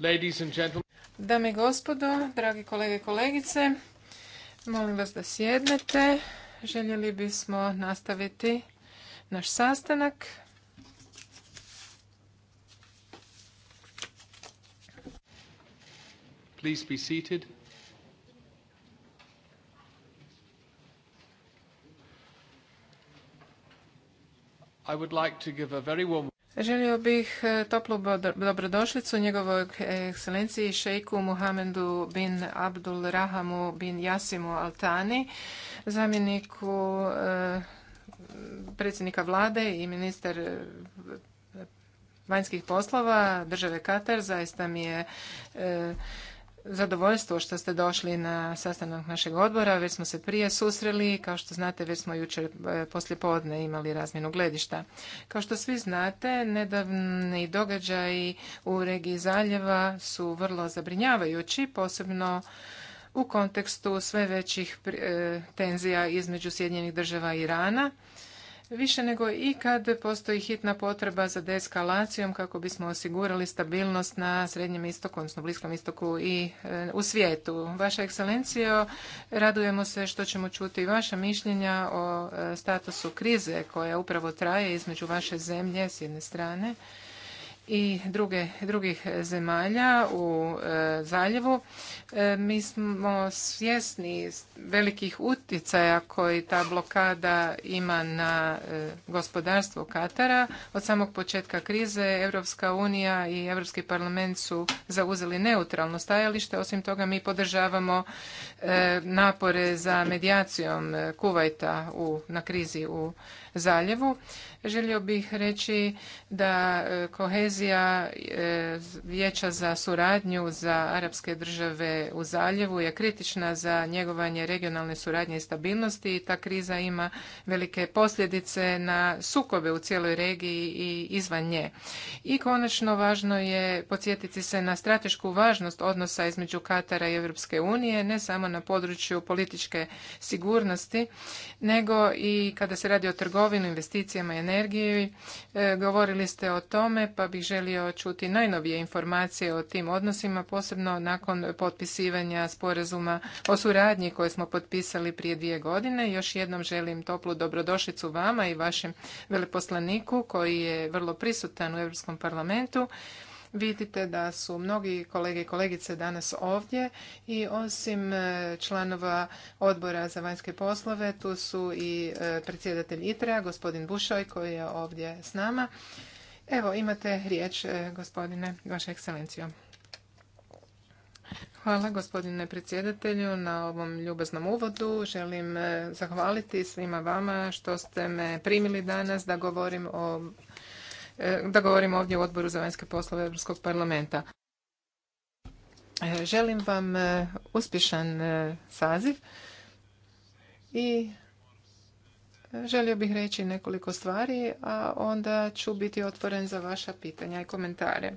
Ladies Dame i gospodo, dragi kolege i kolegice, molim vas da sjednete. Željeli bismo nastaviti naš sastanak. Please be seated. I would like to give a very Želio bih e, toplu dobrodošlicu njegovog ekscelenciji šejku Muhamedu bin Abdul Rahamu bin Jasimu Altani, zamjeniku e, predsjednika vlade i ministar e, vanjskih poslova države Katar. Zaista mi je zadovoljstvo što ste došli na sastanak našeg odbora. Već smo se prije susreli, kao što znate već smo jučer e, poslijepodne imali razmjenu gledišta. Kao što svi znate, nedavni događaji u regiji zaljeva su vrlo zabrinjavajući, posebno u kontekstu sve većih e, tenzija između Sjedinjenih država i Irana Više nego ikad postoji hitna potreba za deeskalacijom kako bismo osigurali stabilnost na Srednjem istoku, odnosno Bliskom istoku i e, u svijetu. Vaša ekscelencijo, radujemo se što ćemo čuti vaša mišljenja o e, statusu krize koja upravo traje između vaše zemlje s jedne strane i druge, drugih zemalja u e, zaljevu. E, mi smo svjesni velikih utjecaja koji ta blokada ima na e, gospodarstvo Katara. Od samog početka krize Europska unija i Europski parlament su zauzeli neutralno stajalište. Osim toga mi podržavamo E, napore za medijacijom e, Kuvajta u, na krizi u zaljevu. Želio bih reći da e, kohezija vijeća za suradnju za arapske države u zaljevu je kritična za njegovanje regionalne suradnje i stabilnosti i ta kriza ima velike posljedice na sukobe u cijeloj regiji i izvan nje. I konačno važno je podsjetiti se na stratešku važnost odnosa između Katara i Europske unije, ne samo na području političke sigurnosti, nego i kada se radi o trgovini, investicijama i energiji. E, govorili ste o tome, pa bih želio čuti najnovije informacije o tim odnosima, posebno nakon potpisivanja sporazuma o suradnji koje smo potpisali prije dvije godine. Još jednom želim toplu dobrodošlicu vama i vašem veleposlaniku koji je vrlo prisutan u Europskom parlamentu. Vidite da su mnogi kolege i kolegice danas ovdje i osim e, članova odbora za vanjske poslove, tu su i e, predsjedatelj ITRA, gospodin Bušoj, koji je ovdje s nama. Evo, imate riječ, e, gospodine, vaša ekscelencijo. Hvala gospodine predsjedatelju na ovom ljubaznom uvodu. Želim zahvaliti svima vama što ste me primili danas da govorim o E, da govorimo ovdje u Odboru za vanjske poslove Europskog parlamenta. E, želim vam e, uspješan saziv i želio bih reći nekoliko stvari, a onda ću biti otvoren za vaša pitanja i komentare.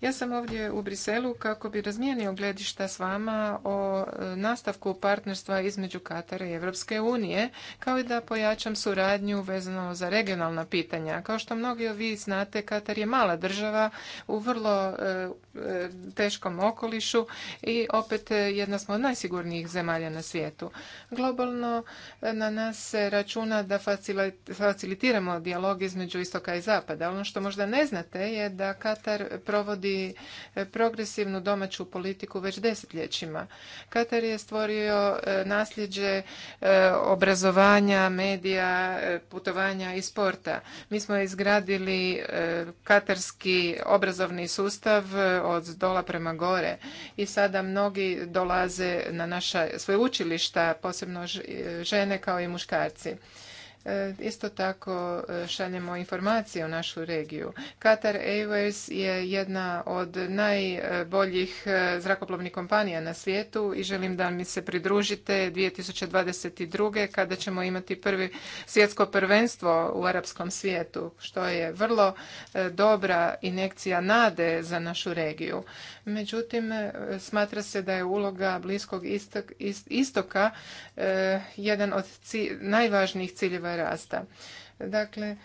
Ja sam ovdje u Briselu kako bi razmijenio gledišta s vama o e, nastavku partnerstva između Katara i Europske unije, kao i da pojačam suradnju vezano za regionalna pitanja. Kao što mnogi od vi znate, Katar je mala država u vrlo e, E, teškom okolišu i opet e, jedna smo od najsigurnijih zemalja na svijetu. Globalno e, na nas se računa da facilitiramo dijalog između istoka i zapada. Ono što možda ne znate je da Katar provodi progresivnu domaću politiku već desetljećima. Katar je stvorio nasljeđe obrazovanja, medija, putovanja i sporta. Mi smo izgradili katarski obrazovni sustav od dola prema gore i sada mnogi dolaze na naša sveučilišta, posebno žene kao i muškarci. E, isto tako e, šaljemo informacije u našu regiju. Qatar Airways je jedna od najboljih e, zrakoplovnih kompanija na svijetu i želim da mi se pridružite 2022. kada ćemo imati prvi svjetsko prvenstvo u arapskom svijetu, što je vrlo dobra injekcija nade za našu regiju. Međutim, e, smatra se da je uloga Bliskog istoka e, jedan od najvažnijih ciljeva rasta. Dakle,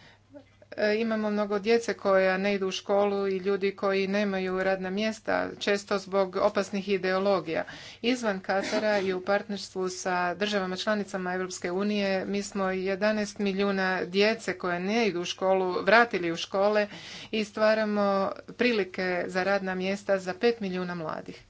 E, imamo mnogo djece koja ne idu u školu i ljudi koji nemaju radna mjesta, često zbog opasnih ideologija. Izvan Katara i u partnerstvu sa državama članicama Europske unije mi smo 11 milijuna djece koja ne idu u školu vratili u škole i stvaramo prilike za radna mjesta za 5 milijuna mladih.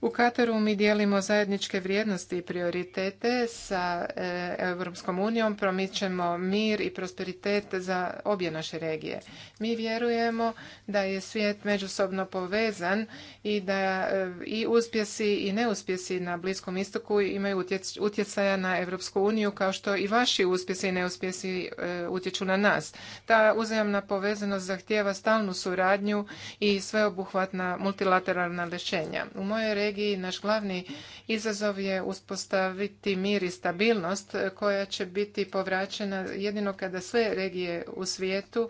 U Kataru mi dijelimo zajedničke vrijednosti i prioritete sa e, Europskom unijom, promičemo mir i prosperitet za obje naše regije. Mi vjerujemo da je svijet međusobno povezan i da e, i uspjesi i neuspjesi na Bliskom istoku imaju utjecaja na Europsku uniju kao što i vaši uspjesi i neuspjesi e, utječu na nas. Ta uzajamna povezanost zahtijeva stalnu suradnju i sveobuhvatna multilateralna rješenja. U mojoj regiji naš glavni izazov je uspostaviti mir i stabilnost koja će biti povraćena jedino kada sve regije u svijetu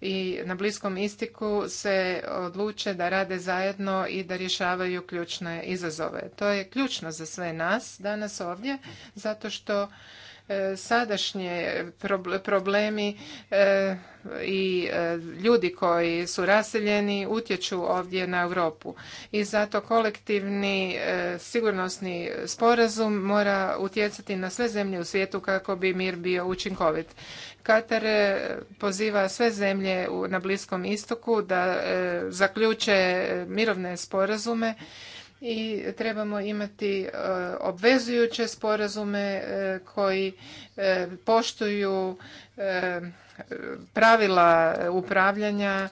i na Bliskom istiku se odluče da rade zajedno i da rješavaju ključne izazove. To je ključno za sve nas danas ovdje zato što E, sadašnje problemi e, i e, ljudi koji su raseljeni utječu ovdje na Europu. I zato kolektivni sigurnosni sporazum mora utjecati na sve zemlje u svijetu kako bi mir bio učinkovit. Katar poziva sve zemlje na Bliskom istoku da zaključe mirovne sporazume i trebamo imati e, obvezujuće sporazume e, koji e, poštuju pravila upravljanja,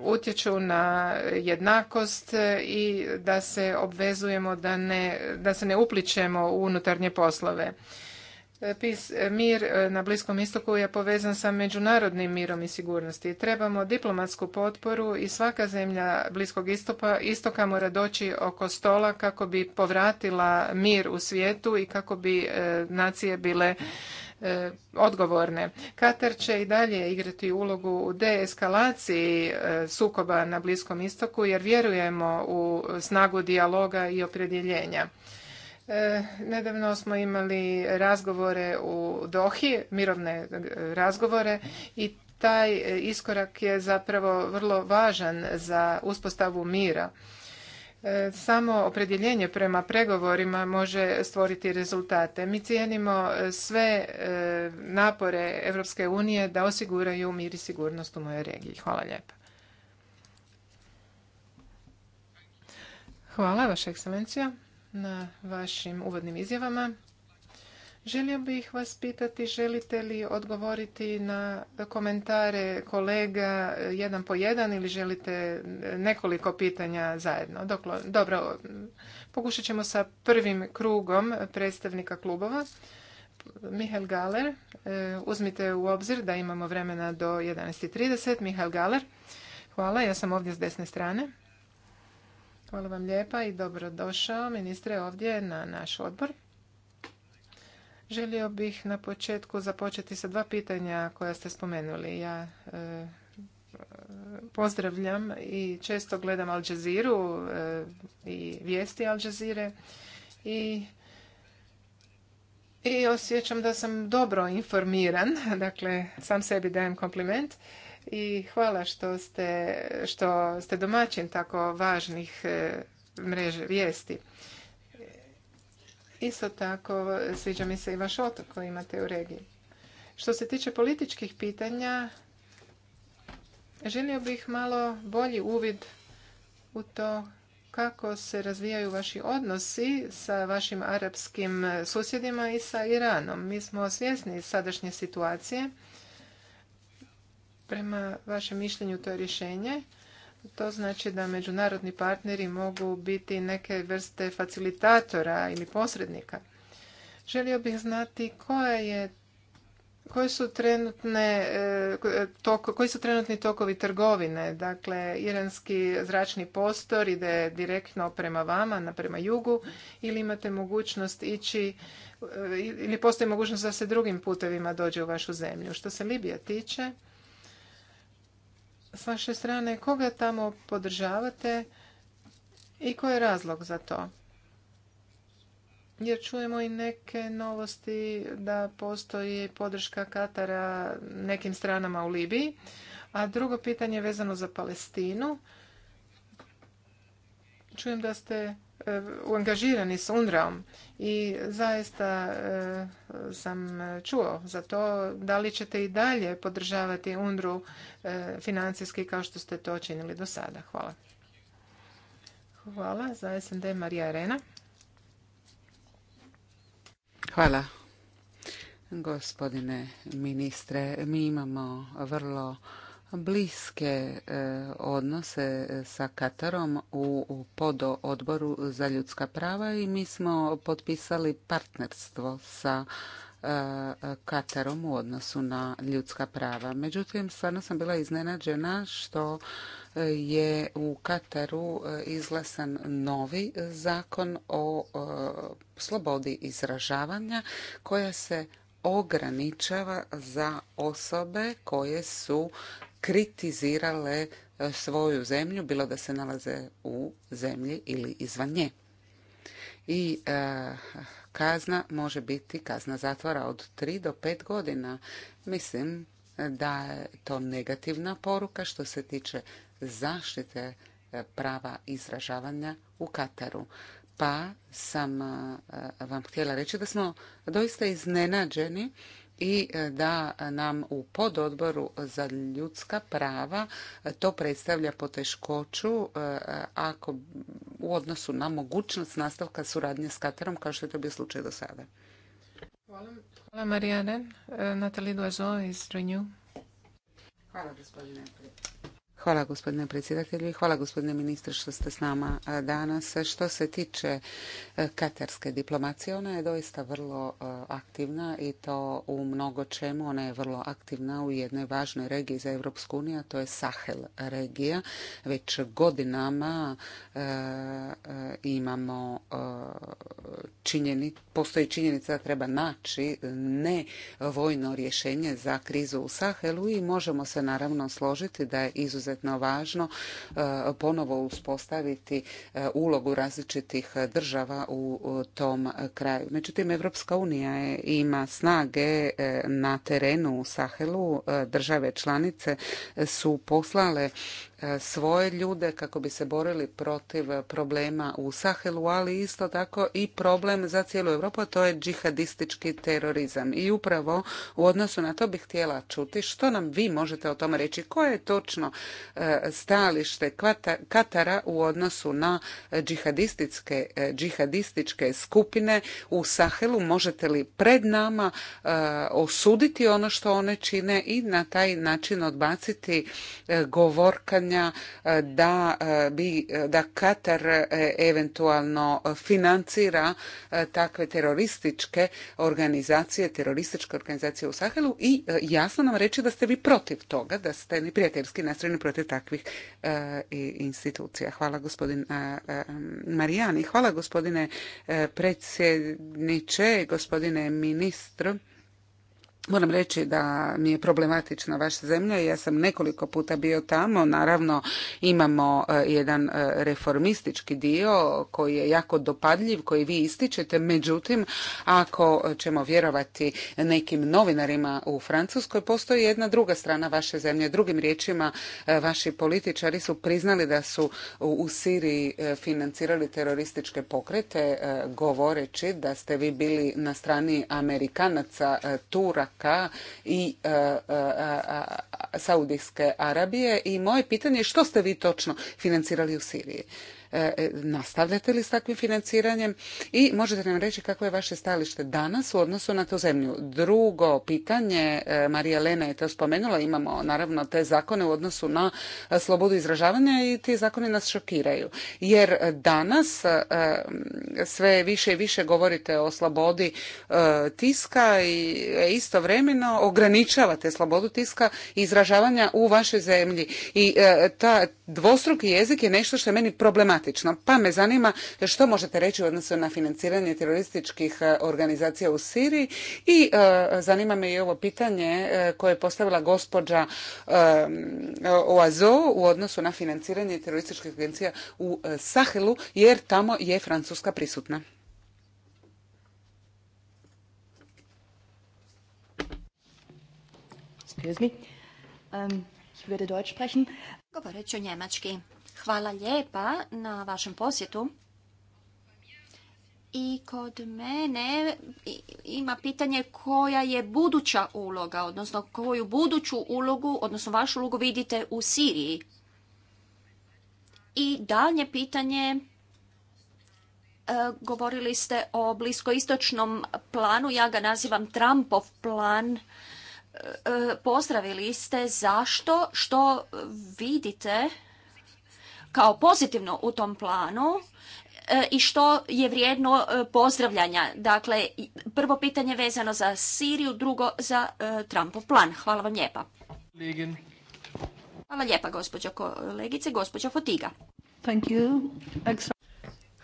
utječu na jednakost i da se obvezujemo da, ne, da se ne upličemo u unutarnje poslove. E, e, mir e, na Bliskom istoku je povezan sa međunarodnim mirom i sigurnosti. Trebamo diplomatsku potporu i svaka zemlja Bliskog istopa, istoka mora doći oko stola kako bi povratila mir u svijetu i kako bi nacije bile odgovorne. Katar će i dalje igrati ulogu u deeskalaciji sukoba na Bliskom istoku jer vjerujemo u snagu dijaloga i opredjeljenja. E, nedavno smo imali razgovore u Dohi, mirovne e, razgovore i taj e, iskorak je zapravo vrlo važan za uspostavu mira. Samo opredjeljenje prema pregovorima može stvoriti rezultate. Mi cijenimo sve napore Europske unije da osiguraju mir i sigurnost u mojoj regiji. Hvala lijepa. Hvala, Vaša ekscelencija na vašim uvodnim izjavama. Želio bih vas pitati želite li odgovoriti na komentare kolega jedan po jedan ili želite nekoliko pitanja zajedno. dobro, pokušat ćemo sa prvim krugom predstavnika klubova. Mihael Galer, eh, uzmite u obzir da imamo vremena do 11.30. Mihael Galer, hvala, ja sam ovdje s desne strane. Hvala vam lijepa i dobrodošao ministre ovdje na naš odbor. Želio bih na početku započeti sa dva pitanja koja ste spomenuli. Ja e, pozdravljam i često gledam Al Jazeera e, i vijesti Al Jazeera i i osjećam da sam dobro informiran, dakle sam sebi dajem kompliment i hvala što ste, što ste domaćin tako važnih e, mreže vijesti. Isto tako sviđa mi se i vaš otok koji imate u regiji. Što se tiče političkih pitanja, želio bih malo bolji uvid u to kako se razvijaju vaši odnosi sa vašim arapskim susjedima i sa Iranom. Mi smo svjesni sadašnje situacije Prema vašem mišljenju to je rješenje. To znači da međunarodni partneri mogu biti neke vrste facilitatora ili posrednika. Želio bih znati koja je koje su trenutne, e, koji su trenutni tokovi trgovine? Dakle, iranski zračni postor ide direktno prema vama, prema jugu, ili imate mogućnost ići, e, ili postoji mogućnost da se drugim putevima dođe u vašu zemlju. Što se Libija tiče, s vaše strane koga tamo podržavate i koji je razlog za to? Jer čujemo i neke novosti da postoji podrška Katara nekim stranama u Libiji. A drugo pitanje je vezano za Palestinu. Čujem da ste E, angažirani s UNRAom i zaista e, sam čuo za to da li ćete i dalje podržavati UNRU e, financijski kao što ste to činili do sada. Hvala. Hvala. Za SND Marija Arena. Hvala. Gospodine ministre, mi imamo vrlo bliske e, odnose e, sa Katarom u podoodboru za ljudska prava i mi smo potpisali partnerstvo sa e, Katarom u odnosu na ljudska prava. Međutim, stvarno sam bila iznenađena što je u Kataru izglasan novi zakon o slobodi izražavanja koja se ograničava za osobe koje su kritizirale e, svoju zemlju, bilo da se nalaze u zemlji ili izvan nje. I e, kazna može biti kazna zatvora od 3 do 5 godina. Mislim da je to negativna poruka što se tiče zaštite e, prava izražavanja u Kataru. Pa sam vam htjela reći da smo doista iznenađeni i e, da nam u pododboru za ljudska prava e, to predstavlja poteškoću e, ako u odnosu na mogućnost nastavka suradnje s Katarom kao što je to bio slučaj do sada. Hvala, Hvala Natalie iz Renew. Hvala gospodine Hvala gospodine predsjedatelju i hvala gospodine ministre što ste s nama danas. Što se tiče e, katarske diplomacije, ona je doista vrlo e, aktivna i to u mnogo čemu. Ona je vrlo aktivna u jednoj važnoj regiji za Europsku uniju, a to je Sahel regija. Već godinama e, imamo činjenicu, postoji činjenica da treba naći ne vojno rješenje za krizu u Sahelu i možemo se naravno složiti da je izuzetno izuzetno važno e, ponovo uspostaviti e, ulogu različitih država u tom kraju. Međutim, Evropska unija ima snage e, na terenu u Sahelu. Države članice su poslale E, svoje ljude kako bi se borili protiv problema u Sahelu, ali isto tako i problem za cijelu Europu, a to je džihadistički terorizam. I upravo u odnosu na to bih htjela čuti što nam vi možete o tome reći. Koje je točno e, stajalište Katara u odnosu na džihadističke, e, džihadističke skupine u Sahelu? Možete li pred nama osuditi ono što one čine i na taj način odbaciti govorka pitanja e, da, e, bi, e, da Katar eventualno financira takve terorističke organizacije, terorističke organizacije u Sahelu i jasno nam reći da ste vi protiv toga, da ste ni prijateljski nastrojeni protiv takvih institucija. Hvala gospodin Marijani. Hvala gospodine predsjedniče, gospodine ministru. Moram reći da mi je problematična vaša zemlja. Ja sam nekoliko puta bio tamo. Naravno, imamo e, jedan e, reformistički dio koji je jako dopadljiv, koji vi ističete. Međutim, ako ćemo vjerovati nekim novinarima u Francuskoj, postoji jedna druga strana vaše zemlje. Drugim riječima, e, vaši političari su priznali da su u Siriji financirali terorističke pokrete, govoreći da ste vi bili na strani Amerikanaca, Tura, Iraka i e, e, e, Saudijske Arabije i moje pitanje je što ste vi točno financirali u Siriji? E, e, nastavljate li s takvim financiranjem i možete nam reći kako je vaše stajalište danas u odnosu na tu zemlju? Drugo pitanje, e, Marija Lena je to spomenula, imamo naravno te zakone u odnosu na slobodu izražavanja i ti zakoni nas šokiraju. Jer danas sve više i više govorite o slobodi tiska i istovremeno ograničavate slobodu tiska i izražavanja u vašoj zemlji. I ta dvostruki jezik je nešto što je meni problematično pa me zanima što možete reći u odnosu na financiranje terorističkih e, organizacija u Siriji i e, zanima me i ovo pitanje e, koje je postavila gospođa Oazo u odnosu na financiranje terorističkih agencija u Sahelu jer tamo je Francuska prisutna. Um, Hvala lijepa na vašem posjetu. I kod mene ima pitanje koja je buduća uloga, odnosno koju buduću ulogu, odnosno vašu ulogu vidite u Siriji. I dalje pitanje e, govorili ste o bliskoistočnom planu, ja ga nazivam Trumpov plan. E, e, pozdravili ste zašto, što vidite kao pozitivno u tom planu e, i što je vrijedno e, pozdravljanja. Dakle, prvo pitanje vezano za Siriju, drugo za e, Trumpov plan. Hvala vam lijepa. Hvala lijepa, gospođo kolegice, gospođo Fotiga.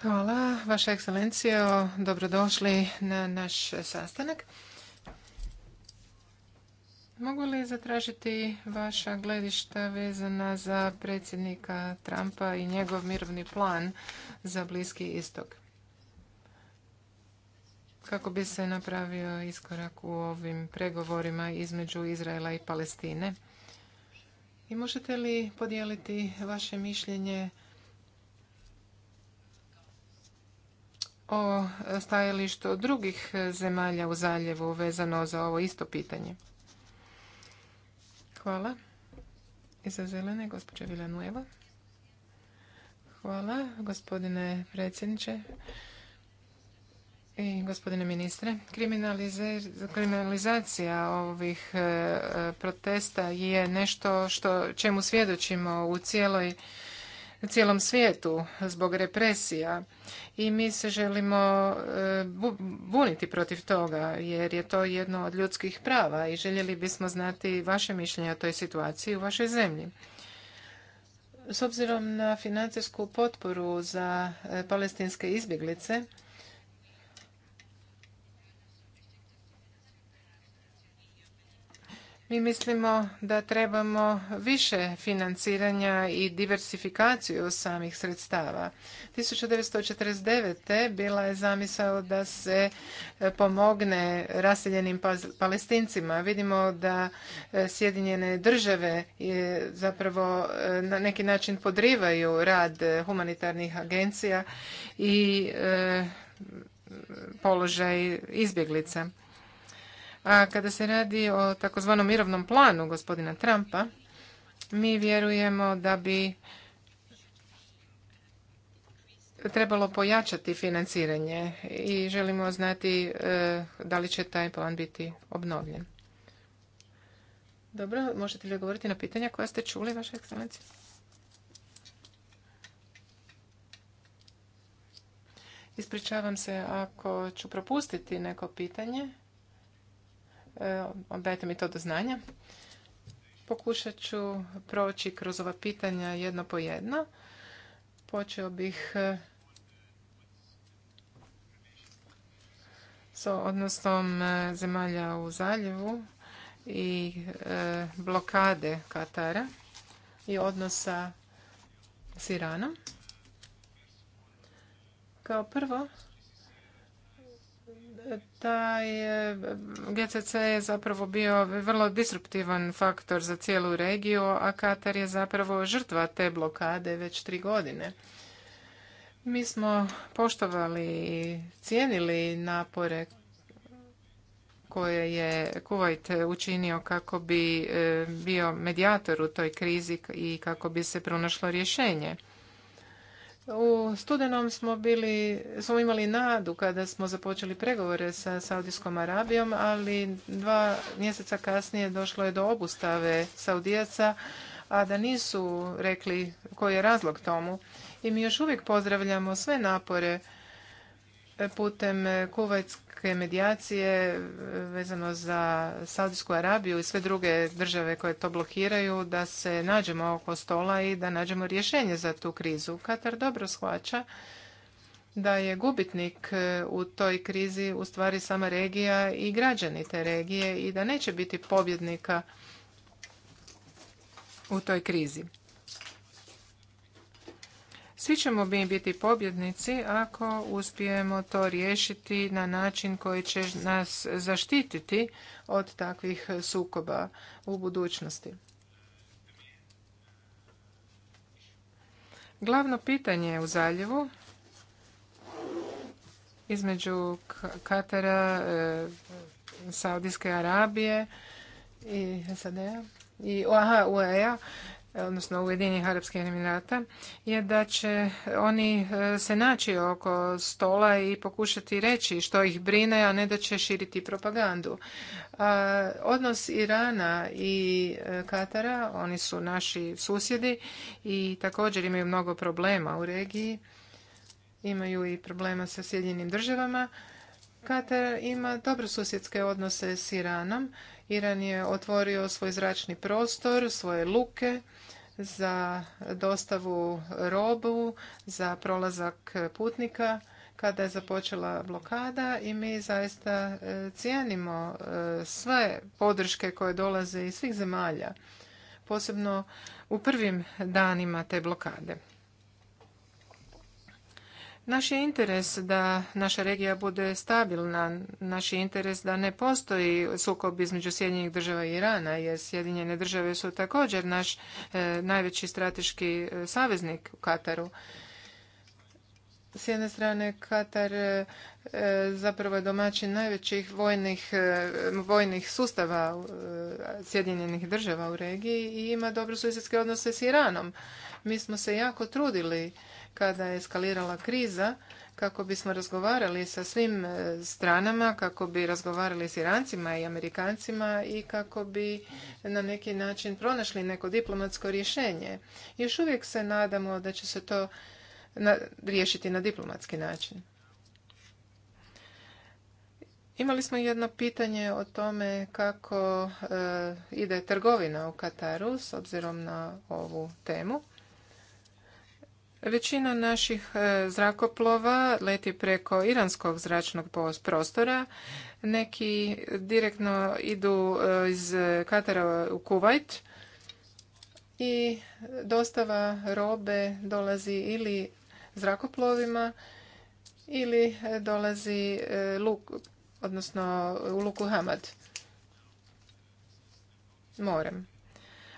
Hvala, Vaša ekscelencija, dobrodošli na naš sastanak. Mogu li zatražiti vaša gledišta vezana za predsjednika Trumpa i njegov mirovni plan za Bliski istok? Kako bi se napravio iskorak u ovim pregovorima između Izraela i Palestine? I možete li podijeliti vaše mišljenje o stajalištu drugih zemalja u zaljevu vezano za ovo isto pitanje? Hvala. I za zelene, gospođa Vilanueva. Hvala, gospodine predsjedniče i gospodine ministre. Kriminalizacija ovih e, protesta je nešto čemu svjedočimo u cijeloj cijelom svijetu zbog represija i mi se želimo e, buniti protiv toga jer je to jedno od ljudskih prava i željeli bismo znati vaše mišljenje o toj situaciji u vašoj zemlji. S obzirom na financijsku potporu za e, palestinske izbjeglice, Mi mislimo da trebamo više financiranja i diversifikaciju samih sredstava. 1949. bila je zamisao da se e, pomogne raseljenim palestincima. Vidimo da e, Sjedinjene države zapravo e, na neki način podrivaju rad humanitarnih agencija i položaj izbjeglica. A kada se radi o takozvanom mirovnom planu gospodina Trumpa, mi vjerujemo da bi trebalo pojačati financiranje i želimo znati e, da li će taj plan biti obnovljen. Dobro, možete li odgovoriti na pitanja koja ste čuli, Vaša ekscelencija? Ispričavam se ako ću propustiti neko pitanje. E, dajte mi to do znanja. Pokušat ću proći kroz ova pitanja jedno po jedno. Počeo bih e, s odnosom e, zemalja u zaljevu i blokade Katara i odnosa s Iranom. Kao prvo, taj e, GCC je zapravo bio vrlo disruptivan faktor za cijelu regiju, a Katar je zapravo žrtva te blokade već tri godine. Mi smo poštovali i cijenili napore koje je Kuvajt učinio kako bi e, bio medijator u toj krizi i kako bi se pronašlo rješenje. U studenom smo bili, smo imali nadu kada smo započeli pregovore sa Saudijskom Arabijom, ali dva mjeseca kasnije došlo je do obustave Saudijaca, a da nisu rekli koji je razlog tomu. I mi još uvijek pozdravljamo sve napore putem Kuvajtske takve medijacije vezano za Saudijsku Arabiju i sve druge države koje to blokiraju da se nađemo oko stola i da nađemo rješenje za tu krizu. Katar dobro shvaća da je gubitnik e, u toj krizi u stvari sama regija i građani te regije i da neće biti pobjednika u toj krizi. Svi ćemo mi biti pobjednici ako uspijemo to riješiti na način koji će nas zaštititi od takvih sukoba u budućnosti. Glavno pitanje u zaljevu između Katara, eh, Saudijske Arabije i SAD-a i UAE-a odnosno Ujedinjenih arapskih Emirata, je da će oni e, se naći oko stola i pokušati reći što ih brine, a ne da će širiti propagandu. E, odnos Irana i e, Katara, oni su naši susjedi i također imaju mnogo problema u regiji. Imaju i problema sa Sjedinjenim državama. Katar ima dobro susjedske odnose s Iranom Iran je otvorio svoj zračni prostor, svoje luke za dostavu robu, za prolazak putnika kada je započela blokada i mi zaista e, cijenimo e, sve podrške koje dolaze iz svih zemalja, posebno u prvim danima te blokade. Naš je interes da naša regija bude stabilna, naš je interes da ne postoji sukob između Sjedinjenih država i Irana, jer Sjedinjene države su također naš e, najveći strateški e, saveznik u Kataru. S jedne strane, Katar e, zapravo je domaćin najvećih vojnih, vojnih sustava Sjedinjenih država u regiji i ima dobro susjedske odnose s Iranom. Mi smo se jako trudili kada je eskalirala kriza kako bismo razgovarali sa svim e, stranama, kako bi razgovarali s Irancima i Amerikancima i kako bi na neki način pronašli neko diplomatsko rješenje. Još uvijek se nadamo da će se to riješiti na diplomatski način. Imali smo jedno pitanje o tome kako e, ide trgovina u Kataru s obzirom na ovu temu. Većina naših e, zrakoplova leti preko iranskog zračnog prostora. Neki direktno idu e, iz Katara u Kuvajt i dostava robe dolazi ili zrakoplovima ili dolazi e, luk, odnosno u luku Hamad morem.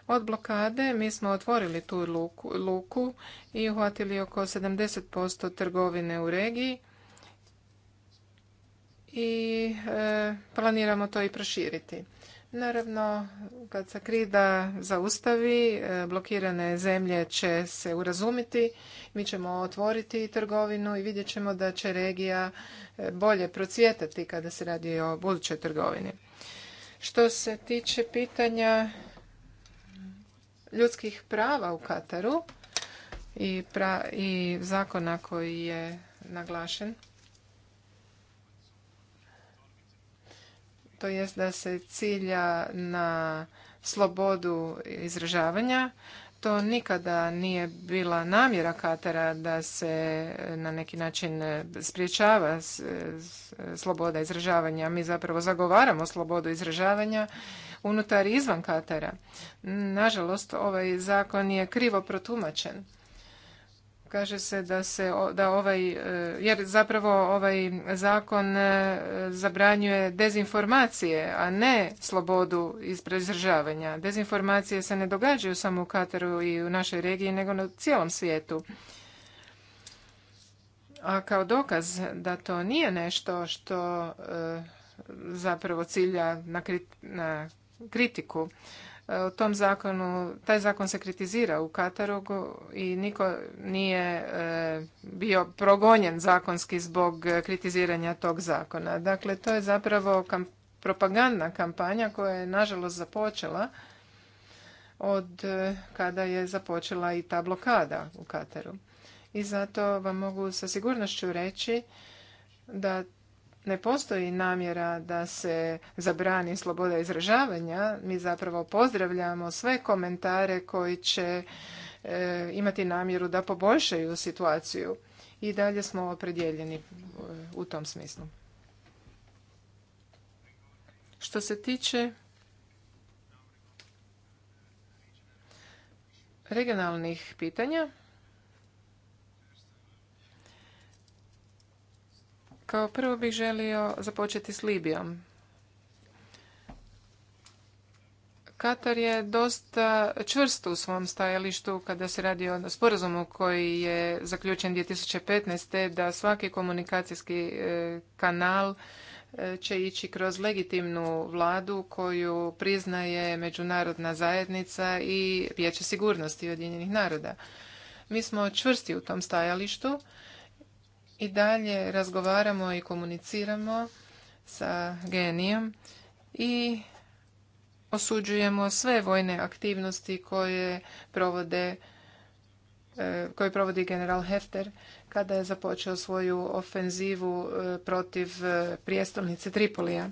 Od blokade mi smo otvorili tu luku, i uhvatili oko 70% trgovine u regiji i e, planiramo to i proširiti. Naravno, kad se krida zaustavi, e, blokirane zemlje će se urazumiti, mi ćemo otvoriti trgovinu i vidjet ćemo da će regija e, bolje procvjetati kada se radi o budućoj trgovini. Što se tiče pitanja ljudskih prava u Kataru i, i zakona koji je naglašen. To jest da se cilja na slobodu izražavanja. To nikada nije bila namjera Katara da se na neki način spriječava sloboda izražavanja. Mi zapravo zagovaramo slobodu izražavanja unutar i izvan Katara. Nažalost, ovaj zakon je krivo protumačen. Kaže se da se da ovaj e, jer zapravo ovaj zakon e, zabranjuje dezinformacije, a ne slobodu izražavanja. Dezinformacije se ne događaju samo u Kataru i u našoj regiji, nego na cijelom svijetu. A kao dokaz da to nije nešto što e, zapravo cilja na kritiku. E, u tom zakonu, taj zakon se kritizira u Kataru i niko nije e, bio progonjen zakonski zbog kritiziranja tog zakona. Dakle, to je zapravo propagandna kampanja koja je nažalost započela od e, kada je započela i ta blokada u Kataru. I zato vam mogu sa sigurnošću reći da ne postoji namjera da se zabrani sloboda izražavanja. Mi zapravo pozdravljamo sve komentare koji će e, imati namjeru da poboljšaju situaciju i dalje smo opredjeljeni e, u tom smislu. Što se tiče regionalnih pitanja, prvo bih želio započeti s Libijom. Katar je dosta čvrst u svom stajalištu kada se radi o sporazumu koji je zaključen 2015. da svaki komunikacijski e, kanal e, će ići kroz legitimnu vladu koju priznaje međunarodna zajednica i Vijeće sigurnosti Ujedinjenih naroda. Mi smo čvrsti u tom stajalištu i dalje razgovaramo i komuniciramo sa genijom i osuđujemo sve vojne aktivnosti koje provode e, koji provodi general Hefter kada je započeo svoju ofenzivu e, protiv e, prijestolnice Tripolija.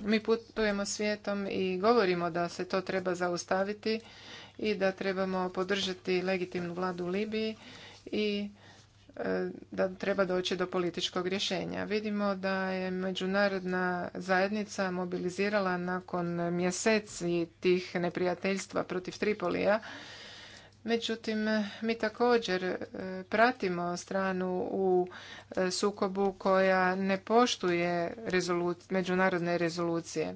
Mi putujemo svijetom i govorimo da se to treba zaustaviti i da trebamo podržati legitimnu vladu u Libiji i da treba doći do političkog rješenja. Vidimo da je međunarodna zajednica mobilizirala nakon mjeseci tih neprijateljstva protiv Tripolija. Međutim, mi također e, pratimo stranu u e, sukobu koja ne poštuje međunarodne rezolucije.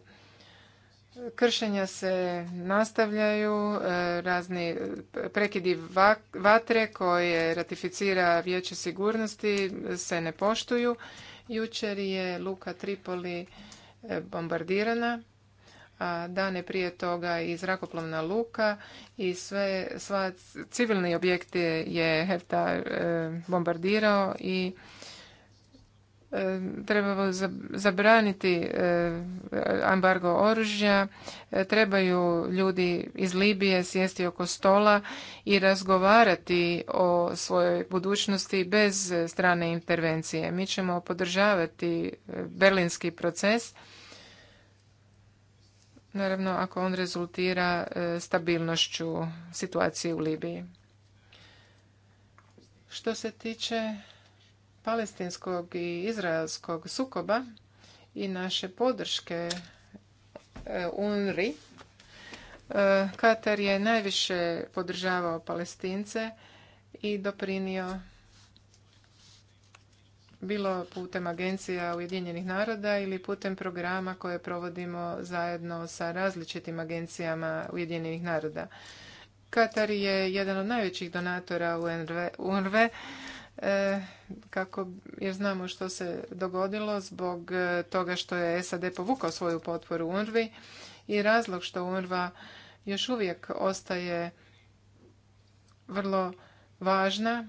Kršenja se nastavljaju, e, razni e, prekidi vatre koje ratificira Vijeće sigurnosti se ne poštuju. Jučer je Luka Tripoli e, bombardirana, a dane prije toga i zrakoplovna luka i sve, sva civilni objekte je Hefta bombardirao i E, trebamo zabraniti embargo oružja, e, trebaju ljudi iz Libije sjesti oko stola i razgovarati o svojoj budućnosti bez strane intervencije. Mi ćemo podržavati e, berlinski proces, naravno ako on rezultira stabilnošću situacije u Libiji. Što se tiče palestinskog i izraelskog sukoba i naše podrške e, UNRI, e, Katar je najviše podržavao palestince i doprinio bilo putem agencija Ujedinjenih naroda ili putem programa koje provodimo zajedno sa različitim agencijama Ujedinjenih naroda. Katar je jedan od najvećih donatora UNRV, E, kako jer znamo što se dogodilo zbog e, toga što je SAD povukao svoju potporu UNRVI i razlog što UNRVA još uvijek ostaje vrlo važna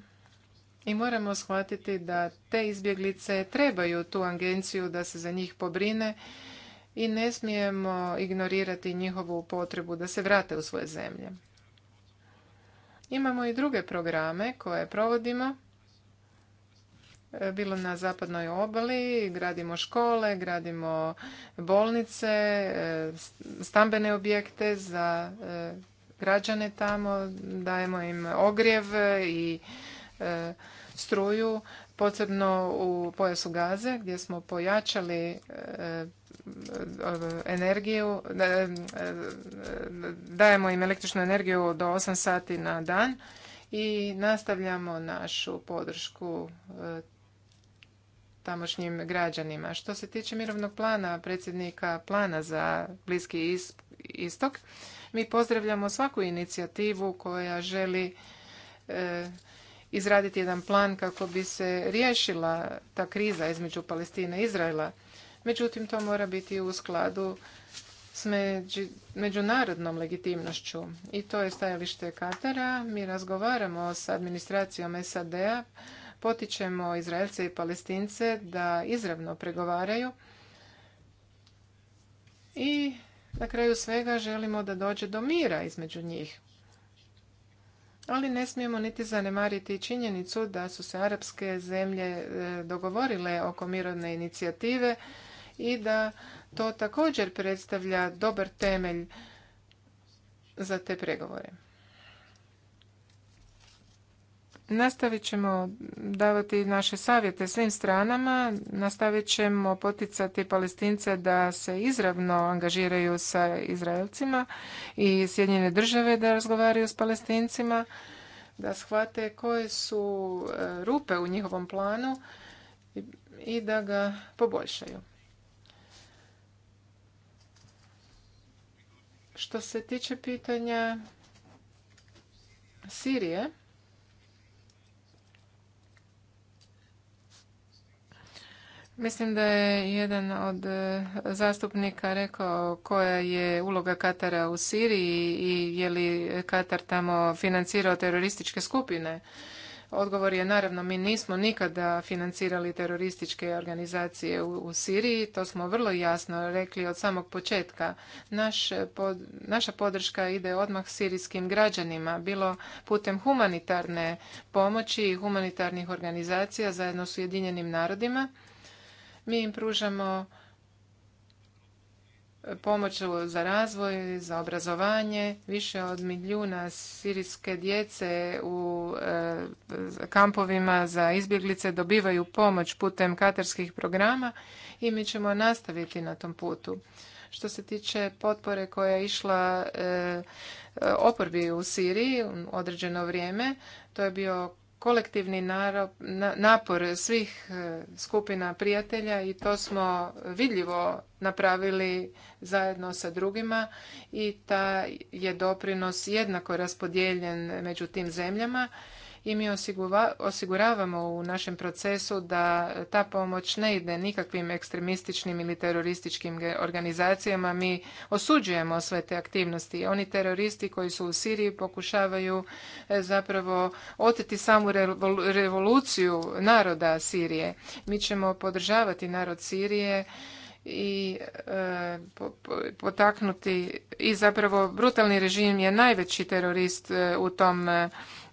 i moramo shvatiti da te izbjeglice trebaju tu agenciju da se za njih pobrine i ne smijemo ignorirati njihovu potrebu da se vrate u svoje zemlje. Imamo i druge programe koje provodimo E, bilo na zapadnoj obali, gradimo škole, gradimo bolnice, e, stambene objekte za e, građane tamo, dajemo im ogrjev i struju, posebno u pojasu gaze gdje smo pojačali energiju, dajemo im električnu energiju do 8 sati na dan i nastavljamo našu podršku tamošnjim građanima. Što se tiče mirovnog plana, predsjednika plana za Bliski istok, mi pozdravljamo svaku inicijativu koja želi e, izraditi jedan plan kako bi se riješila ta kriza između Palestine i Izraela. Međutim, to mora biti u skladu s međunarodnom legitimnošću i to je stajalište Katara. Mi razgovaramo s administracijom SAD-a potičemo Izraelce i Palestince da izravno pregovaraju i na kraju svega želimo da dođe do mira između njih. Ali ne smijemo niti zanemariti činjenicu da su se arapske zemlje e, dogovorile oko mirovne inicijative i da to također predstavlja dobar temelj za te pregovore. Nastavit ćemo davati naše savjete svim stranama, nastavit ćemo poticati palestince da se izravno angažiraju sa Izraelcima i Sjedinjene države da razgovaraju s palestincima, da shvate koje su e, rupe u njihovom planu i da ga poboljšaju. Što se tiče pitanja Sirije, Mislim da je jedan od e, zastupnika rekao koja je uloga Katara u Siriji i je li Katar tamo financirao terorističke skupine. Odgovor je naravno mi nismo nikada financirali terorističke organizacije u, Siriji, to smo vrlo jasno rekli od samog početka. Naš, e, pod, naša podrška ide odmah sirijskim građanima, bilo putem humanitarne pomoći i humanitarnih organizacija zajedno s Ujedinjenim narodima mi im pružamo pomoć za razvoj, za obrazovanje. Više od milijuna sirijske djece u e, kampovima za izbjeglice dobivaju pomoć putem katarskih programa i mi ćemo nastaviti na tom putu. Što se tiče potpore koja je išla e, oporbi u Siriji određeno vrijeme, to je bio kolektivni narop, napor svih e, skupina prijatelja i to smo vidljivo napravili zajedno sa drugima i ta je doprinos jednako raspodijeljen među tim zemljama i mi osiguravamo u našem procesu da ta pomoć ne ide nikakvim ekstremističnim ili terorističkim organizacijama. Mi osuđujemo sve te aktivnosti. Oni teroristi koji su u Siriji pokušavaju e, zapravo oteti samu revoluciju naroda Sirije. Mi ćemo podržavati narod Sirije i e, potaknuti i zapravo brutalni režim je najveći terorist e, u tom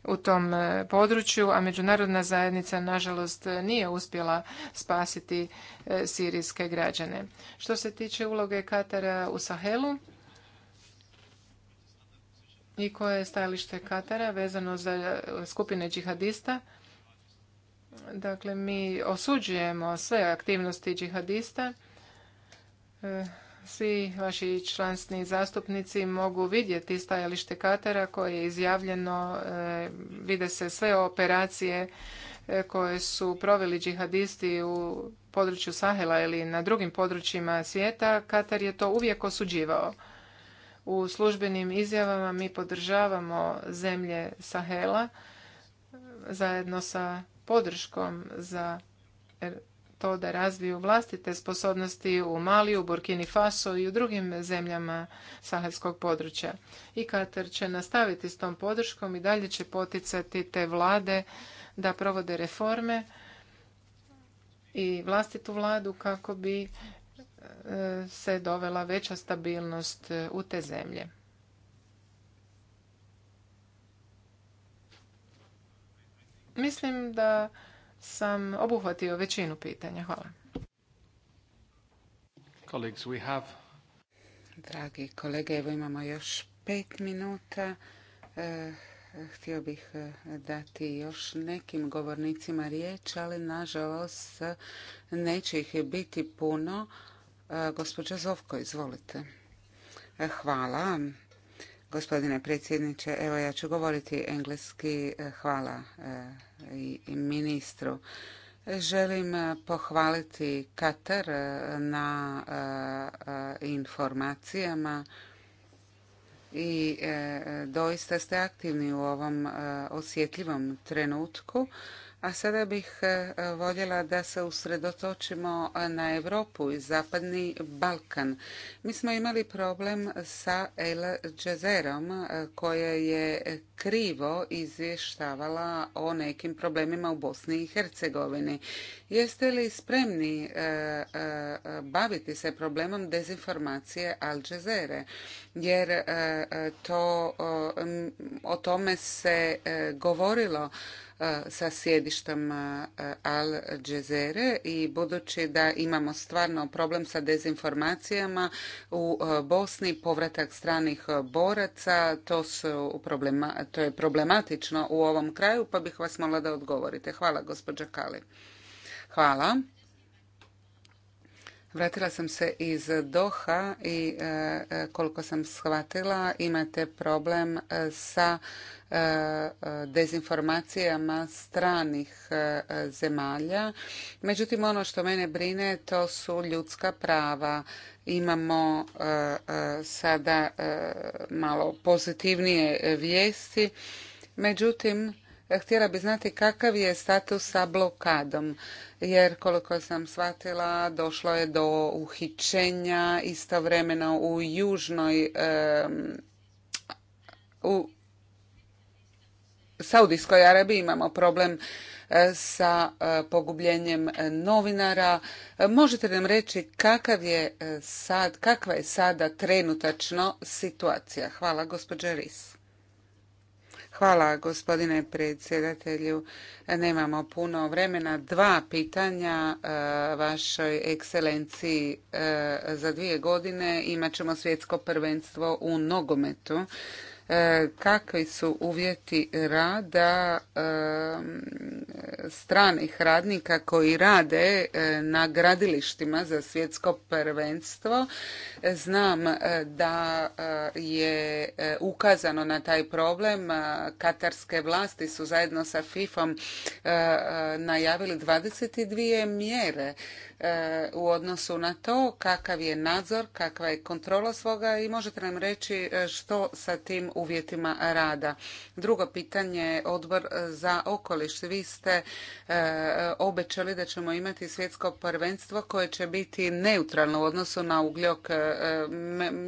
u tom e, području, a međunarodna zajednica nažalost e, nije uspjela spasiti e, sirijske građane. Što se tiče uloge Katara u Sahelu, i koje je stajalište Katara vezano za skupine džihadista. Dakle, mi osuđujemo sve aktivnosti džihadista svi vaši člansni zastupnici mogu vidjeti stajalište Katara koje je izjavljeno, e, vide se sve operacije e, koje su proveli džihadisti u području Sahela ili na drugim područjima svijeta, Katar je to uvijek osuđivao. U službenim izjavama mi podržavamo zemlje Sahela e, zajedno sa podrškom za to da razviju vlastite sposobnosti u u Burkini Faso i u drugim zemljama sahelskog područja. I Katar će nastaviti s tom podrškom i dalje će poticati te vlade da provode reforme i vlastitu vladu kako bi e, se dovela veća stabilnost e, u te zemlje. Mislim da sam obuhvatio većinu pitanja. Hvala. Dragi kolege, evo imamo još pet minuta. E, htio bih e, dati još nekim govornicima riječ, ali nažalost e, neće ih biti puno. Gospodin Zovko, izvolite. hvala. Gospodine predsjedniče, evo ja ću govoriti engleski. Hvala i ministru. Želim eh, pohvaliti Katar eh, na eh, informacijama i doista ste aktivni u ovom osjetljivom trenutku a sada bih e, voljela da se usredotočimo na Europu i Zapadni Balkan. Mi smo imali problem sa El Jazeerom e, koja je krivo izvještavala o nekim problemima u Bosni i Hercegovini. Jeste li spremni e, baviti se problemom dezinformacije Al Jazeere? Jer to, o tome se govorilo E, sa sjedištom e, Al Jazeera i budući da imamo stvarno problem sa dezinformacijama u e, Bosni, povratak stranih boraca, to, su problema, to je problematično u ovom kraju, pa bih vas molila da odgovorite. Hvala, gospođa Kali. Hvala. Vratila sam se iz Doha i e, e, koliko sam shvatila imate problem e, sa dezinformacijama stranih zemalja. Međutim, ono što mene brine to su ljudska prava. Imamo sada malo pozitivnije vijesti. Međutim, Eh, htjela bi znati kakav je status sa blokadom, jer koliko sam shvatila došlo je do uhićenja istovremeno u južnoj u Saudijskoj Arabiji imamo problem eh, sa eh, pogubljenjem novinara. Možete nam reći kakav je sad, kakva je sada trenutačno situacija? Hvala, gospođa Ris. Hvala gospodine predsjedatelju. Nemamo puno vremena. Dva pitanja e, vašoj ekscelenciji e, za dvije godine. Imat ćemo svjetsko prvenstvo u nogometu E, kakvi su uvjeti rada e, stranih radnika koji rade e, na gradilištima za svjetsko prvenstvo. Znam da je ukazano na taj problem. Katarske vlasti su zajedno sa FIFom najavili 22 mjere u odnosu na to kakav je nadzor, kakva je kontrola svoga i možete nam reći što sa tim uvjetima rada. Drugo pitanje, odbor za okoliš. Vi ste e, obećali da ćemo imati svjetsko prvenstvo koje će biti neutralno u odnosu na ugljok. E,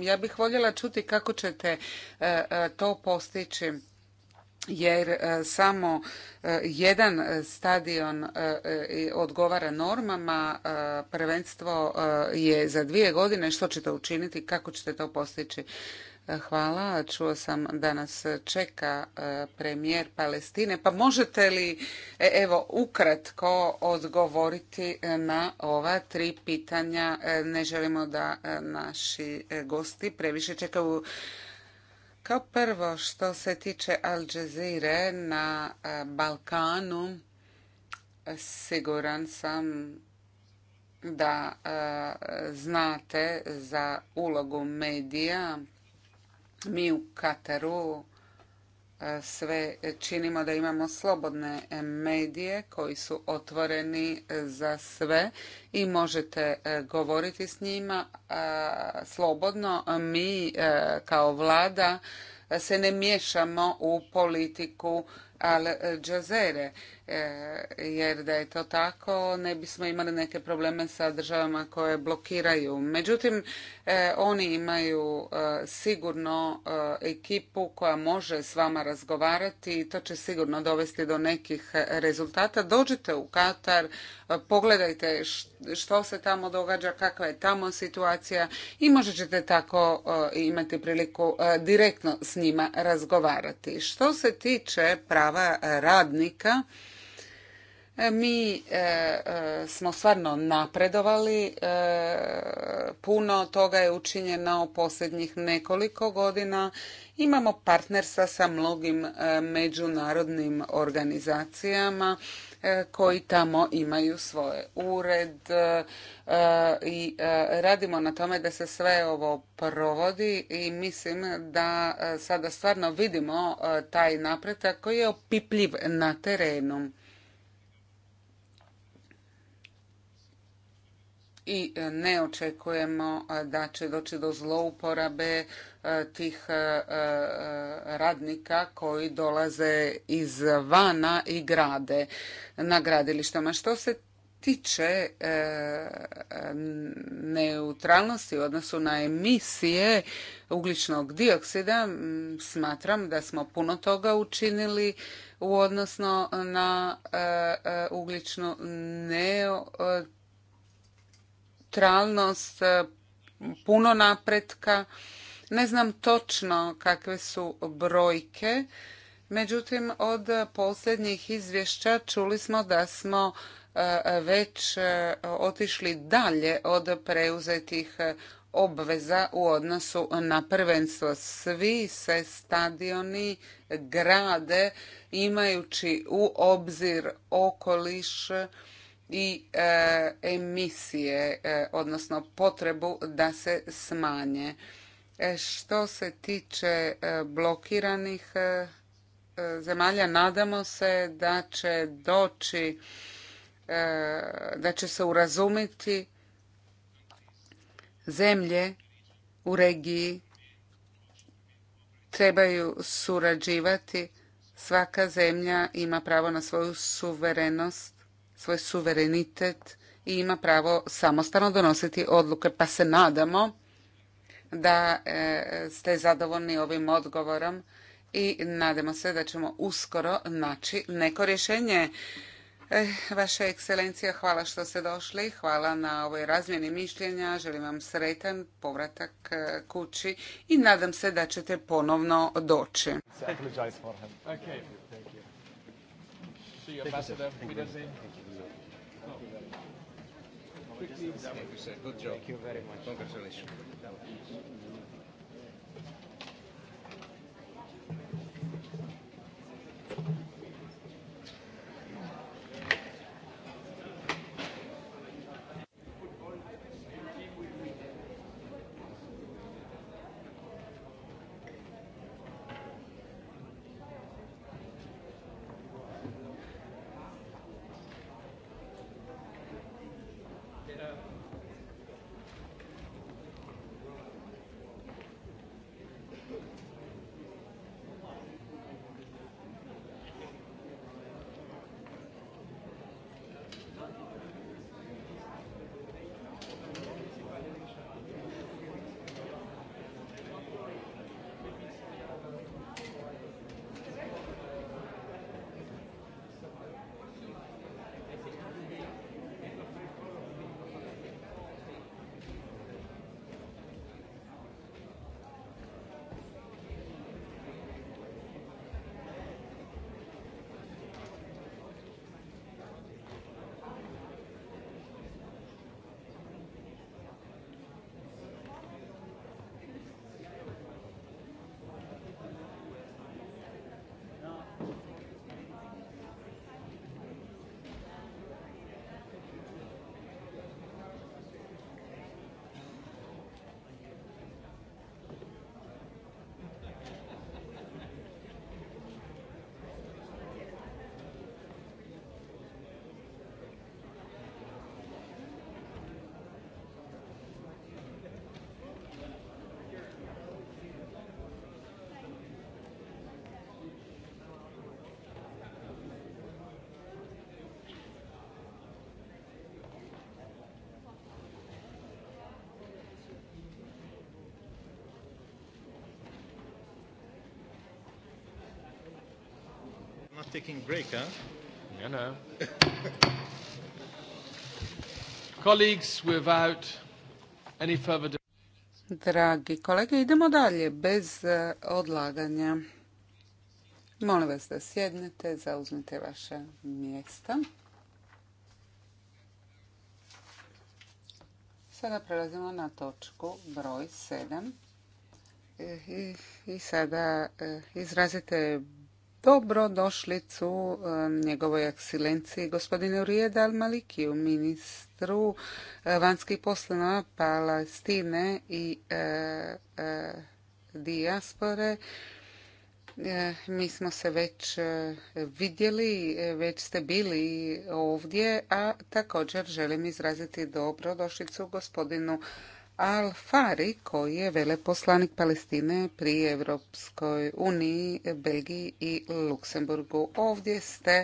ja bih voljela čuti kako ćete e, to postići jer samo jedan stadion odgovara normama, prvenstvo je za dvije godine, što ćete učiniti, kako ćete to postići? Hvala. Čuo sam da nas čeka e, premijer Palestine. Pa možete li, e, evo, ukratko odgovoriti na ova tri pitanja? E, ne želimo da naši gosti previše čekaju. Kao prvo, što se tiče Al Jazeera na Balkanu, siguran sam da znate za ulogu medija mi u Kataru e, sve činimo da imamo slobodne medije koji su otvoreni za sve i možete e, govoriti s njima slobodno. Mi e, kao vlada se ne miješamo u politiku Al Jazeera E, jer da je to tako ne bismo imali neke probleme sa državama koje blokiraju. Međutim, e, oni imaju e, sigurno ekipu koja može s vama razgovarati i to će sigurno dovesti do nekih rezultata. Dođite u Katar, pogledajte što se tamo događa, kakva je tamo situacija i možda ćete tako imati priliku direktno s njima razgovarati. Što se tiče prava radnika, mi e, e, smo stvarno napredovali, e, puno toga je učinjeno u posljednjih nekoliko godina. Imamo partnerstva sa mnogim međunarodnim organizacijama koji tamo imaju svoje ured i radimo na tome da se sve ovo provodi i mislim da sada stvarno vidimo taj napredak koji je opipljiv na terenu. i e, ne očekujemo e, da će doći do zlouporabe e, tih radnika koji dolaze iz vana i grade na gradilištama. Što se tiče neutralnosti u odnosu na emisije ugličnog dioksida, smatram da smo puno toga učinili u odnosno na ugličnu ne neutralnost, e, puno napretka. Ne znam točno kakve su brojke, međutim od posljednjih izvješća čuli smo da smo e, već e, otišli dalje od preuzetih obveza u odnosu na prvenstvo. Svi se stadioni grade imajući u obzir okoliš, i e, emisije, e, odnosno potrebu da se smanje. E, što se tiče blokiranih zemalja, nadamo se da će doći, da će se urazumiti zemlje u regiji trebaju surađivati. Svaka zemlja ima pravo na svoju suverenost svoj suverenitet i ima pravo samostalno donositi odluke. Pa se nadamo da e, ste zadovoljni ovim odgovorom i nadamo se da ćemo uskoro naći neko rješenje. E, Vaša ekscelencija, hvala što ste došli, hvala na ovoj razmjeni mišljenja, želim vam sretan povratak e, kući i nadam se da ćete ponovno doći quickly. Good job. Thank you very much. Congratulations. taking break, Colleagues, without any further Dragi kolege, idemo dalje bez e, odlaganja. Molim vas da sjednete, zauzmite vaše mjesta. Sada prelazimo na točku broj 7. E, I, i sada e, izrazite dobrodošlicu eh, njegovoj ekscelenciji gospodinu Rijed Al-Malikiju, ministru eh, vanjskih poslova Palestine i e, e, dijaspore. mi smo se već vidjeli, već ste bili ovdje, a također želim izraziti dobrodošlicu gospodinu Al-Fari, koji je veleposlanik Palestine pri Europskoj uniji, Belgiji i Luksemburgu. Ovdje ste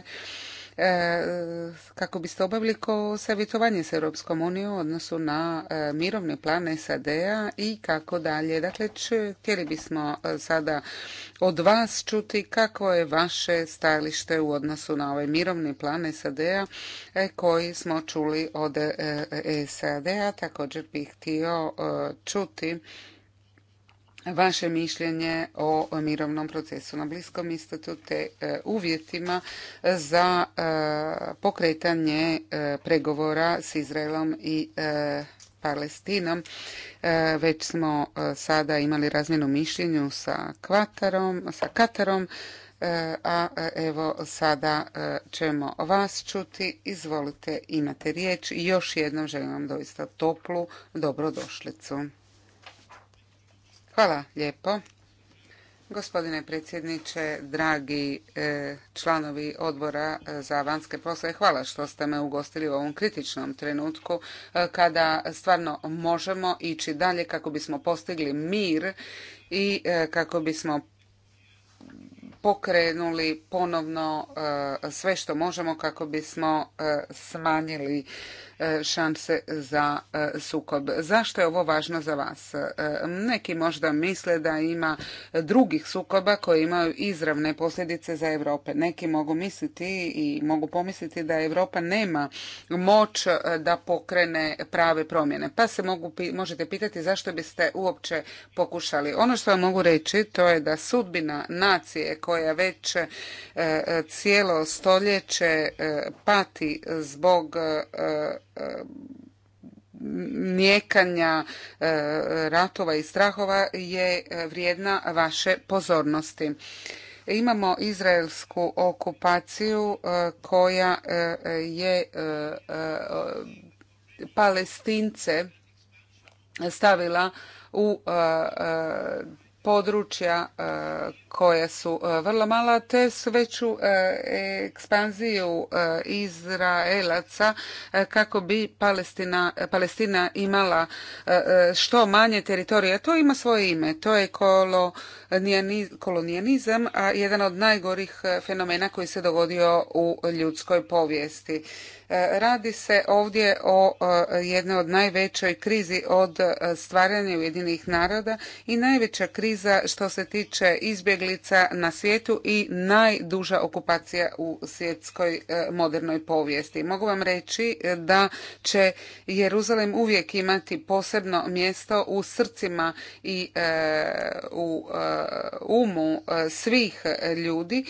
E, kako biste obavili ko savjetovanje s Europskom unijom u odnosu na e, mirovni plan SAD-a i kako dalje. Dakle, htjeli bismo e, sada od vas čuti kako je vaše stajalište u odnosu na ovaj mirovni plan SAD-a koji smo čuli od SAD-a. Također bih htio čuti vaše mišljenje o mirovnom procesu na Bliskom istotu te e, uvjetima za e, pokretanje e, pregovora s Izraelom i Palestinom. Već smo sada imali razmjenu mišljenju sa Kvatarom, sa Katarom, a evo sada ćemo vas čuti. Izvolite, imate riječ i još jednom želim vam doista toplu dobrodošlicu. Hvala lijepo. Gospodine predsjedniče, dragi e, članovi odbora e, za vanjske poslove, hvala što ste me ugostili u ovom kritičnom trenutku e, kada stvarno možemo ići dalje kako bismo postigli mir i kako bismo pokrenuli ponovno sve što možemo kako bismo smanjili E, šanse za e, sukob. Zašto je ovo važno za vas? E, neki možda misle da ima drugih sukoba koji imaju izravne posljedice za Europe. Neki mogu misliti i mogu pomisliti da Europa nema moć da pokrene prave promjene. Pa se mogu, možete pitati zašto biste uopće pokušali. Ono što vam mogu reći to je da sudbina nacije koja već cijelo stoljeće pati zbog Mjekanja e, ratova i strahova je vrijedna vaše pozornosti. Imamo izraelsku okupaciju e, koja e, je palestince stavila u područja koja su e, vrlo mala, te su veću e, ekspanziju e, Izraelaca kako bi Palestina, Palestina imala što manje teritorija. To ima svoje ime, to je kolonijanizam, a jedan od najgorih fenomena koji se dogodio u ljudskoj povijesti. Radi se ovdje o jednoj od najvećoj krizi od stvaranja Ujedinih naroda i najveća kriza što se tiče izbjeglica izbjeglica na svijetu i najduža okupacija u svjetskoj e, modernoj povijesti. Mogu vam reći e, da će Jeruzalem uvijek imati posebno mjesto u srcima i e, u umu svih ljudi,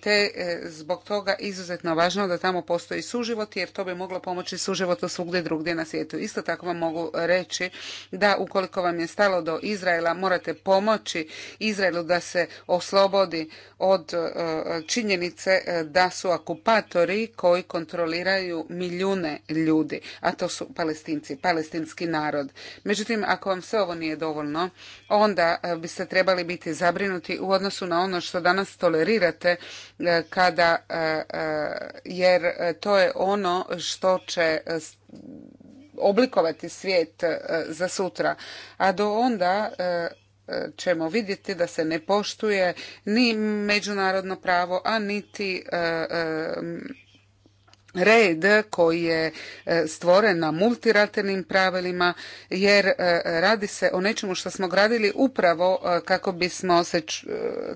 te zbog toga izuzetno važno da tamo postoji suživot jer to bi moglo pomoći suživotu svugdje drugdje na svijetu. Isto tako vam mogu reći da ukoliko vam je stalo do Izraela morate pomoći Izraelu da se oslobodi od e, činjenice e, da su okupatori koji kontroliraju milijune ljudi, a to su palestinci, palestinski narod. Međutim, ako vam sve ovo nije dovoljno, onda e, biste trebali biti zabrinuti u odnosu na ono što danas tolerirate kada, jer to je ono što će oblikovati svijet za sutra. A do onda ćemo vidjeti da se ne poštuje ni međunarodno pravo, a niti e, e, red koji je e, stvoren na multilateralnim pravilima jer radi se o nečemu što smo gradili upravo kako bismo se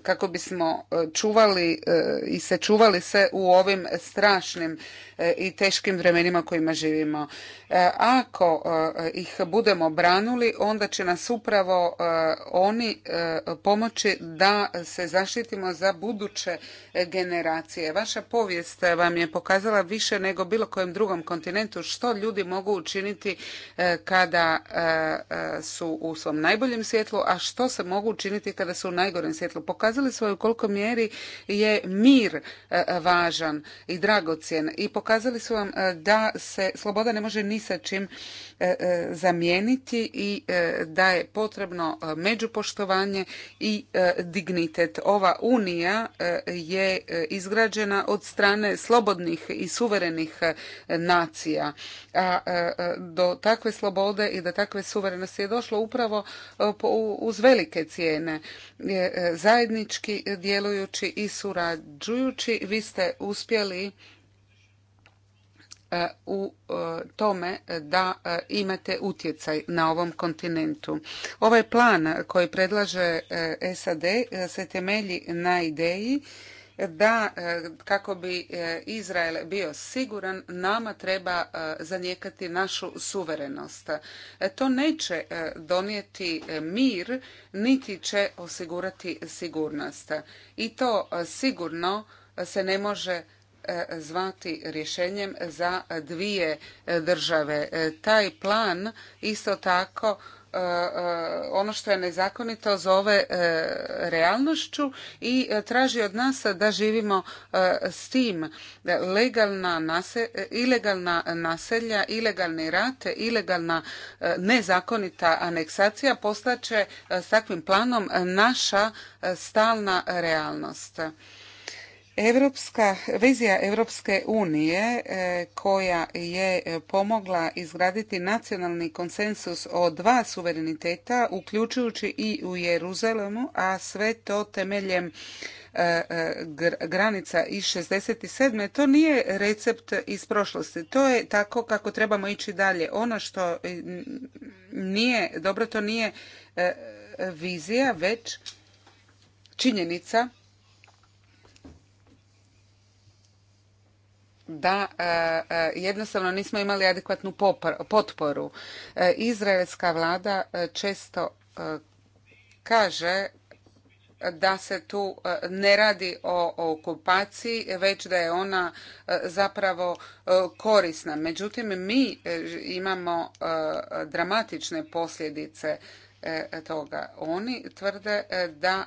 kako bismo čuvali i sačuvali se u ovim strašnim E, i teškim vremenima kojima živimo. E, ako e, ih budemo branuli, onda će nas upravo oni pomoći da se zaštitimo za buduće generacije. Vaša povijest vam je pokazala više nego bilo kojem drugom kontinentu što ljudi mogu učiniti kada su u svom najboljem svjetlu, a što se mogu učiniti kada su u najgorem svjetlu. Pokazali smo u koliko mjeri je mir važan i dragocjen i pokazali pokazali su vam e, da se sloboda ne može ni sa čim e, e, zamijeniti i da je potrebno međupoštovanje i dignitet. Ova unija je izgrađena od strane slobodnih i suverenih nacija. A do takve slobode i do takve suverenosti je došlo upravo uz velike cijene. Zajednički djelujući i surađujući vi ste uspjeli E, u e, tome da e, imate utjecaj na ovom kontinentu. Ovaj plan koji predlaže SAD se temelji na ideji da kako bi Izrael bio siguran nama treba zanijekati našu suverenost. To neće donijeti mir niti će osigurati sigurnost. I to sigurno se ne može zvati rješenjem za dvije države. E, taj plan isto tako e, e, ono što je nezakonito zove realnošću i traži od nas da živimo s tim. Legalna naselja, ilegalna naselja, ilegalni rate ilegalna nezakonita aneksacija postaće s takvim planom naša stalna realnost. Evropska, vizija Europske unije e, koja je pomogla izgraditi nacionalni konsensus o dva suvereniteta, uključujući i u Jeruzalemu, a sve to temeljem e, e, granica iz 67. To nije recept iz prošlosti. To je tako kako trebamo ići dalje. Ono što nije dobro, to nije vizija, već činjenica da e, e, jednostavno nismo imali adekvatnu potporu. E, izraelska vlada često kaže da se tu ne radi o okupaciji, već da je ona zapravo korisna. Međutim, mi imamo dramatične posljedice toga. Oni tvrde da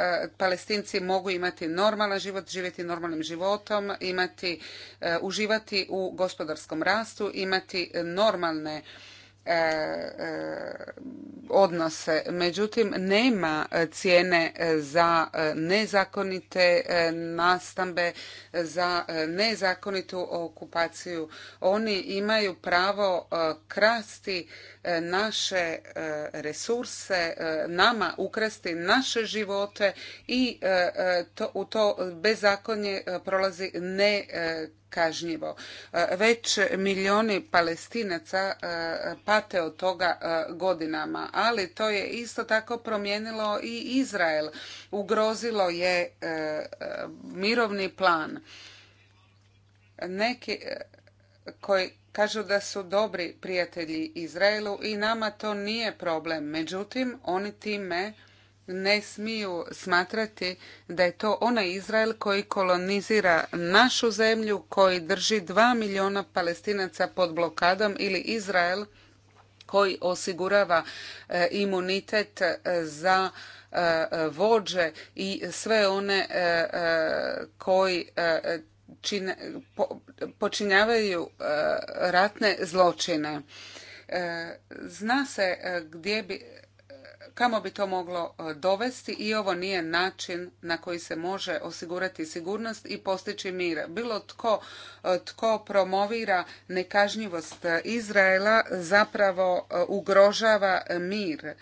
E, palestinci mogu imati normalan život, živjeti normalnim životom, imati, e, uživati u gospodarskom rastu, imati normalne e, odnose. Međutim, nema cijene za nezakonite nastambe, za nezakonitu okupaciju. Oni imaju pravo krasti E, naše e, resurse, e, nama ukrasti naše živote i to, u to bezakonje prolazi ne kažnjivo. Već milijoni palestinaca pate od toga godinama, ali to je isto tako promijenilo i Izrael. Ugrozilo je mirovni plan. Neki koji Kažu da su dobri prijatelji Izraelu i nama to nije problem. Međutim, oni time ne smiju smatrati da je to onaj Izrael koji kolonizira našu zemlju, koji drži dva milijuna palestinaca pod blokadom ili Izrael koji osigurava e, imunitet e, za e, vođe i sve one koji počinjavaju e, ratne zločine. E, zna se e, gdje bi kamo bi to moglo e, dovesti i ovo nije način na koji se može osigurati sigurnost i postići mir. Bilo tko e, tko promovira nekažnjivost Izraela zapravo e, ugrožava mir.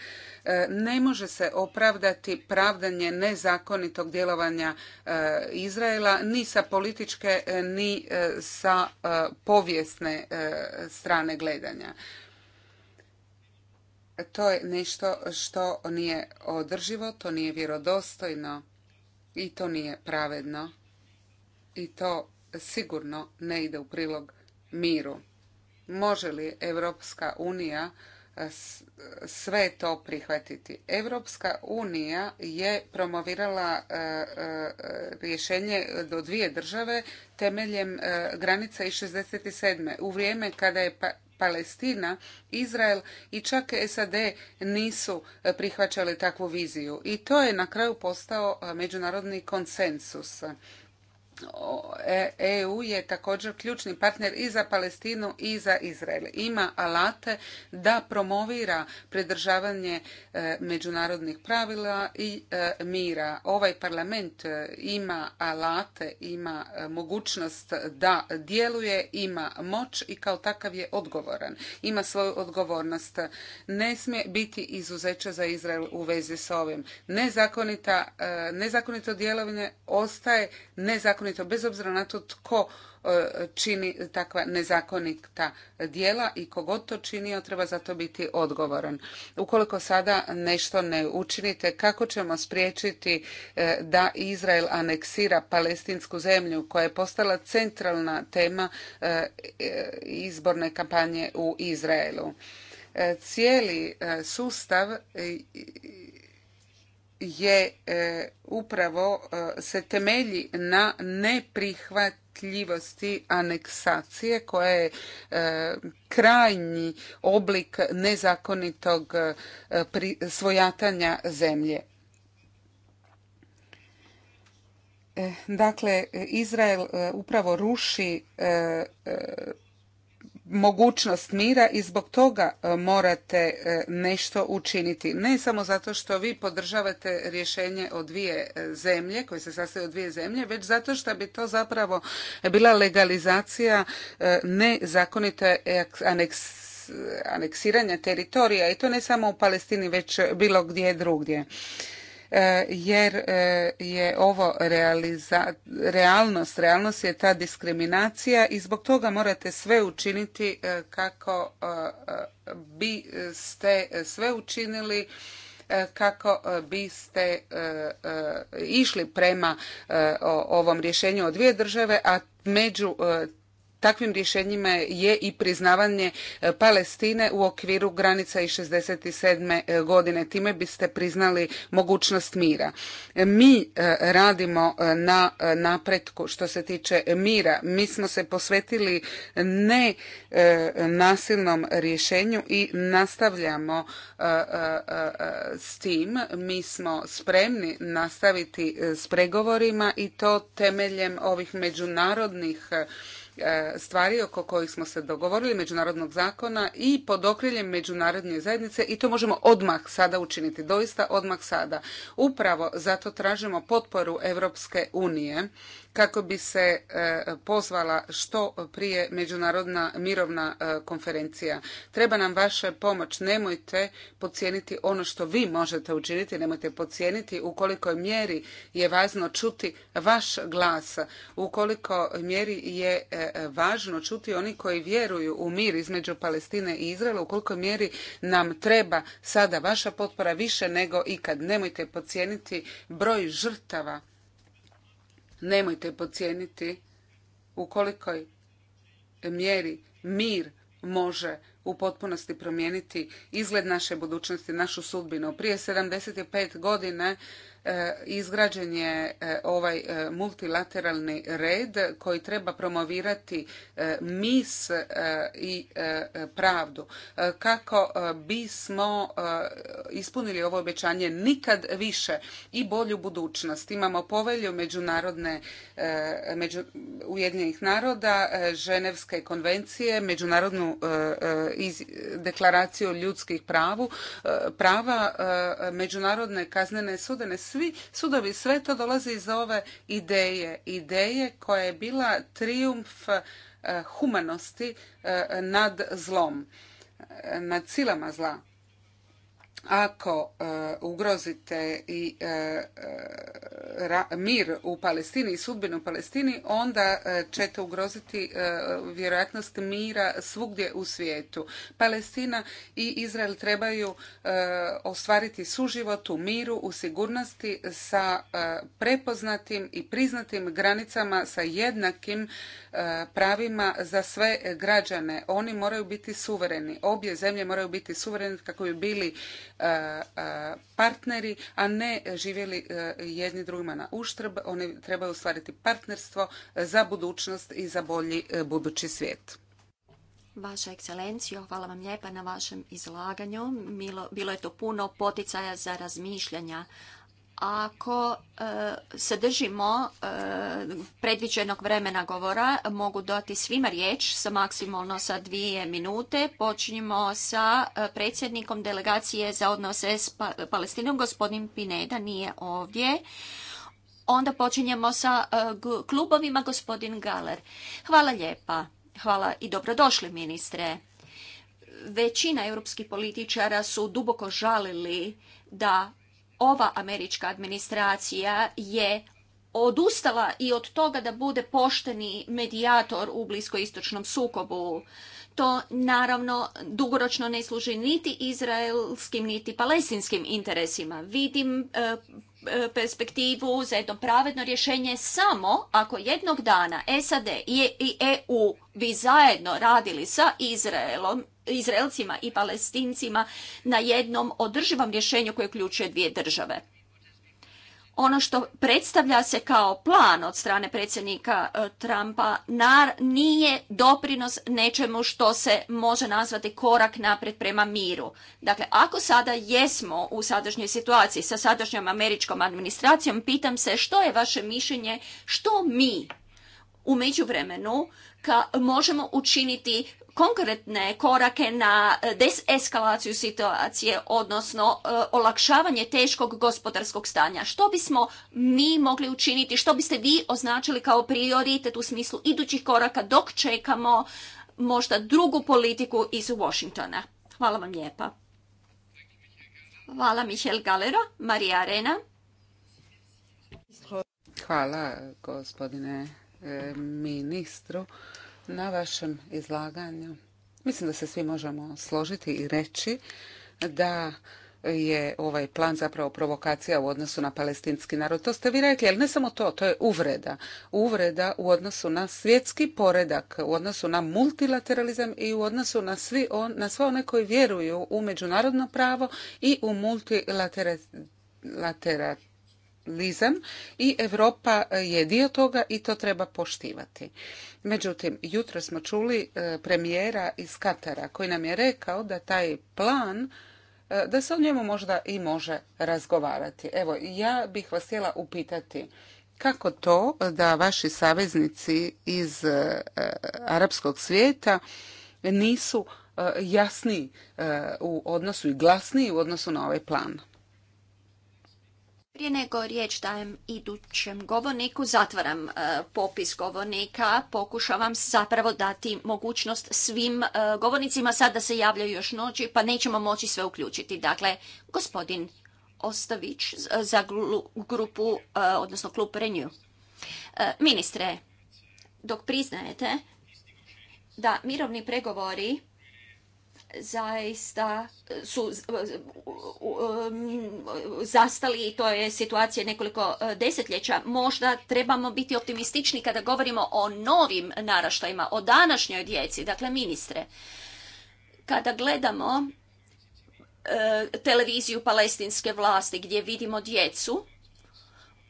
Ne može se opravdati pravdanje nezakonitog djelovanja Izraela ni sa političke ni sa povijesne strane gledanja to je nešto što nije održivo, to nije vjerodostojno i to nije pravedno i to sigurno ne ide u prilog miru. Može li Europska unija sve to prihvatiti? Europska unija je promovirala e, e, rješenje do dvije države temeljem e, granica iz 67. u vrijeme kada je pa- Palestina, Izrael i čak SAD nisu e, prihvaćali takvu viziju. I to je na kraju postao e, međunarodni konsensus. EU e je također ključni partner i za Palestinu i za Izrael. Ima alate da promovira pridržavanje e, međunarodnih pravila i e, mira. Ovaj parlament ima alate, ima mogućnost da djeluje, ima moć i kao takav je odgovoran. Ima svoju odgovornost. Ne smije biti izuzeća za Izrael u vezi s ovim. Nezakonita, nezakonito djelovanje ostaje nezakonito to bez obzira na to tko e, čini takva nezakonita dijela i kogod to činio treba za to biti odgovoran. Ukoliko sada nešto ne učinite, kako ćemo spriječiti e, da Izrael aneksira palestinsku zemlju koja je postala centralna tema e, izborne kampanje u Izraelu? Cijeli sustav je e, upravo e, se temelji na neprihvatljivosti aneksacije koja je e, krajnji oblik nezakonitog e, svojatanja zemlje. dakle, Izrael upravo ruši mogućnost mira i zbog toga e, morate e, nešto učiniti. Ne samo zato što vi podržavate rješenje od dvije e, zemlje, koje se sastoji od dvije zemlje, već zato što bi to zapravo bila legalizacija nezakonite aneks aneksiranja teritorija i to ne samo u Palestini već bilo gdje drugdje. E, jer e, je ovo realnost. Realnost je ta diskriminacija i zbog toga morate sve učiniti e, kako biste sve učinili kako biste išli prema ovom rješenju od dvije države, a među takvim rješenjima je i priznavanje e, Palestine u okviru granica iz 67. E, godine. Time biste priznali mogućnost mira. E, Mi radimo na napretku što se tiče mira. Mi smo se posvetili ne nasilnom rješenju i nastavljamo s tim. Mi smo spremni nastaviti s pregovorima i to temeljem ovih međunarodnih E, stvari oko kojih smo se dogovorili međunarodnog zakona i pod okriljem međunarodne zajednice i to možemo odmah sada učiniti, doista odmah sada. Upravo zato tražimo potporu Europske unije kako bi se e, pozvala što prije međunarodna mirovna e, konferencija. Treba nam vaša pomoć. Nemojte podcijeniti ono što vi možete učiniti, nemojte podcijeniti u kolikoj mjeri je važno čuti vaš glas, u koliko mjeri je e, važno čuti oni koji vjeruju u mir između Palestine i Izraela, u koliko mjeri nam treba sada vaša potpora više nego ikad. Nemojte podcijeniti broj žrtava Nemojte pocijeniti u kolikoj mjeri mir može u potpunosti promijeniti izgled naše budućnosti, našu sudbinu. Prije 75 godina E, izgrađen je e, ovaj e, multilateralni red koji treba promovirati mis i pravdu. Kako bismo ispunili ovo obećanje nikad više i bolju budućnost. Imamo povelju međunarodne među, Ujedinjenih naroda, Ženevske konvencije, međunarodnu iz, deklaraciju ljudskih pravu, prava, međunarodne kaznene sudene svi sudovi, sve to dolazi iz ove ideje. Ideje koja je bila triumf eh, humanosti eh, nad zlom, eh, nad silama zla ako e, ugrozite i e, e, mir u Palestini i sudbinu u Palestini, onda ćete ugroziti vjerojatnost mira svugdje u svijetu. Palestina i Izrael trebaju ostvariti suživot u miru, u sigurnosti sa prepoznatim i priznatim granicama sa jednakim pravima za sve građane. Oni moraju biti suvereni. Obje zemlje moraju biti suvereni kako bi bili partneri, a ne živjeli e, jedni drugima na uštrb. Oni trebaju ostvariti partnerstvo za budućnost i za bolji e, budući svijet. Vaša ekscelencijo, hvala vam lijepa na vašem izlaganju. Bilo je to puno poticaja za razmišljanja, ako e, se držimo e, predviđenog vremena govora, mogu dati svima riječ sa maksimalno sa dvije minute. Počinjemo sa e, predsjednikom delegacije za odnose s pa-, Palestinom, gospodin Pineda nije ovdje. Onda počinjemo sa klubovima, gospodin Galer. Hvala lijepa. Hvala i dobrodošli ministre. Većina europskih političara su duboko žalili da ova američka administracija je odustala i od toga da bude pošteni medijator u bliskoistočnom sukobu. To naravno dugoročno ne služi niti izraelskim niti palestinskim interesima. Vidim e, e, perspektivu za jedno pravedno rješenje samo ako jednog dana SAD i EU e bi zajedno radili sa Izraelom Izraelcima i Palestincima na jednom održivom rješenju koje uključuje dvije države. Ono što predstavlja se kao plan od strane predsjednika e, Trumpa nar, nije doprinos nečemu što se može nazvati korak naprijed prema miru. Dakle, ako sada jesmo u sadašnjoj situaciji sa sadašnjom američkom administracijom, pitam se što je vaše mišljenje, što mi u međuvremenu ka, možemo učiniti konkretne korake na e, deseskalaciju situacije, odnosno e, olakšavanje teškog gospodarskog stanja. Što bismo mi mogli učiniti, što biste vi označili kao prioritet u smislu idućih koraka dok čekamo možda drugu politiku iz Washingtona? Hvala vam lijepa. Hvala Michel Galero, Marija Arena. Hvala gospodine E, ministru na vašem izlaganju. Mislim da se svi možemo složiti i reći da je ovaj plan zapravo provokacija u odnosu na palestinski narod. To ste vi rekli, ali ne samo to, to je uvreda. Uvreda u odnosu na svjetski poredak, u odnosu na multilateralizam i u odnosu na, svi on, na sve one koji vjeruju u međunarodno pravo i u multilateralizam lizam i Europa je dio toga i to treba poštivati. Međutim, jutro smo čuli e, premijera iz Katara koji nam je rekao da taj plan e, da se o njemu možda i može razgovarati. Evo, ja bih vas htjela upitati kako to da vaši saveznici iz e, arapskog svijeta nisu jasni u odnosu i glasniji u odnosu na ovaj plan. Prije nego riječ dajem idućem govorniku, zatvaram e, popis govornika, pokušavam zapravo dati mogućnost svim e, govornicima sad da se javljaju još noći, pa nećemo moći sve uključiti. Dakle, gospodin Ostavić za grupu, e, odnosno klub Renew. Ministre, dok priznajete da mirovni pregovori zaista su e, um, zastali i to je situacija nekoliko e, desetljeća. Možda trebamo biti optimistični kada govorimo o novim naraštajima, o današnjoj djeci, dakle ministre. Kada gledamo e, televiziju palestinske vlasti gdje vidimo djecu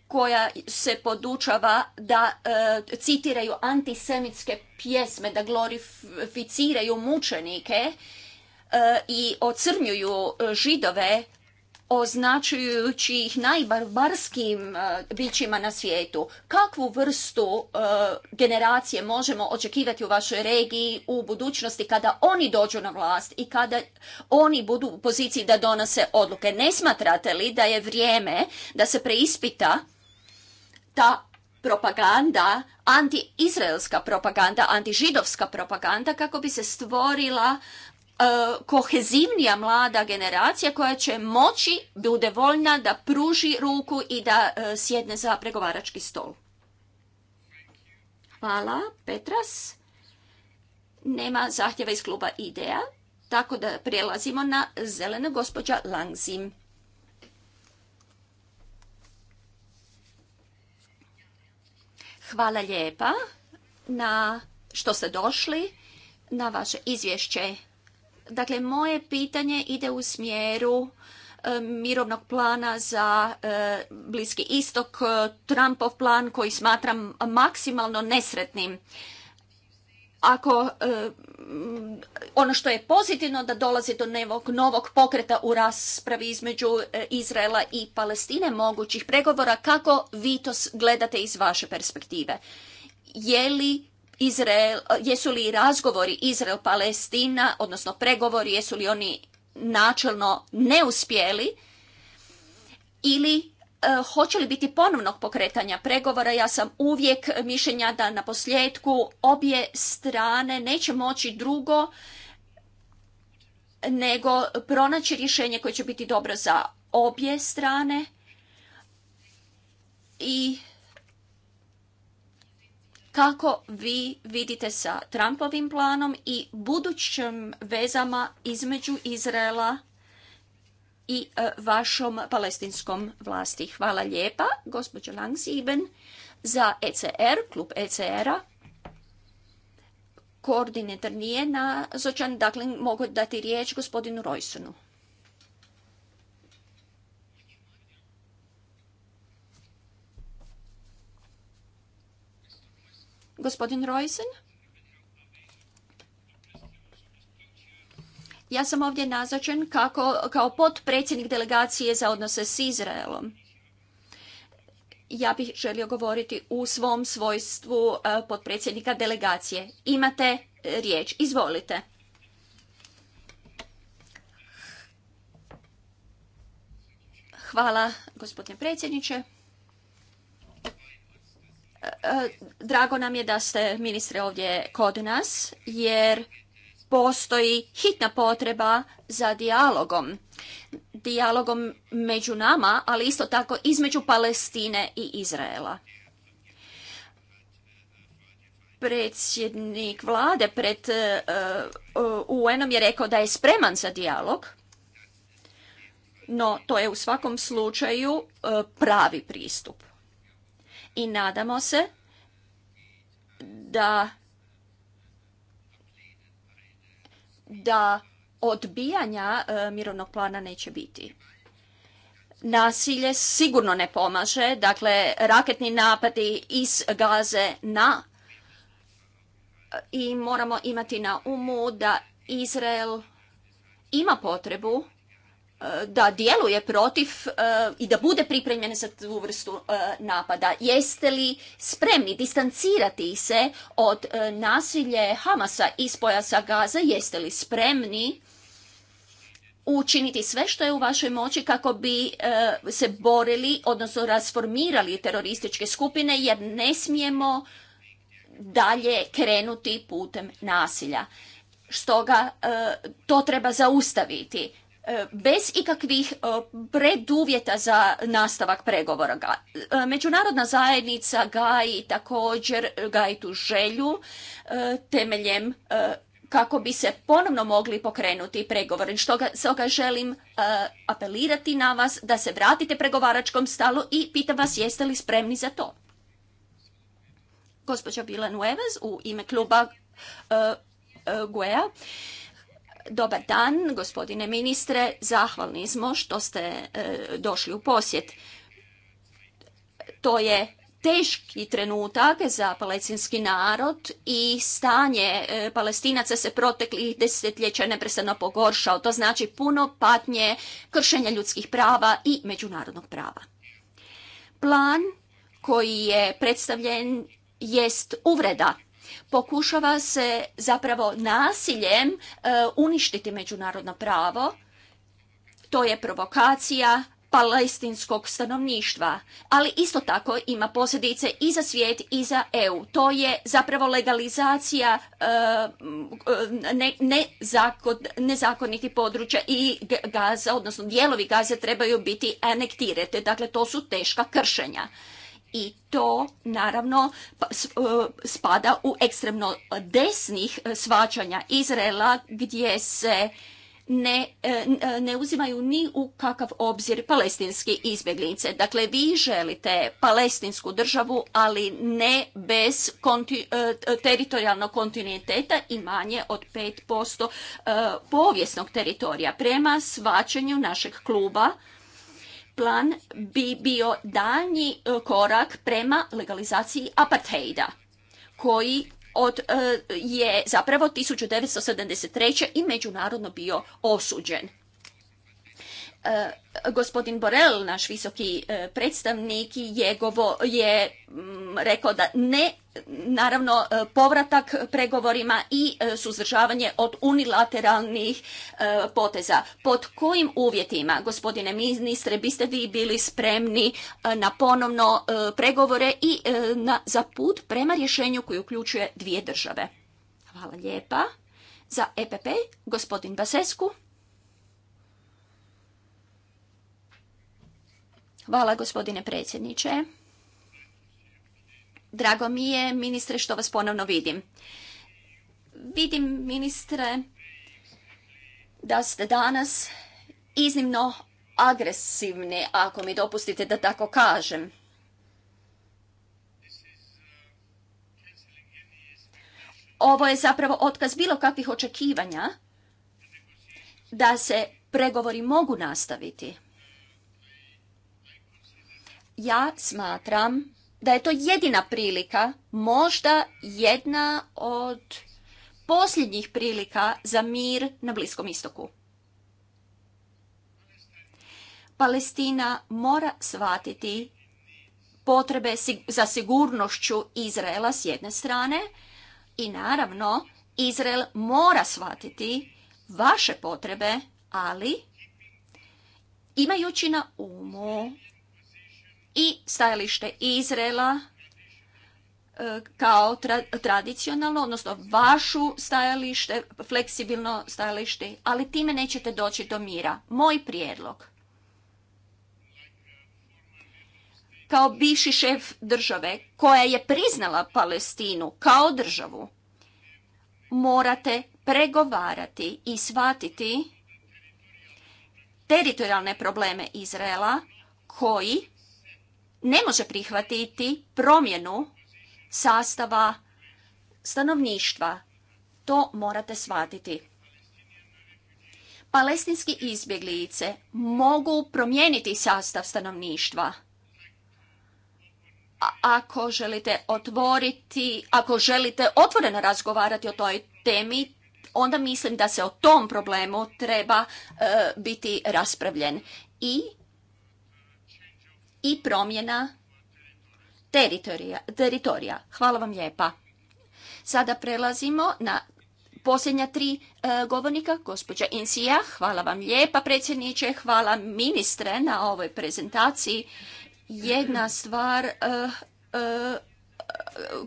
koja se podučava da citiraju antisemitske pjesme, da glorificiraju mučenike E, i ocrnjuju e, židove označujući ih najbarbarskim e, bićima na svijetu. Kakvu vrstu generacije možemo očekivati u vašoj regiji u budućnosti kada oni dođu na vlast i kada oni budu u poziciji da donose odluke? Ne smatrate li da je vrijeme da se preispita ta propaganda, antiizraelska propaganda, antižidovska propaganda kako bi se stvorila E, kohezivnija mlada generacija koja će moći, bude voljna da pruži ruku i da e, sjedne za pregovarački stol. Hvala, Petras. Nema zahtjeva iz kluba IDEA, tako da prelazimo na zeleno gospođa Langzim. Hvala lijepa na što ste došli na vaše izvješće Dakle, moje pitanje ide u smjeru e, mirovnog plana za e, Bliski istok, e, Trumpov plan koji smatram maksimalno nesretnim. Ako ono što je pozitivno da dolazi do nevog, novog pokreta u raspravi između Izraela i Palestine mogućih pregovora, kako vi to gledate iz vaše perspektive? Je li Izrael, jesu li razgovori Izrael-Palestina, odnosno pregovori, jesu li oni načelno neuspjeli ili e, hoće li biti ponovnog pokretanja pregovora, ja sam uvijek mišljenja da na posljedku obje strane neće moći drugo nego pronaći rješenje koje će biti dobro za obje strane i kako vi vidite sa Trumpovim planom i budućim vezama između Izraela i e, vašom palestinskom vlasti. Hvala lijepa, gospođo Langsiben, za ECR, klub ECR-a. Koordinator nije nazočan, dakle mogu dati riječ gospodinu Rojsonu. Gospodin Rojsen? Ja sam ovdje nazočen kao potpredsjednik delegacije za odnose s Izraelom. Ja bih želio govoriti u svom svojstvu e, potpredsjednika delegacije. Imate e, riječ, izvolite. Hvala, gospodine predsjedniče. Drago nam je da ste ministre ovdje kod nas jer postoji hitna potreba za dijalogom. Dijalogom među nama, ali isto tako između Palestine i Izraela. Predsjednik vlade pred e, e, UN-om je rekao da je spreman za dijalog, no to je u svakom slučaju e, pravi pristup i nadamo se da da odbijanja e, mirovnog plana neće biti. Nasilje sigurno ne pomaže, dakle raketni napadi iz gaze na i moramo imati na umu da Izrael ima potrebu E, da djeluje protiv e, i da bude pripremljen za tu vrstu e, napada. Jeste li spremni distancirati se od nasilje Hamasa iz pojasa Gaza? Jeste li spremni učiniti sve što je u vašoj moći kako bi se borili, odnosno rasformirali terorističke skupine jer ne smijemo dalje krenuti putem nasilja. Stoga to treba zaustaviti E, bez ikakvih e, preduvjeta za nastavak pregovora. E, međunarodna zajednica gaji također gaji tu želju temeljem kako bi se ponovno mogli pokrenuti pregovori. Što ga želim apelirati na vas da se vratite pregovaračkom stalu i pitam vas jeste li spremni za to. Gospođa Bila u ime kluba Guea. Dobar dan, gospodine ministre. Zahvalni smo što ste e, došli u posjet. To je teški trenutak za palestinski narod i stanje e, palestinaca se proteklih desetljeća neprestano pogoršao. To znači puno patnje, kršenja ljudskih prava i međunarodnog prava. Plan koji je predstavljen jest uvreda Pokušava se zapravo nasiljem e, uništiti međunarodno pravo. To je provokacija palestinskog stanovništva, ali isto tako ima posljedice i za svijet i za EU. To je zapravo legalizacija e, e, nezakonitih područja i Gaza, odnosno dijelovi Gaze trebaju biti anektirete. Dakle, to su teška kršenja i to naravno pa, e, spada u ekstremno desnih e, svačanja Izraela gdje se ne, e, ne uzimaju ni u kakav obzir palestinski izbjeglice. Dakle, vi želite palestinsku državu, ali ne bez teritorijalnog kontinuiteta i manje od 5% povijesnog teritorija. Prema svačanju našeg kluba, plan bi bio danji e, korak prema legalizaciji apartheida koji od, e, je zapravo 1973. i međunarodno bio osuđen. E, gospodin Borel, naš visoki e, predstavnik, je, je rekao da ne, naravno, e, povratak pregovorima i suzdržavanje od unilateralnih poteza. Pod kojim uvjetima, gospodine ministre, biste vi bili spremni na ponovno pregovore i za put prema rješenju koji uključuje dvije države? Hvala lijepa. Za EPP, gospodin Basescu. Hvala gospodine predsjedniče. Drago mi je, ministre, što vas ponovno vidim. Vidim, ministre, da ste danas iznimno agresivni, ako mi dopustite da tako kažem. Ovo je zapravo otkaz bilo kakvih očekivanja da se pregovori mogu nastaviti ja smatram da je to jedina prilika, možda jedna od posljednjih prilika za mir na Bliskom istoku. Palestina mora shvatiti potrebe za sigurnošću Izraela s jedne strane i naravno Izrael mora shvatiti vaše potrebe, ali imajući na umu i stajalište Izrela e, kao tradicionalno, odnosno vašu stajalište, fleksibilno stajalište, ali time nećete doći do mira. Moj prijedlog. Kao bivši šef države koja je priznala Palestinu kao državu, morate pregovarati i shvatiti teritorijalne probleme Izraela koji ne može prihvatiti promjenu sastava stanovništva. To morate shvatiti. Palestinski izbjeglice mogu promijeniti sastav stanovništva. ako želite otvoriti, ako želite otvoreno razgovarati o toj temi, onda mislim da se o tom problemu treba e, biti raspravljen. I i promjena teritorija. Hvala vam lijepa. Sada prelazimo na posljednja tri e, govornika, gospođa Insija. Hvala vam lijepa predsjedniče, hvala ministre na ovoj prezentaciji. Jedna stvar e, e,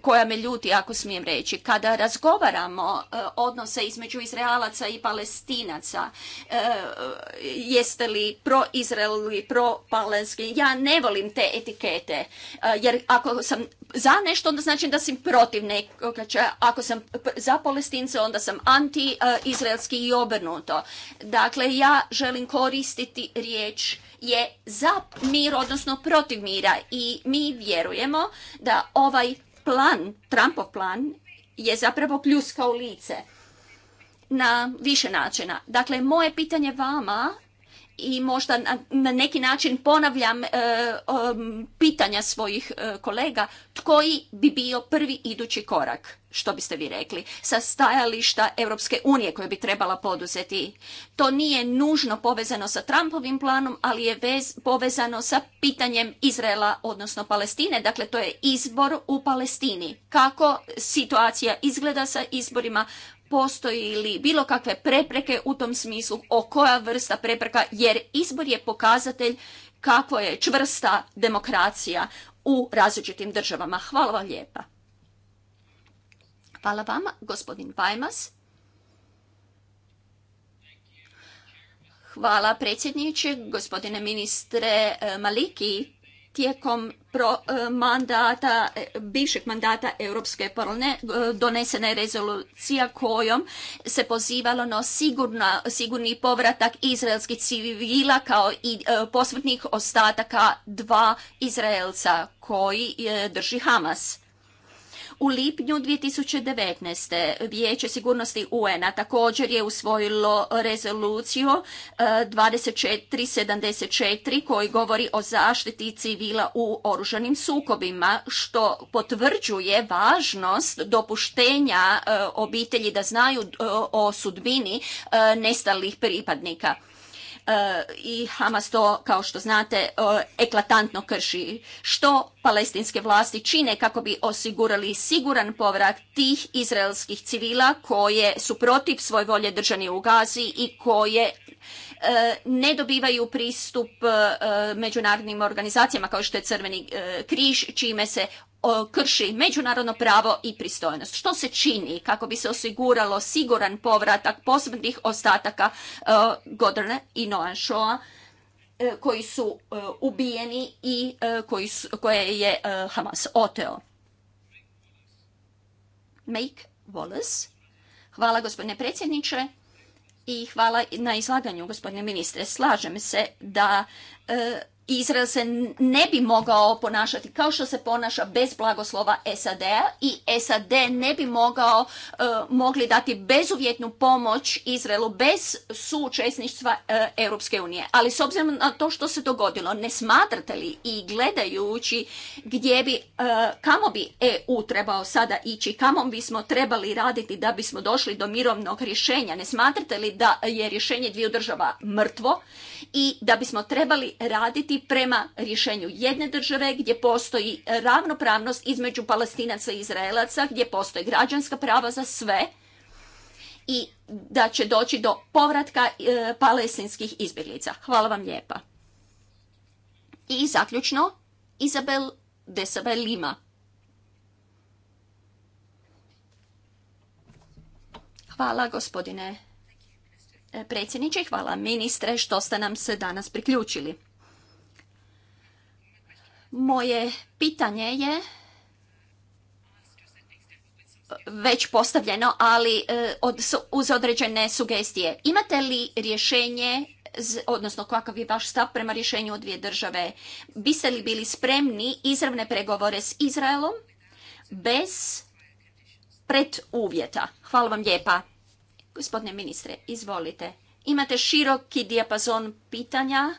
koja me ljuti, ako smijem reći. Kada razgovaramo e, odnose između Izraelaca i Palestinaca, e, jeste li pro-Izrael ili pro ja ne volim te etikete, e, jer ako sam za nešto, onda znači da sam protiv nekog. Ako sam za Palestince, onda sam anti-izraelski i obrnuto. Dakle, ja želim koristiti riječ je za mir, odnosno protiv mira i mi vjerujemo da ovaj plan, Trumpov plan je zapravo pljuska u lice na više načina. Dakle, moje pitanje vama i možda na neki način ponavljam e, pitanja svojih e, kolega koji bi bio prvi idući korak što biste vi rekli sa stajališta Europske unije koje bi trebala poduzeti to nije nužno povezano sa Trumpovim planom ali je vez, povezano sa pitanjem Izraela odnosno Palestine dakle to je izbor u Palestini kako situacija izgleda sa izborima postoji li bilo kakve prepreke u tom smislu, o koja vrsta prepreka, jer izbor je pokazatelj kako je čvrsta demokracija u različitim državama. Hvala vam lijepa. Hvala vama, gospodin Vajmas. Hvala predsjedniče, gospodine ministre eh, Maliki tijekom pro, e, mandata, e, bivšeg mandata Europske parlamente donesena je rezolucija kojom se pozivalo na sigurni povratak izraelskih civila kao i e, posmrtnih ostataka dva Izraelca koji drži Hamas. U lipnju 2019. Vijeće sigurnosti UN-a također je usvojilo rezoluciju 2474 e, koji govori o zaštiti civila u oružanim sukobima, što potvrđuje važnost dopuštenja e, obitelji da znaju e, o sudbini nestalih pripadnika. E, i Hamas to, kao što znate, e, eklatantno krši. Što palestinske vlasti čine kako bi osigurali siguran povrat tih izraelskih civila koje su protiv svoje volje držani u Gazi i koje e, ne dobivaju pristup međunarodnim organizacijama kao što je Crveni križ, čime se krši međunarodno pravo i pristojnost. Što se čini kako bi se osiguralo siguran povratak posebnih ostataka e, Godrne i Noan e, koji su e, ubijeni i koje je Hamas oteo? Make Wallace. Hvala gospodine predsjedniče i hvala na izlaganju gospodine ministre. Slažem se da Izrael se ne bi mogao ponašati kao što se ponaša bez blagoslova SAD-a i SAD ne bi mogao e, mogli dati bezuvjetnu pomoć Izraelu bez sučesništva uh, Europske unije. Ali s obzirom na to što se dogodilo, ne smatrate li i gledajući gdje bi, e, kamo bi EU trebao sada ići, kamo bismo trebali raditi da bismo došli do mirovnog rješenja, ne smatrate li da je rješenje dviju država mrtvo i da bismo trebali raditi prema rješenju jedne države gdje postoji ravnopravnost između palestinaca i izraelaca, gdje postoje građanska prava za sve i da će doći do povratka e, palestinskih izbjeglica. Hvala vam lijepa. I zaključno, Izabel Lima Hvala gospodine e, predsjedniče, hvala ministre što ste nam se danas priključili. Moje pitanje je već postavljeno, ali e, uz određene sugestije. Imate li rješenje odnosno kakav je vaš stav prema rješenju od dvije države? Biste li bili spremni izravne pregovore s Izraelom bez preduvjeta? Hvala vam lijepa. Gospodine ministre, izvolite. Imate široki dijapazon pitanja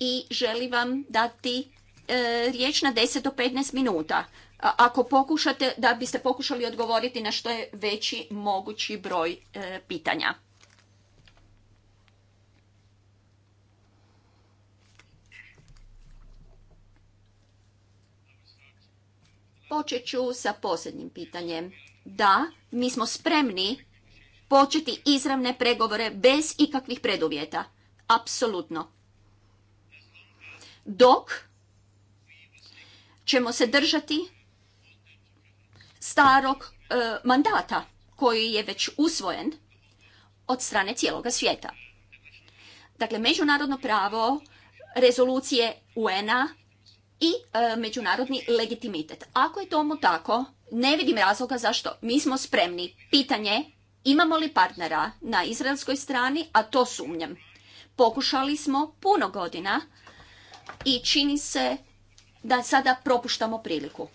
i želim vam dati E, riječ na 10 do 15 minuta. Ako pokušate, da biste pokušali odgovoriti na što je veći mogući broj e, pitanja. Počet ću sa posljednjim pitanjem. Da, mi smo spremni početi izravne pregovore bez ikakvih preduvjeta. Apsolutno. Dok ćemo se držati starog e, mandata koji je već usvojen od strane cijeloga svijeta. Dakle, međunarodno pravo, rezolucije UN-a i e, međunarodni legitimitet. Ako je tomu tako, ne vidim razloga zašto mi smo spremni. Pitanje, imamo li partnera na izraelskoj strani, a to sumnjam. Pokušali smo puno godina i čini se da sada propuštamo priliku.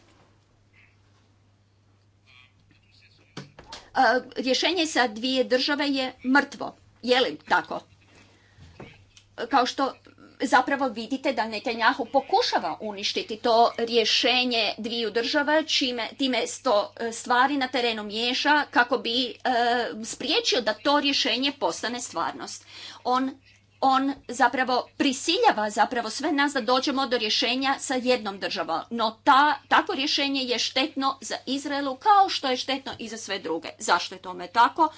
Rješenje sa dvije države je mrtvo. Je li tako? Kao što zapravo vidite da Netanjahu pokušava uništiti to rješenje dviju država, čime time sto e, stvari na terenu miješa kako bi e, spriječio da to rješenje postane stvarnost. On on zapravo prisiljava zapravo sve nas da dođemo do rješenja sa jednom državom. No ta, takvo rješenje je štetno za Izraelu kao što je štetno i za sve druge. Zašto je tome tako?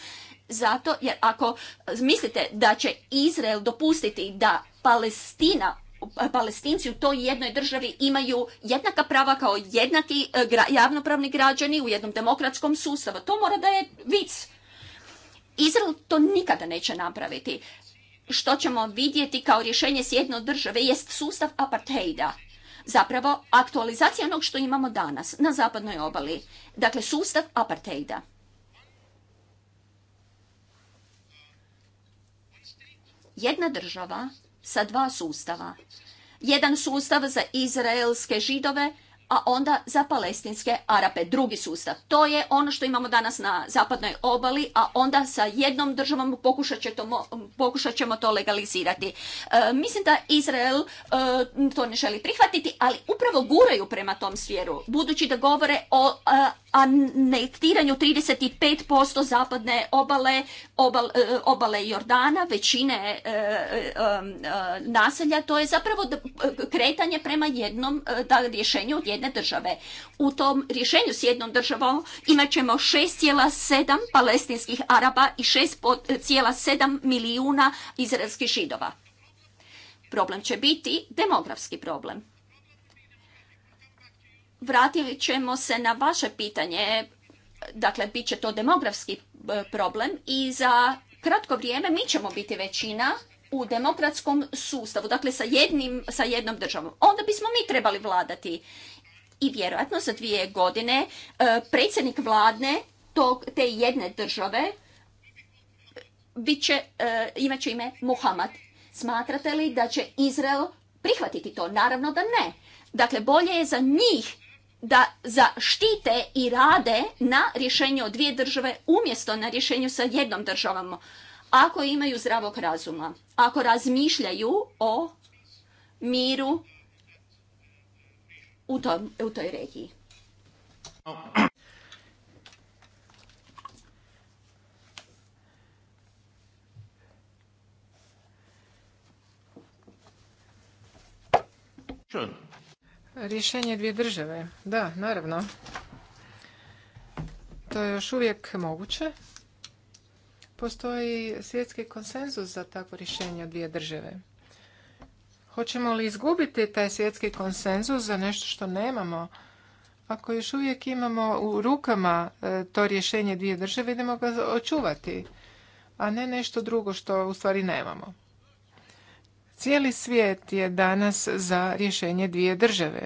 Zato jer ako mislite da će Izrael dopustiti da Palestina palestinci u toj jednoj državi imaju jednaka prava kao jednaki e, javnopravni građani u jednom demokratskom sustavu. To mora da je vic. Izrael to nikada neće napraviti što ćemo vidjeti kao rješenje s jedne države jest sustav apartheida. Zapravo, aktualizacija onog što imamo danas na zapadnoj obali. Dakle, sustav apartheida. Jedna država sa dva sustava. Jedan sustav za izraelske židove, a onda za palestinske Arape, drugi sustav. To je ono što imamo danas na zapadnoj obali, a onda sa jednom državom pokušat, to, ćemo to legalizirati. E, mislim da Izrael e, to ne želi prihvatiti, ali upravo guraju prema tom svjeru, budući da govore o e, anektiranju 35% zapadne obale, e, obale Jordana, većine e, e, naselja, to je zapravo kretanje prema jednom da, rješenju od jedne države. U tom rješenju s jednom državom imat ćemo 6,7 palestinskih Araba i 6,7 milijuna izraelskih židova. Problem će biti demografski problem vratit ćemo se na vaše pitanje, dakle bit će to demografski e, problem i za kratko vrijeme mi ćemo biti većina u demokratskom sustavu, dakle sa, jednim, sa jednom državom. Onda bismo mi trebali vladati. I vjerojatno za dvije godine e, predsjednik vladne tog, te jedne države e, će, imat će ime Muhammad. Smatrate li da će Izrael prihvatiti to? Naravno da ne. Dakle, bolje je za njih da zaštite i rade na rješenju od dvije države umjesto na rješenju sa jednom državom. Ako imaju zdravog razuma, ako razmišljaju o miru u, toj regiji. Rješenje dvije države. Da, naravno. To je još uvijek moguće. Postoji svjetski konsenzus za takvo rješenje dvije države. Hoćemo li izgubiti taj svjetski konsenzus za nešto što nemamo? Ako još uvijek imamo u rukama e, to rješenje dvije države, idemo ga očuvati, a ne nešto drugo što u stvari nemamo. Cijeli svijet je danas za rješenje dvije države.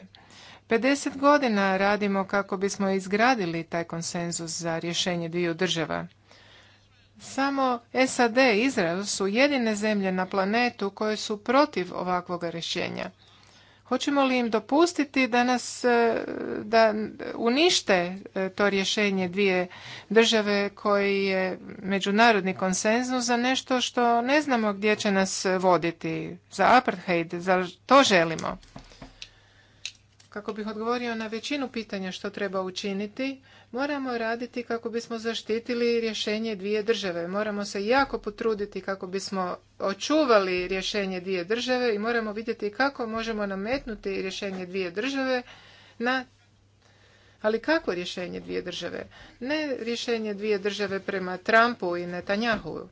50 godina radimo kako bismo izgradili taj konsenzus za rješenje dviju država. Samo SAD i Izrael su jedine zemlje na planetu koje su protiv ovakvog rješenja. Hoćemo li im dopustiti da nas e, da unište e, to rješenje dvije države koji je međunarodni konsenzus za nešto što ne znamo gdje će nas voditi, za apartheid, za to želimo kako bih odgovorio na većinu pitanja što treba učiniti, moramo raditi kako bismo zaštitili rješenje dvije države. Moramo se jako potruditi kako bismo očuvali rješenje dvije države i moramo vidjeti kako možemo nametnuti rješenje dvije države na ali kako rješenje dvije države? Ne rješenje dvije države prema Trumpu i Netanjahu,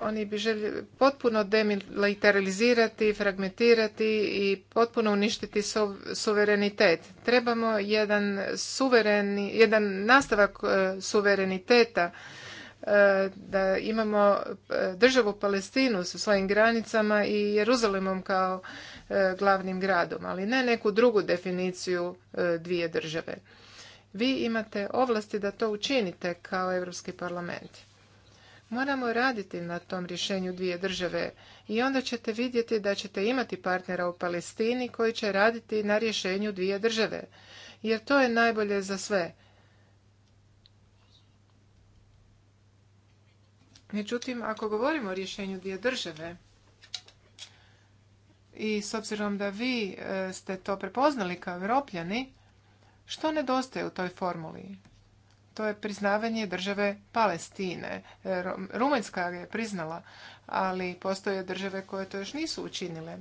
oni bi željeli potpuno demilitarizirati, fragmentirati i potpuno uništiti suverenitet. Trebamo jedan, jedan nastavak e, suvereniteta e, da imamo e, državu Palestinu sa svojim granicama i Jeruzalemom kao glavnim gradom, ali ne neku drugu definiciju dvije države. Vi imate ovlasti da to učinite kao Europski parlament. Moramo raditi na tom rješenju dvije države i onda ćete vidjeti da ćete imati partnera u Palestini koji će raditi na rješenju dvije države, jer to je najbolje za sve. Međutim, ako govorimo o rješenju dvije države, i s obzirom da vi e, ste to prepoznali kao europljani, što nedostaje u toj formuli? to je priznavanje države Palestine. E, Rumunjska je priznala, ali postoje države koje to još nisu učinile.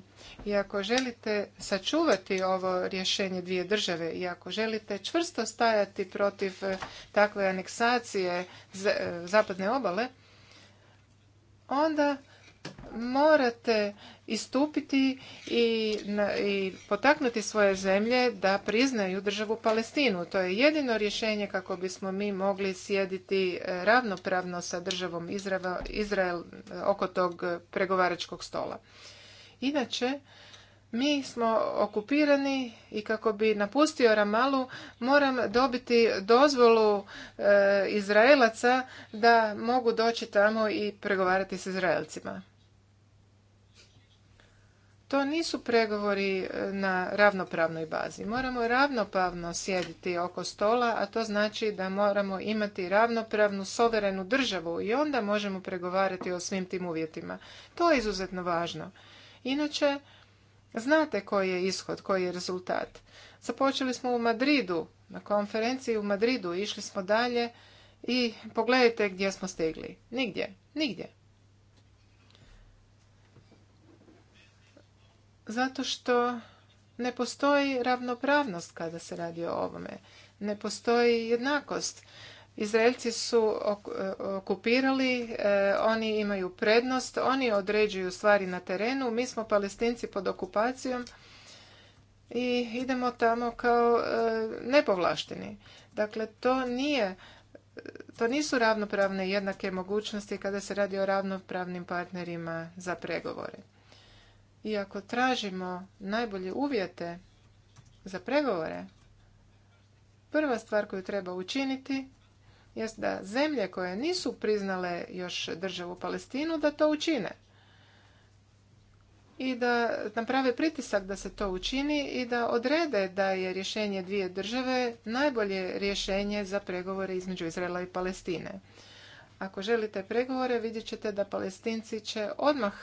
I ako želite sačuvati ovo rješenje dvije države i ako želite čvrsto stajati protiv e, takve aneksacije e, zapadne obale, onda morate istupiti i, potaknuti svoje zemlje da priznaju državu Palestinu. To je jedino rješenje kako bismo mi mogli sjediti e, ravnopravno sa državom Izrael e, oko tog pregovaračkog stola. Inače, mi smo okupirani i kako bi napustio Ramalu moram dobiti dozvolu e, Izraelaca da mogu doći tamo i pregovarati s Izraelcima to nisu pregovori e, na ravnopravnoj bazi. Moramo ravnopravno sjediti oko stola, a to znači da moramo imati ravnopravnu suverenu državu i onda možemo pregovarati o svim tim uvjetima. To je izuzetno važno. Inače, znate koji je ishod, koji je rezultat. Započeli smo u Madridu, na konferenciji u Madridu, išli smo dalje i pogledajte gdje smo stigli. Nigdje, nigdje. Zato što ne postoji ravnopravnost kada se radi o ovome. Ne postoji jednakost. Izraelci su e, okupirali, e, oni imaju prednost, oni određuju stvari na terenu, mi smo palestinci pod okupacijom i idemo tamo kao e, nepovlašteni. Dakle, to nije to nisu ravnopravne jednake mogućnosti kada se radi o ravnopravnim partnerima za pregovore. I ako tražimo najbolje uvjete za pregovore, prva stvar koju treba učiniti jest da zemlje koje nisu priznale još državu Palestinu da to učine i da naprave pritisak da se to učini i da odrede da je rješenje dvije države najbolje rješenje za pregovore između Izraela i Palestine. Ako želite pregovore, vidjet ćete da Palestinci će odmah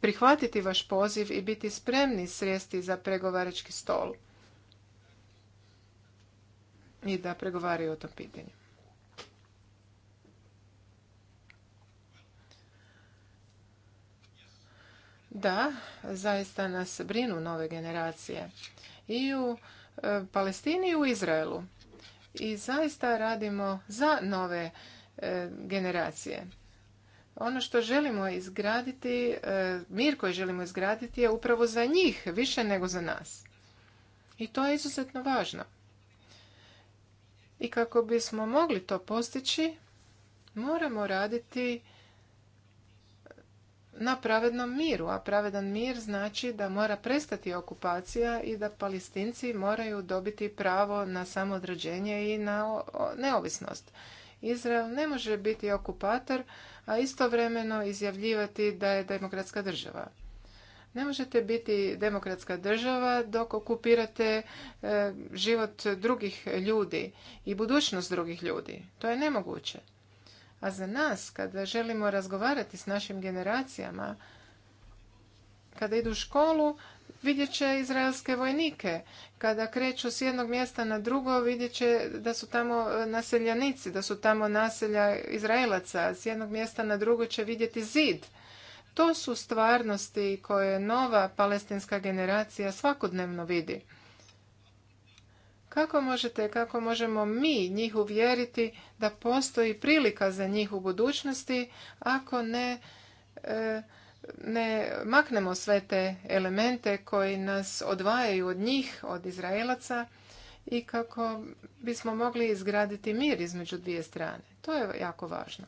prihvatiti vaš poziv i biti spremni sjesti za pregovarački stol i da pregovaraju o tom pitanju. Da, zaista nas brinu nove generacije i u e, Palestini i u Izraelu. I zaista radimo za nove e, generacije ono što želimo izgraditi, e, mir koji želimo izgraditi je upravo za njih, više nego za nas. I to je izuzetno važno. I kako bismo mogli to postići, moramo raditi na pravednom miru, a pravedan mir znači da mora prestati okupacija i da palestinci moraju dobiti pravo na samoodređenje i na neovisnost. Izrael ne može biti okupator, a istovremeno izjavljivati da je demokratska država. Ne možete biti demokratska država dok okupirate e, život drugih ljudi i budućnost drugih ljudi. To je nemoguće. A za nas, kada želimo razgovarati s našim generacijama, kada idu u školu, vidjet će izraelske vojnike. Kada kreću s jednog mjesta na drugo, vidjet će da su tamo e, naseljenici, da su tamo naselja Izraelaca. S jednog mjesta na drugo će vidjeti zid. To su stvarnosti koje nova palestinska generacija svakodnevno vidi. Kako možete, kako možemo mi njih uvjeriti da postoji prilika za njih u budućnosti, ako ne... E, ne maknemo sve te elemente koji nas odvajaju od njih, od Izraelaca i kako bismo mogli izgraditi mir između dvije strane. To je jako važno.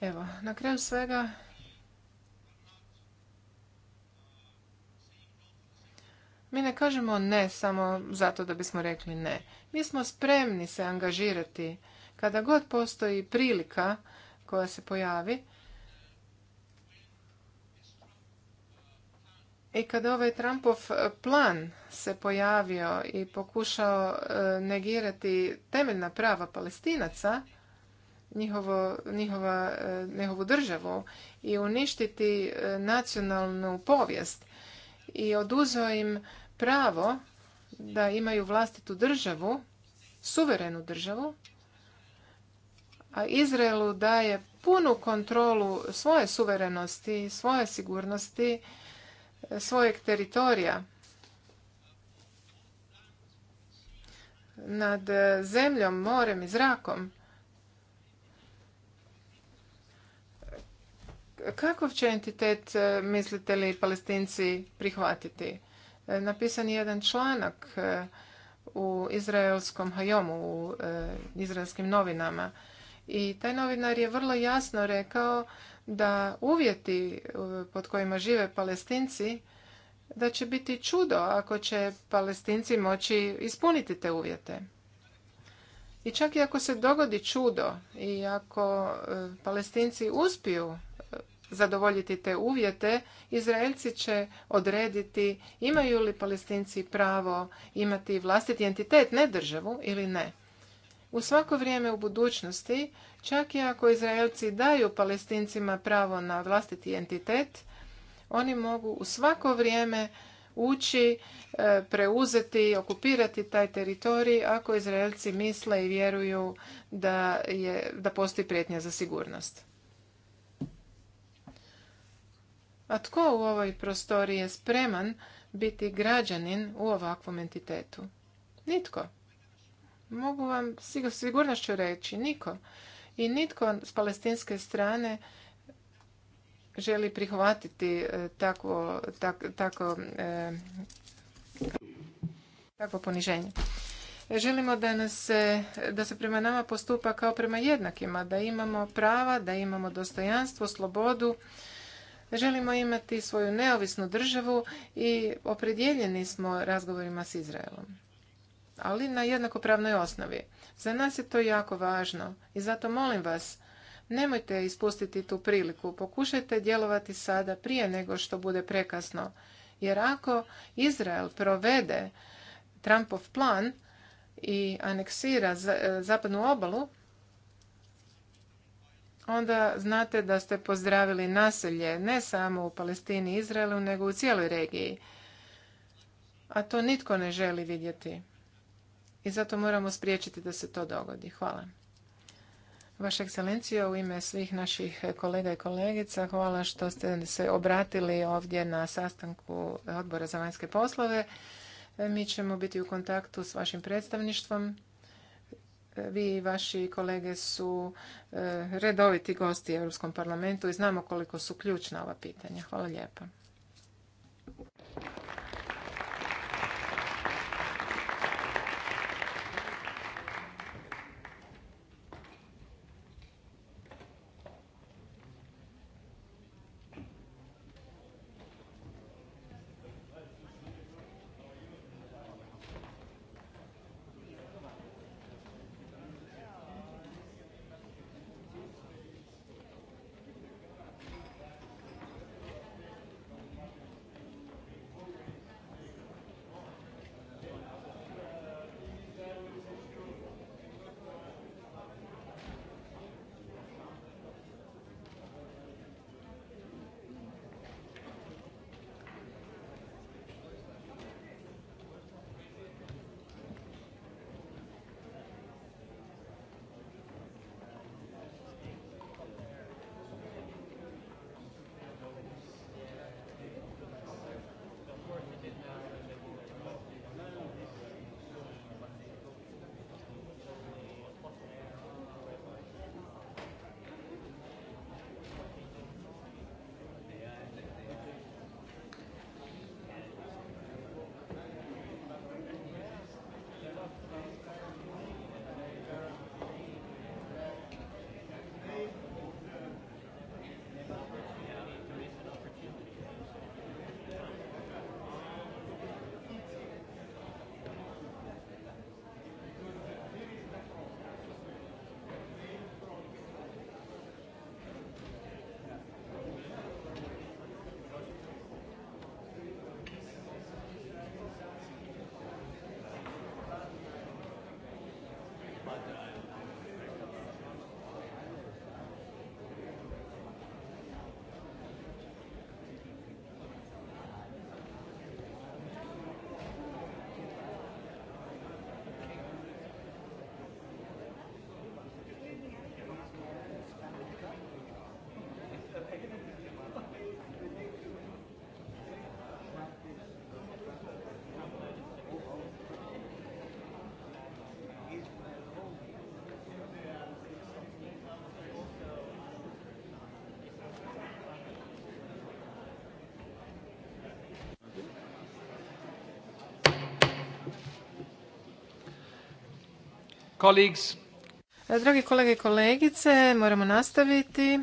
Evo, na kraju svega Mi ne kažemo ne samo zato da bismo rekli ne. Mi smo spremni se angažirati kada god postoji prilika koja se pojavi i kada ovaj Trumpov e, plan se pojavio i pokušao e, negirati temeljna prava Palestinaca, njihovo, njihova, e, njihovu državu i uništiti nacionalnu povijest i oduzeo im pravo da imaju vlastitu državu, suverenu državu, a Izraelu daje punu kontrolu svoje suverenosti, svoje sigurnosti, svojeg teritorija nad zemljom, morem i zrakom. Kakav će entitet, eh, mislite li, palestinci prihvatiti? E, napisan je jedan članak e, u izraelskom hajomu, u e, izraelskim novinama. I taj novinar je vrlo jasno rekao da uvjeti pod kojima žive palestinci, da će biti čudo ako će palestinci moći ispuniti te uvjete. I čak i ako se dogodi čudo i ako palestinci uspiju zadovoljiti te uvjete, Izraelci će odrediti imaju li palestinci pravo imati vlastiti entitet, ne državu ili ne. U svako vrijeme u budućnosti, čak i ako Izraelci daju palestincima pravo na vlastiti entitet, oni mogu u svako vrijeme ući, e, preuzeti, okupirati taj teritorij ako Izraelci misle i vjeruju da, je, da postoji prijetnja za sigurnost. A tko u ovoj prostoriji je spreman biti građanin u ovakvom entitetu? Nitko. Mogu vam s sigurnošću reći, niko. I nitko s palestinske strane želi prihvatiti e, takvo, tako, e, takvo poniženje. Želimo da, da se prema nama postupa kao prema jednakima, da imamo prava, da imamo dostojanstvo, slobodu, Želimo imati svoju neovisnu državu i opredjeljeni smo razgovorima s Izraelom. Ali na jednakopravnoj osnovi. Za nas je to jako važno i zato molim vas, nemojte ispustiti tu priliku. Pokušajte djelovati sada prije nego što bude prekasno. Jer ako Izrael provede Trumpov plan i aneksira eh, zapadnu obalu, onda znate da ste pozdravili naselje, ne samo u Palestini i Izraelu, nego u cijeloj regiji. A to nitko ne želi vidjeti. I zato moramo spriječiti da se to dogodi. Hvala. Vaša ekscelencija u ime svih naših kolega i kolegica, hvala što ste se obratili ovdje na sastanku Odbora za vanjske poslove. Mi ćemo biti u kontaktu s vašim predstavništvom vi i vaši kolege su eh, redoviti gosti u Europskom parlamentu i znamo koliko su ključna ova pitanja. Hvala lijepa. colleagues. E, dragi kolege i kolegice, moramo nastaviti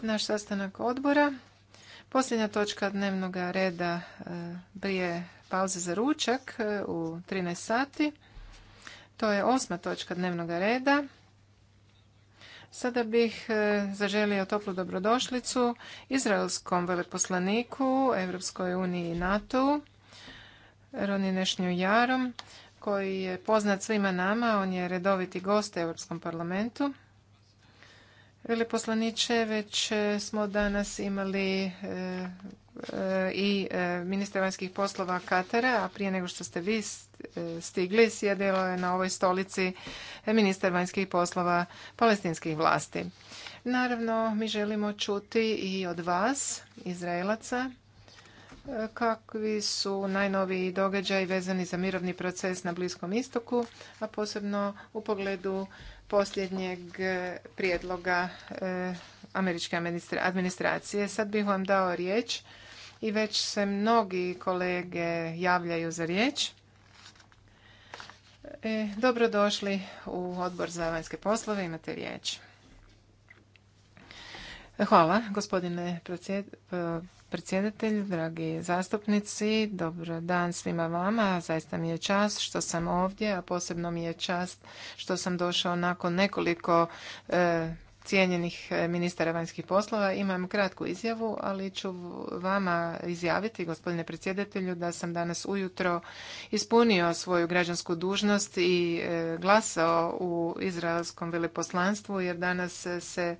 naš sastanak odbora. Posljednja točka dnevnog reda e, prije pauze za ručak e, u 13 sati. To je osma točka dnevnog reda. Sada bih zaželio toplu dobrodošlicu izraelskom veleposlaniku Europskoj uniji i NATO-u Roninešnju Jarom koji je poznat svima nama, on je redoviti gost u Europskom parlamentu. Veleposlaniče, već e, smo danas imali e, e, i ministra vanjskih poslova Katara, a prije nego što ste vi stigli, sjedilo je na ovoj stolici ministar vanjskih poslova palestinskih vlasti. Naravno, mi želimo čuti i od vas, Izraelaca, kakvi su najnoviji događaji vezani za mirovni proces na Bliskom istoku, a posebno u pogledu posljednjeg eh, prijedloga eh, američke administracije. Sad bih vam dao riječ i već se mnogi kolege javljaju za riječ. Dobro e, dobrodošli u odbor za vanjske poslove, imate riječ. Hvala, gospodine predsjedatelj, dragi zastupnici, dobar dan svima vama. Zaista mi je čast što sam ovdje, a posebno mi je čast što sam došao nakon nekoliko eh, cijenjenih e, ministara vanjskih poslova. Imam kratku izjavu, ali ću vama izjaviti, gospodine predsjedatelju, da sam danas ujutro ispunio svoju građansku dužnost i e, glasao u izraelskom veleposlanstvu, jer danas se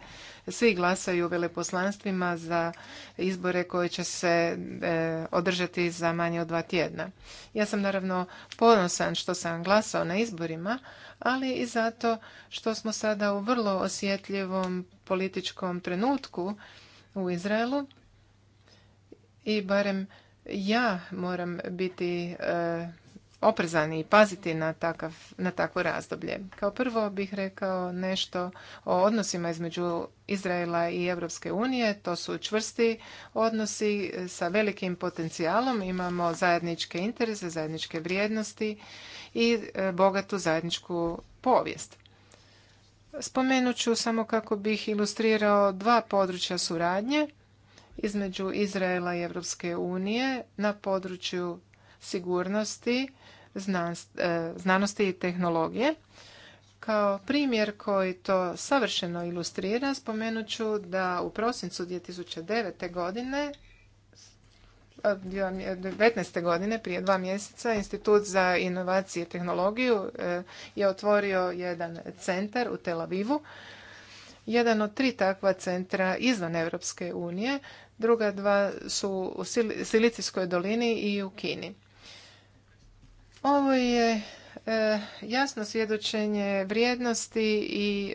svi glasaju u veleposlanstvima za izbore koje će se e, održati za manje od dva tjedna. Ja sam naravno ponosan što sam glasao na izborima, ali i zato što smo sada u vrlo osjetljivom političkom trenutku u Izraelu i barem ja moram biti e, oprezan i paziti na, takav, na takvo razdoblje. Kao prvo bih rekao nešto o odnosima između Izraela i Europske unije. To su čvrsti odnosi sa velikim potencijalom. Imamo zajedničke interese, zajedničke vrijednosti i e, bogatu zajedničku povijest. Spomenuću samo kako bih ilustrirao dva područja suradnje između Izraela i Europske unije na području sigurnosti, e, znanosti i tehnologije. Kao primjer koji to savršeno ilustrira, spomenut ću da u prosincu 2009. godine 2019. godine, prije dva mjeseca, Institut za inovacije i tehnologiju je otvorio jedan centar u Tel Avivu. Jedan od tri takva centra izvan Europske unije, druga dva su u Silicijskoj dolini i u Kini. Ovo je jasno svjedočenje vrijednosti i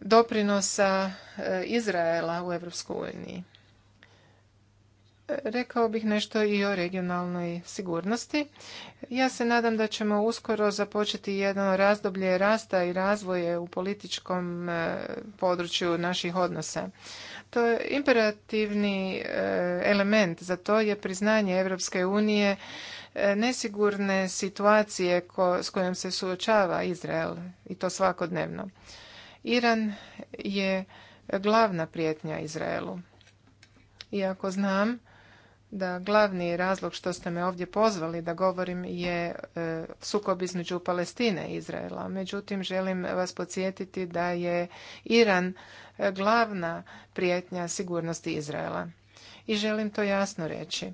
doprinosa Izraela u Europskoj uniji rekao bih nešto i o regionalnoj sigurnosti. Ja se nadam da ćemo uskoro započeti jedno razdoblje rasta i razvoje u političkom e, području naših odnosa. To je imperativni e, element, za to je priznanje Europske unije e, nesigurne situacije s kojom se suočava Izrael i to svakodnevno. Iran je glavna prijetnja Izraelu. Iako znam da glavni razlog što ste me ovdje pozvali da govorim je e, sukob između Palestine i Izraela. Međutim, želim vas podsjetiti da je Iran e, glavna prijetnja sigurnosti Izraela. I želim to jasno reći.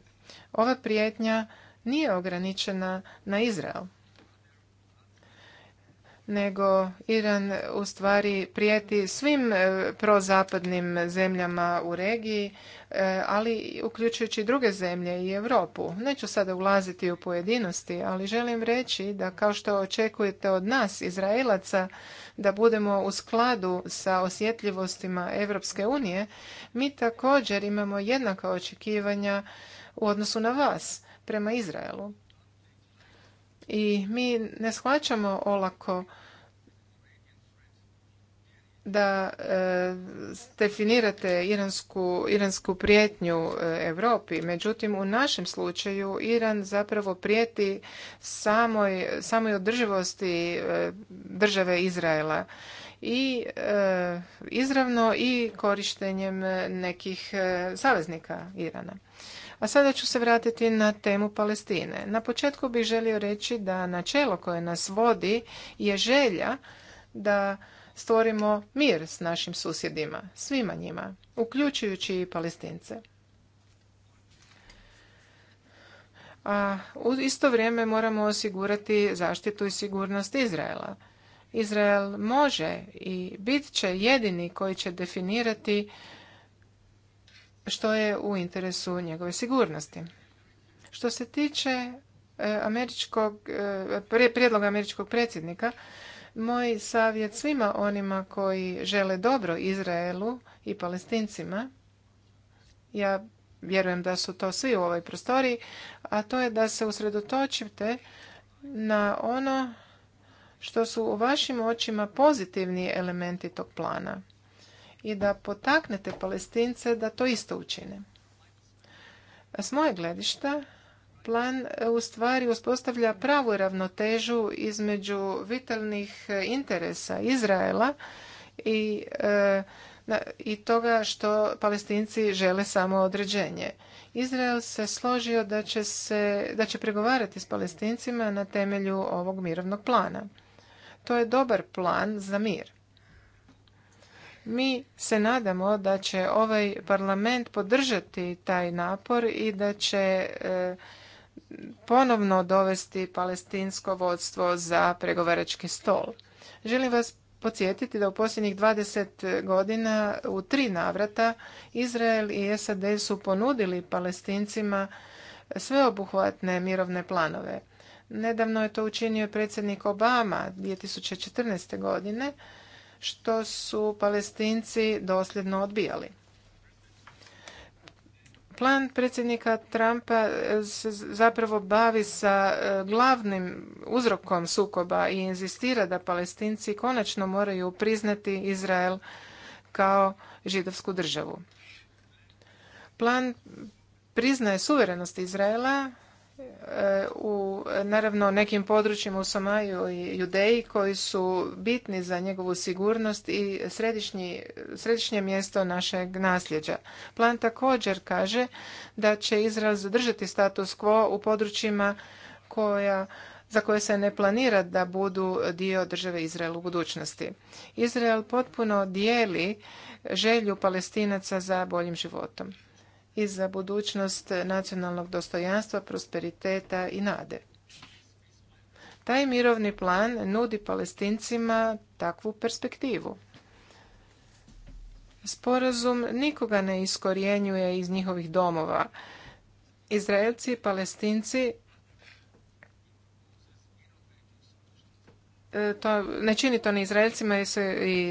Ova prijetnja nije ograničena na Izrael nego Iran u stvari prijeti svim e, prozapadnim zemljama u regiji, e, ali uključujući druge zemlje i Europu. Neću sada ulaziti u pojedinosti, ali želim reći da kao što očekujete od nas, Izraelaca, da budemo u skladu sa osjetljivostima Europske unije, mi također imamo jednaka očekivanja u odnosu na vas prema Izraelu. I mi ne shvaćamo olako da e, definirate iransku, iransku prijetnju e, Europi. Međutim, u našem slučaju Iran zapravo prijeti samoj, samoj održivosti e, države Izraela i izravno i korištenjem nekih saveznika Irana. A sada ću se vratiti na temu Palestine. Na početku bih želio reći da načelo koje nas vodi je želja da stvorimo mir s našim susjedima, svima njima, uključujući i Palestince. A u isto vrijeme moramo osigurati zaštitu i sigurnost Izraela. Izrael može i bit će jedini koji će definirati što je u interesu njegove sigurnosti. Što se tiče e, američkog, e, prijedloga američkog predsjednika, moj savjet svima onima koji žele dobro Izraelu i Palestincima, ja vjerujem da su to svi u ovoj prostoriji, a to je da se usredotočite na ono što su u vašim očima pozitivni elementi tog plana i da potaknete palestince da to isto učine. S moje gledišta, plan e, u stvari uspostavlja pravu ravnotežu između vitalnih e, interesa Izraela i, e, i toga što palestinci žele samo određenje. Izrael se složio da će, se, da će pregovarati s palestincima na temelju ovog mirovnog plana. To je dobar plan za mir. Mi se nadamo da će ovaj parlament podržati taj napor i da će e, ponovno dovesti palestinsko vodstvo za pregovarački stol. Želim vas podsjetiti da u posljednjih 20 godina u tri navrata Izrael i SAD su ponudili palestincima sveobuhvatne mirovne planove. Nedavno je to učinio predsjednik Obama 2014. godine, što su palestinci dosljedno odbijali. Plan predsjednika Trumpa e, se zapravo bavi sa e, glavnim uzrokom sukoba i inzistira da palestinci konačno moraju priznati Izrael kao židovsku državu. Plan priznaje suverenost Izraela u naravno nekim područjima u Somaju i Judeji koji su bitni za njegovu sigurnost i središnje mjesto našeg nasljeđa. Plan također kaže da će Izrael zadržati status quo u područjima koja za koje se ne planira da budu dio države Izrael u budućnosti. Izrael potpuno dijeli želju Palestinaca za boljim životom i za budućnost nacionalnog dostojanstva, prosperiteta i nade. Taj mirovni plan nudi palestincima takvu perspektivu. Sporazum nikoga ne iskorjenjuje iz njihovih domova. Izraelci i palestinci e, to ne čini to ni Izraelcima e, i,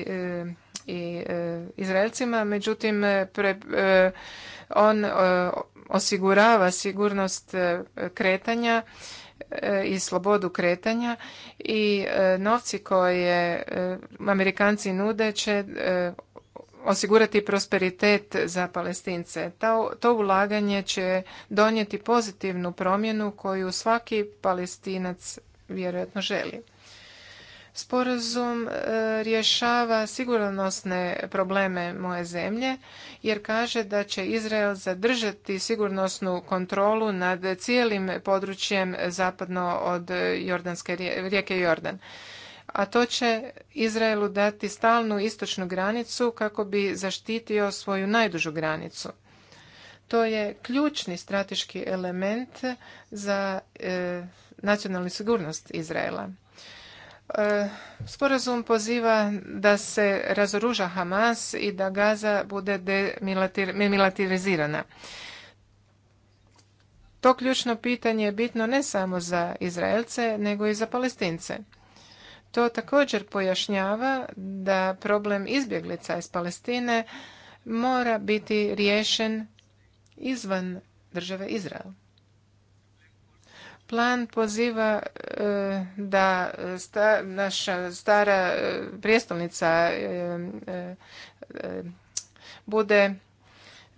e, i, i Izraelcima, međutim pre, on e, osigurava sigurnost e, kretanja e, i slobodu kretanja i novci koje Amerikanci nude će osigurati prosperitet za Palestince. To ulaganje će donijeti pozitivnu promjenu koju svaki Palestinac vjerojatno želi. Sporazum e, rješava sigurnosne probleme moje zemlje jer kaže da će Izrael zadržati sigurnosnu kontrolu nad cijelim područjem zapadno od Jordanske rijeke Jordan a to će Izraelu dati stalnu istočnu granicu kako bi zaštitio svoju najdužu granicu. To je ključni strateški element za e, nacionalnu sigurnost Izraela. E, sporazum poziva da se razoruža Hamas i da Gaza bude demilitarizirana. To ključno pitanje je bitno ne samo za Izraelce, nego i za Palestince. To također pojašnjava da problem izbjeglica iz Palestine mora biti riješen izvan države Izrael. Plan poziva e, da naša stara e, prijestolnica e, bude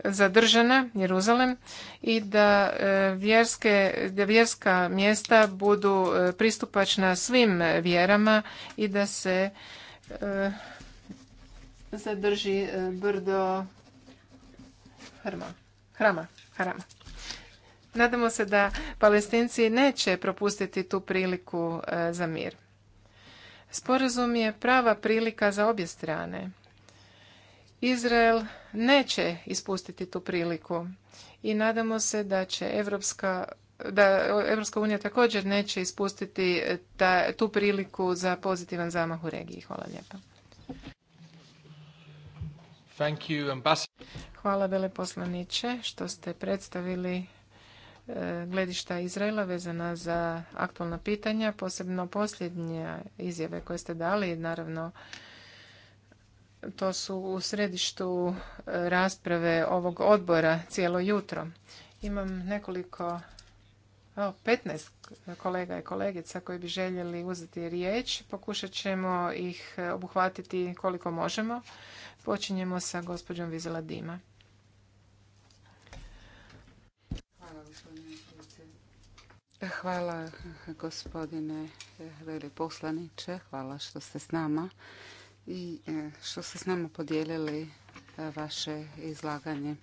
zadržana, Jeruzalem, i da, vjerske, vjerska mjesta budu pristupačna svim vjerama i da se zadrži brdo hrma, hrama, hrama. Nadamo se da palestinci neće propustiti tu priliku e, za mir. Sporazum je prava prilika za obje strane. Izrael neće ispustiti tu priliku i nadamo se da će Evropska da unija također neće ispustiti e, ta, tu priliku za pozitivan zamah u regiji. Hvala lijepa. Thank you, Hvala veleposlaniče što ste predstavili gledišta Izraela vezana za aktualna pitanja, posebno posljednje izjave koje ste dali, naravno to su u središtu e, rasprave ovog odbora cijelo jutro. Imam nekoliko, o, 15 kolega i kolegica koji bi željeli uzeti riječ. Pokušat ćemo ih e, obuhvatiti koliko možemo. Počinjemo sa gospođom Vizela Dima. Hvala gospodine eh, veliposlaniče, hvala što ste s nama i eh, što ste s nama podijelili eh, vaše izlaganje.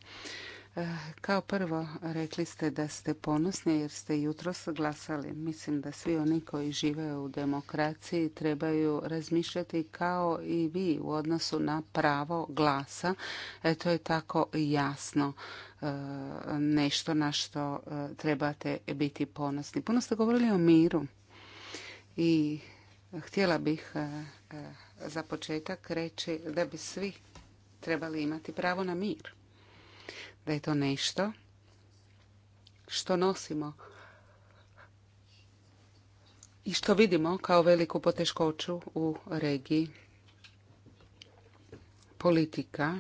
Kao prvo rekli ste da ste ponosni jer ste jutros glasali. Mislim da svi oni koji žive u demokraciji trebaju razmišljati kao i vi u odnosu na pravo glasa. E, to je tako jasno nešto na što e, trebate biti ponosni. Puno ste govorili o miru i htjela bih e, e, za početak reći da bi svi trebali imati pravo na mir. Da je to nešto što nosimo i što vidimo kao veliku poteškoću u regiji politika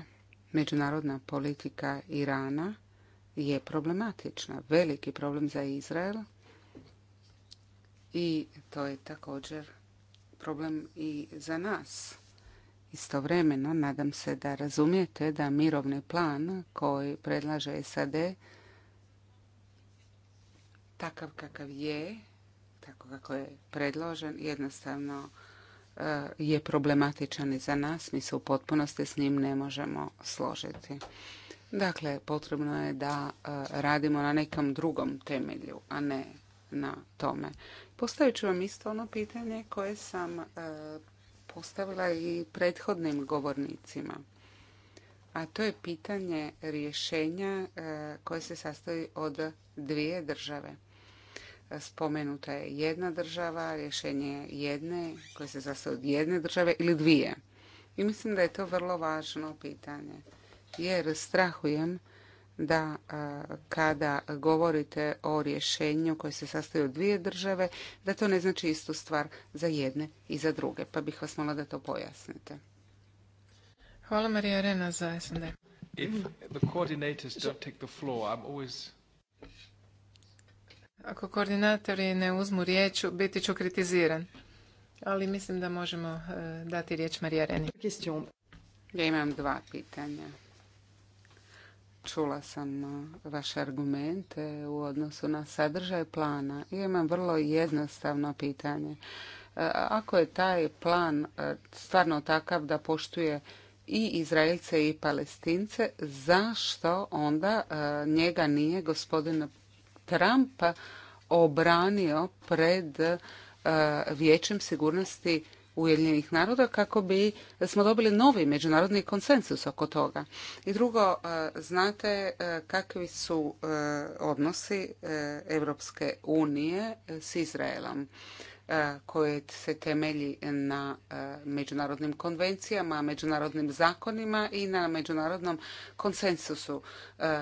Međunarodna politika Irana je problematična, veliki problem za Izrael i to je također problem i za nas. Istovremeno, nadam se da razumijete da mirovni plan koji predlaže SAD takav kakav je, tako kako je predložen, jednostavno E, je problematičan i za nas. Mi se u potpunosti s njim ne možemo složiti. Dakle, potrebno je da e, radimo na nekom drugom temelju, a ne na tome. Postavit ću vam isto ono pitanje koje sam e, postavila i prethodnim govornicima. A to je pitanje rješenja koje se sastoji od dvije države spomenuta je jedna država, rješenje jedne koje se sastoji od jedne države ili dvije. I mislim da je to vrlo važno pitanje. Jer strahujem da kada govorite o rješenju koje se sastoji od dvije države, da to ne znači istu stvar za jedne i za druge. Pa bih vas molila da to pojasnite. Hvala Marija Arena za SND. the coordinators don't take the floor, I'm always ako koordinatori ne uzmu riječ, biti ću kritiziran. Ali mislim da možemo e, dati riječ Marija Reni. Ja imam dva pitanja. Čula sam e, vaše argumente u odnosu na sadržaj plana. i imam vrlo jednostavno pitanje. E, ako je taj plan stvarno takav da poštuje i Izraelce i Palestince, zašto onda njega nije gospodin Trump obranio pred e, Vijećem sigurnosti Ujedinjenih naroda kako bi smo dobili novi međunarodni konsensus oko toga. I drugo, e, znate e, kakvi su odnosi Europske unije s Izraelom. E, koje se temelji na e, međunarodnim konvencijama, međunarodnim zakonima i na međunarodnom konsensusu. E,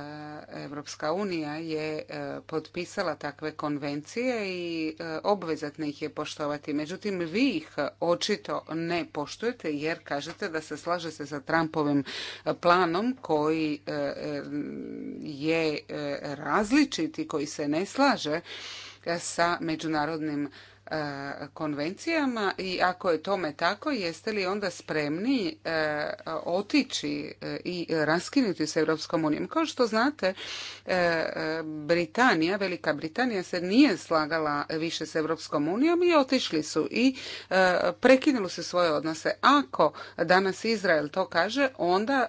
Evropska unija je potpisala takve konvencije i obvezatna ih je poštovati. Međutim, vi ih očito ne poštujete jer kažete da se se sa Trumpovim planom koji je različit i koji se ne slaže sa međunarodnim E, konvencijama i ako je tome tako, jeste li onda spremni e, otići e, i raskinuti s Europskom unijom? Kao što znate, Britanija, Velika Britanija se nije slagala više s Europskom unijom i otišli su i prekinuli su svoje odnose. Ako danas Izrael to kaže, onda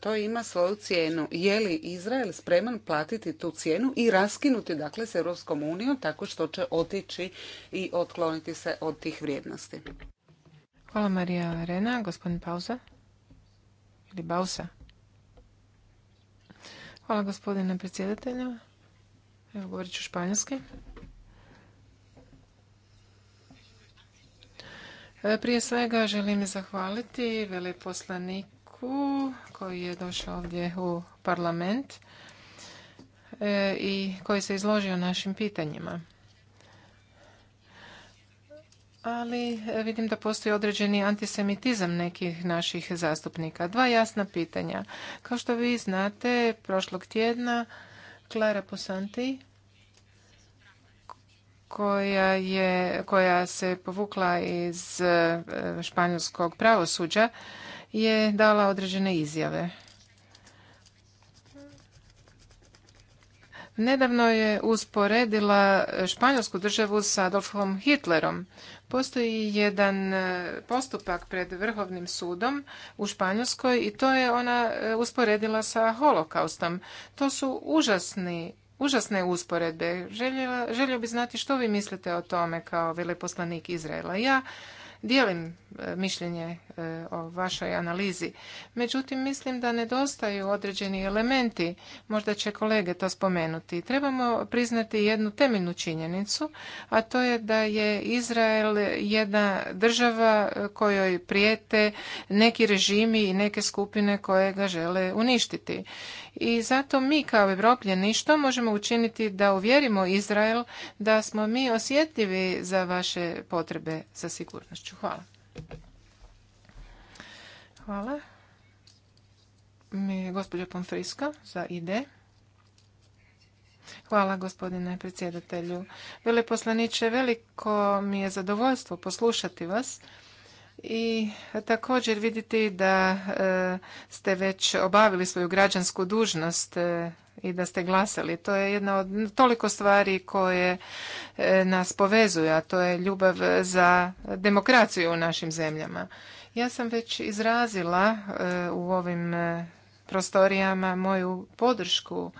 to ima svoju cijenu. Je li Izrael spreman platiti tu cijenu i raskinuti dakle s Europskom unijom tako što će otići i otkloniti se od tih vrijednosti. Hvala Marija Rena. Gospodin Pauza? Ili Bausa? Hvala gospodine predsjedatelju. Evo govorit ću španjolski. E, prije svega želim zahvaliti veleposlaniku koji je došao ovdje u parlament e, i koji se izložio našim pitanjima ali e, vidim da postoji određeni antisemitizam nekih naših zastupnika. Dva jasna pitanja. Kao što vi znate, prošlog tjedna Klara Posanti koja, je, koja se povukla iz e, španjolskog pravosuđa je dala određene izjave. Nedavno je usporedila španjolsku državu sa Adolfom Hitlerom. Postoji jedan e, postupak pred Vrhovnim sudom u Španjolskoj i to je ona e, usporedila sa holokaustom. To su užasni Užasne usporedbe. Željela, želio bi znati što vi mislite o tome kao veleposlanik Izraela. Ja dijelim e, mišljenje E, o vašoj analizi. Međutim, mislim da nedostaju određeni elementi, možda će kolege to spomenuti. Trebamo priznati jednu temeljnu činjenicu, a to je da je Izrael jedna država e, kojoj prijete neki režimi i neke skupine koje ga žele uništiti. I zato mi kao evropljeni što možemo učiniti da uvjerimo Izrael da smo mi osjetljivi za vaše potrebe za sigurnošću. Hvala. Hvala. Gospođa Pomfriska za ide. Hvala gospodine predsjedatelju. Veleposlaniče, veliko mi je zadovoljstvo poslušati vas i također vidjeti da e, ste već obavili svoju građansku dužnost e, i da ste glasali. To je jedna od toliko stvari koje e, nas povezuju, a to je ljubav za demokraciju u našim zemljama. Ja sam već izrazila e, u ovim e, prostorijama moju podršku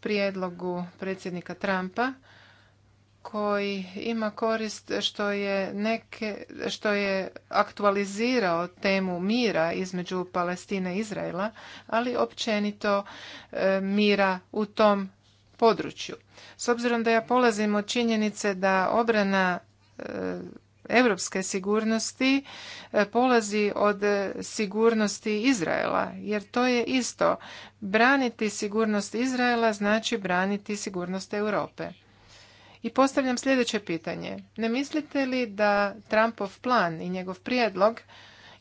prijedlogu predsjednika Trumpa koji ima korist što je, neke, što je aktualizirao temu mira između Palestine i Izraela, ali općenito e, mira u tom području. S obzirom da ja polazim od činjenice da obrana europske sigurnosti e, polazi od sigurnosti Izraela, jer to je isto. Braniti sigurnost Izraela znači braniti sigurnost Europe. I postavljam sljedeće pitanje. Ne mislite li da Trumpov plan i njegov prijedlog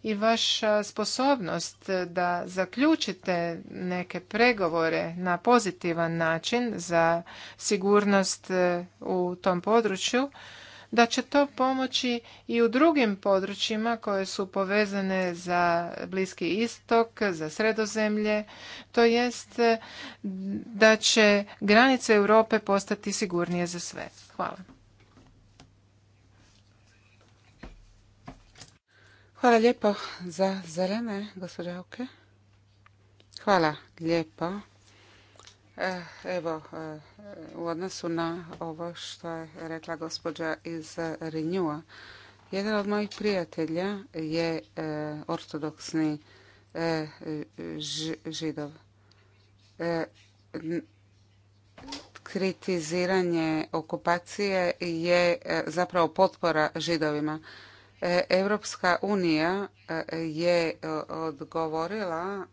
i vaša sposobnost da zaključite neke pregovore na pozitivan način za sigurnost e, u tom području da će to pomoći i u drugim područjima koje su povezane za Bliski istok, za sredozemlje, to jest e, da će granice Europe postati sigurnije za sve. Hvala. Hvala lijepo za zelene, gospođa Hvala lijepo Eh, evo, eh, u odnosu na ovo što je rekla gospođa iz Renewa, jedan od mojih prijatelja je eh, ortodoksni židov. Kritiziranje okupacije je zapravo potpora židovima. E, Europska unija e, je e, odgovorila,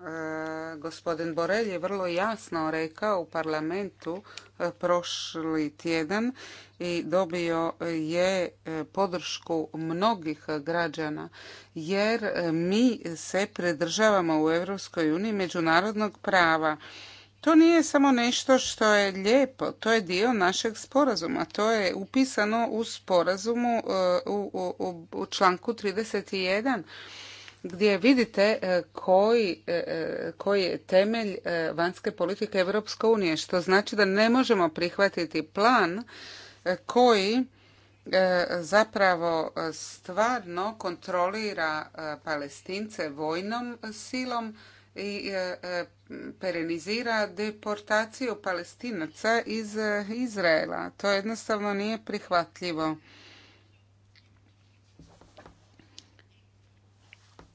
gospodin Borel je vrlo jasno rekao u parlamentu prošli tjedan i dobio je podršku mnogih građana jer mi se pridržavamo u Europskoj uniji međunarodnog prava to nije samo nešto što je lijepo, to je dio našeg sporazuma. To je upisano u sporazumu e, u, u, u članku 31 gdje vidite e, koji, e, koji je temelj vanjske politike Europske unije, što znači da ne možemo prihvatiti plan koji zapravo stvarno kontrolira palestince vojnom silom i perenizira deportaciju palestinaca iz Izraela. To jednostavno nije prihvatljivo.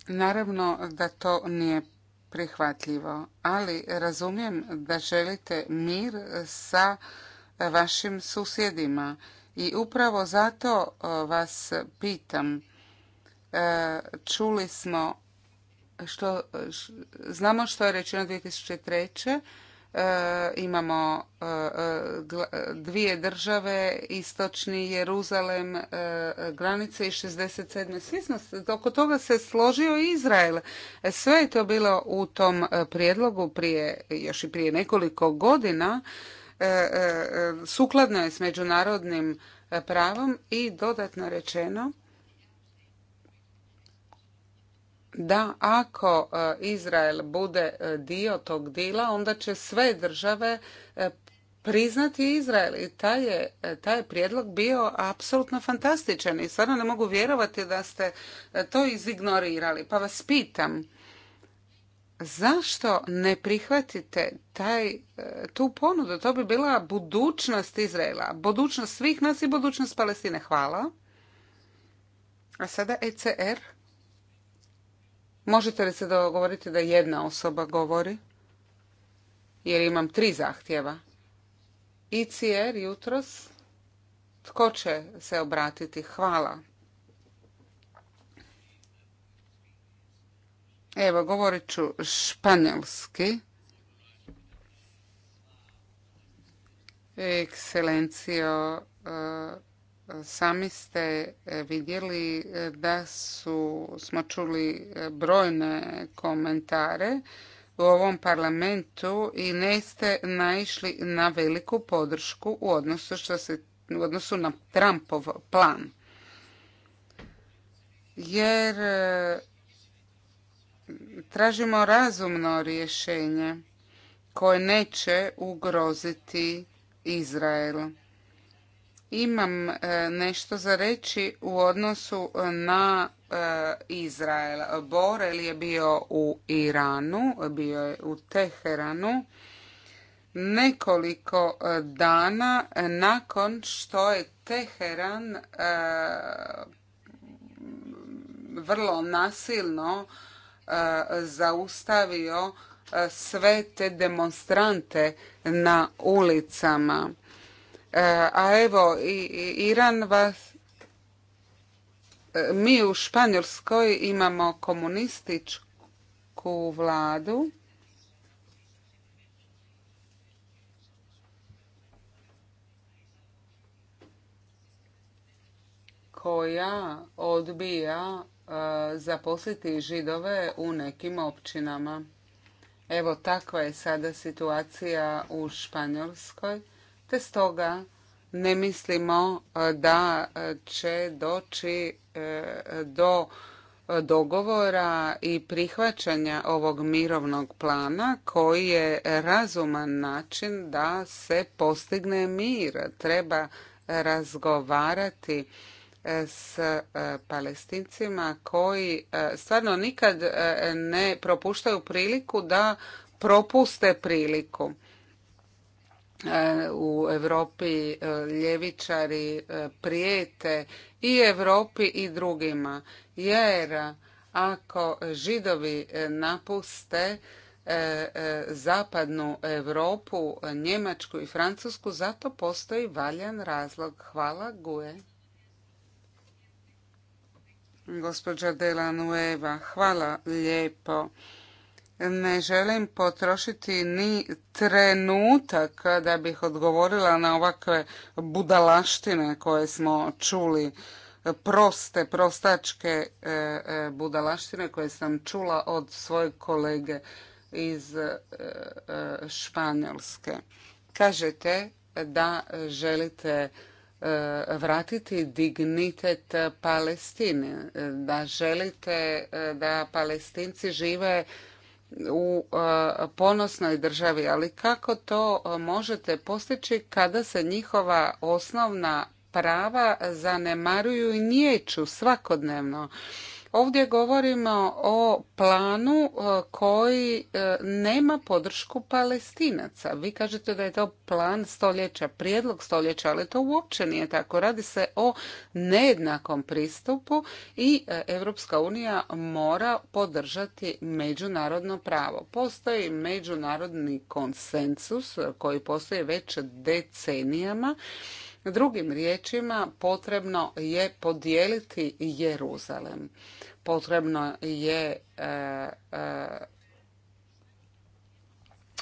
Naravno da to nije prihvatljivo, ali razumijem da želite mir sa vašim susjedima i upravo zato e, vas pitam. E, čuli smo što, znamo što je rečeno 2003. E, imamo e, e, dvije države, istočni Jeruzalem, e, granice i 67. Svi smo, oko toga se složio i Izrael. Sve je to bilo u tom prijedlogu prije, još i prije nekoliko godina. Sukladno je s međunarodnim pravom i dodatno rečeno da ako e, Izrael bude e, dio tog dila, onda će sve države e, priznati Izrael i taj je, taj je prijedlog bio apsolutno fantastičan i stvarno ne mogu vjerovati da ste to izignorirali. Pa vas pitam, zašto ne prihvatite taj, tu ponudu? To bi bila budućnost Izraela, budućnost svih nas i budućnost Palestine. Hvala. A sada ECR. Možete li se dogovoriti da jedna osoba govori? Jer imam tri zahtjeva. ICR jutros. Tko će se obratiti? Hvala. Evo, govorit ću španjolski. Ekscelencijo, eh, sami ste e, vidjeli e, da su, smo čuli e, brojne komentare u ovom parlamentu i ste naišli na veliku podršku u odnosu, što se, u odnosu na Trumpov plan. Jer tražimo razumno rješenje koje neće ugroziti Izrael imam e, nešto za reći u odnosu e, na e, Izrael. Borel je bio u Iranu, bio je u Teheranu nekoliko dana nakon što je Teheran vrlo nasilno zaustavio sve te demonstrante na ulicama E, a evo, Iran vas... E, mi u Španjolskoj imamo komunističku vladu. koja odbija e, zaposliti židove u nekim općinama. Evo takva je sada situacija u Španjolskoj te stoga ne mislimo e, da e, će doći e, do dogovora i prihvaćanja ovog mirovnog plana koji je razuman način da se postigne mir. Treba razgovarati s palestincima koji stvarno nikad ne propuštaju priliku da propuste priliku. E, u Europi e, ljevičari e, prijete i Europi i drugima. Jer ako židovi napuste zapadnu Europu, Njemačku i Francusku, zato postoji valjan razlog. Hvala, Guje. Gospođa Delanueva, hvala lijepo ne želim potrošiti ni trenutak da bih odgovorila na ovakve budalaštine koje smo čuli, proste, prostačke e, e, budalaštine koje sam čula od svoje kolege iz e, Španjolske. Kažete da želite vratiti dignitet Palestini, da želite da Palestinci žive u ponosnoj državi, ali kako to možete postići kada se njihova osnovna prava zanemaruju i nijeću svakodnevno? Ovdje govorimo o planu e, koji e, nema podršku palestinaca. Vi kažete da je to plan stoljeća, prijedlog stoljeća, ali to uopće nije tako. Radi se o nejednakom pristupu i Europska unija mora podržati međunarodno pravo. Postoji međunarodni konsensus e, koji postoji već decenijama Drugim riječima, potrebno je podijeliti Jeruzalem. Potrebno je e, e,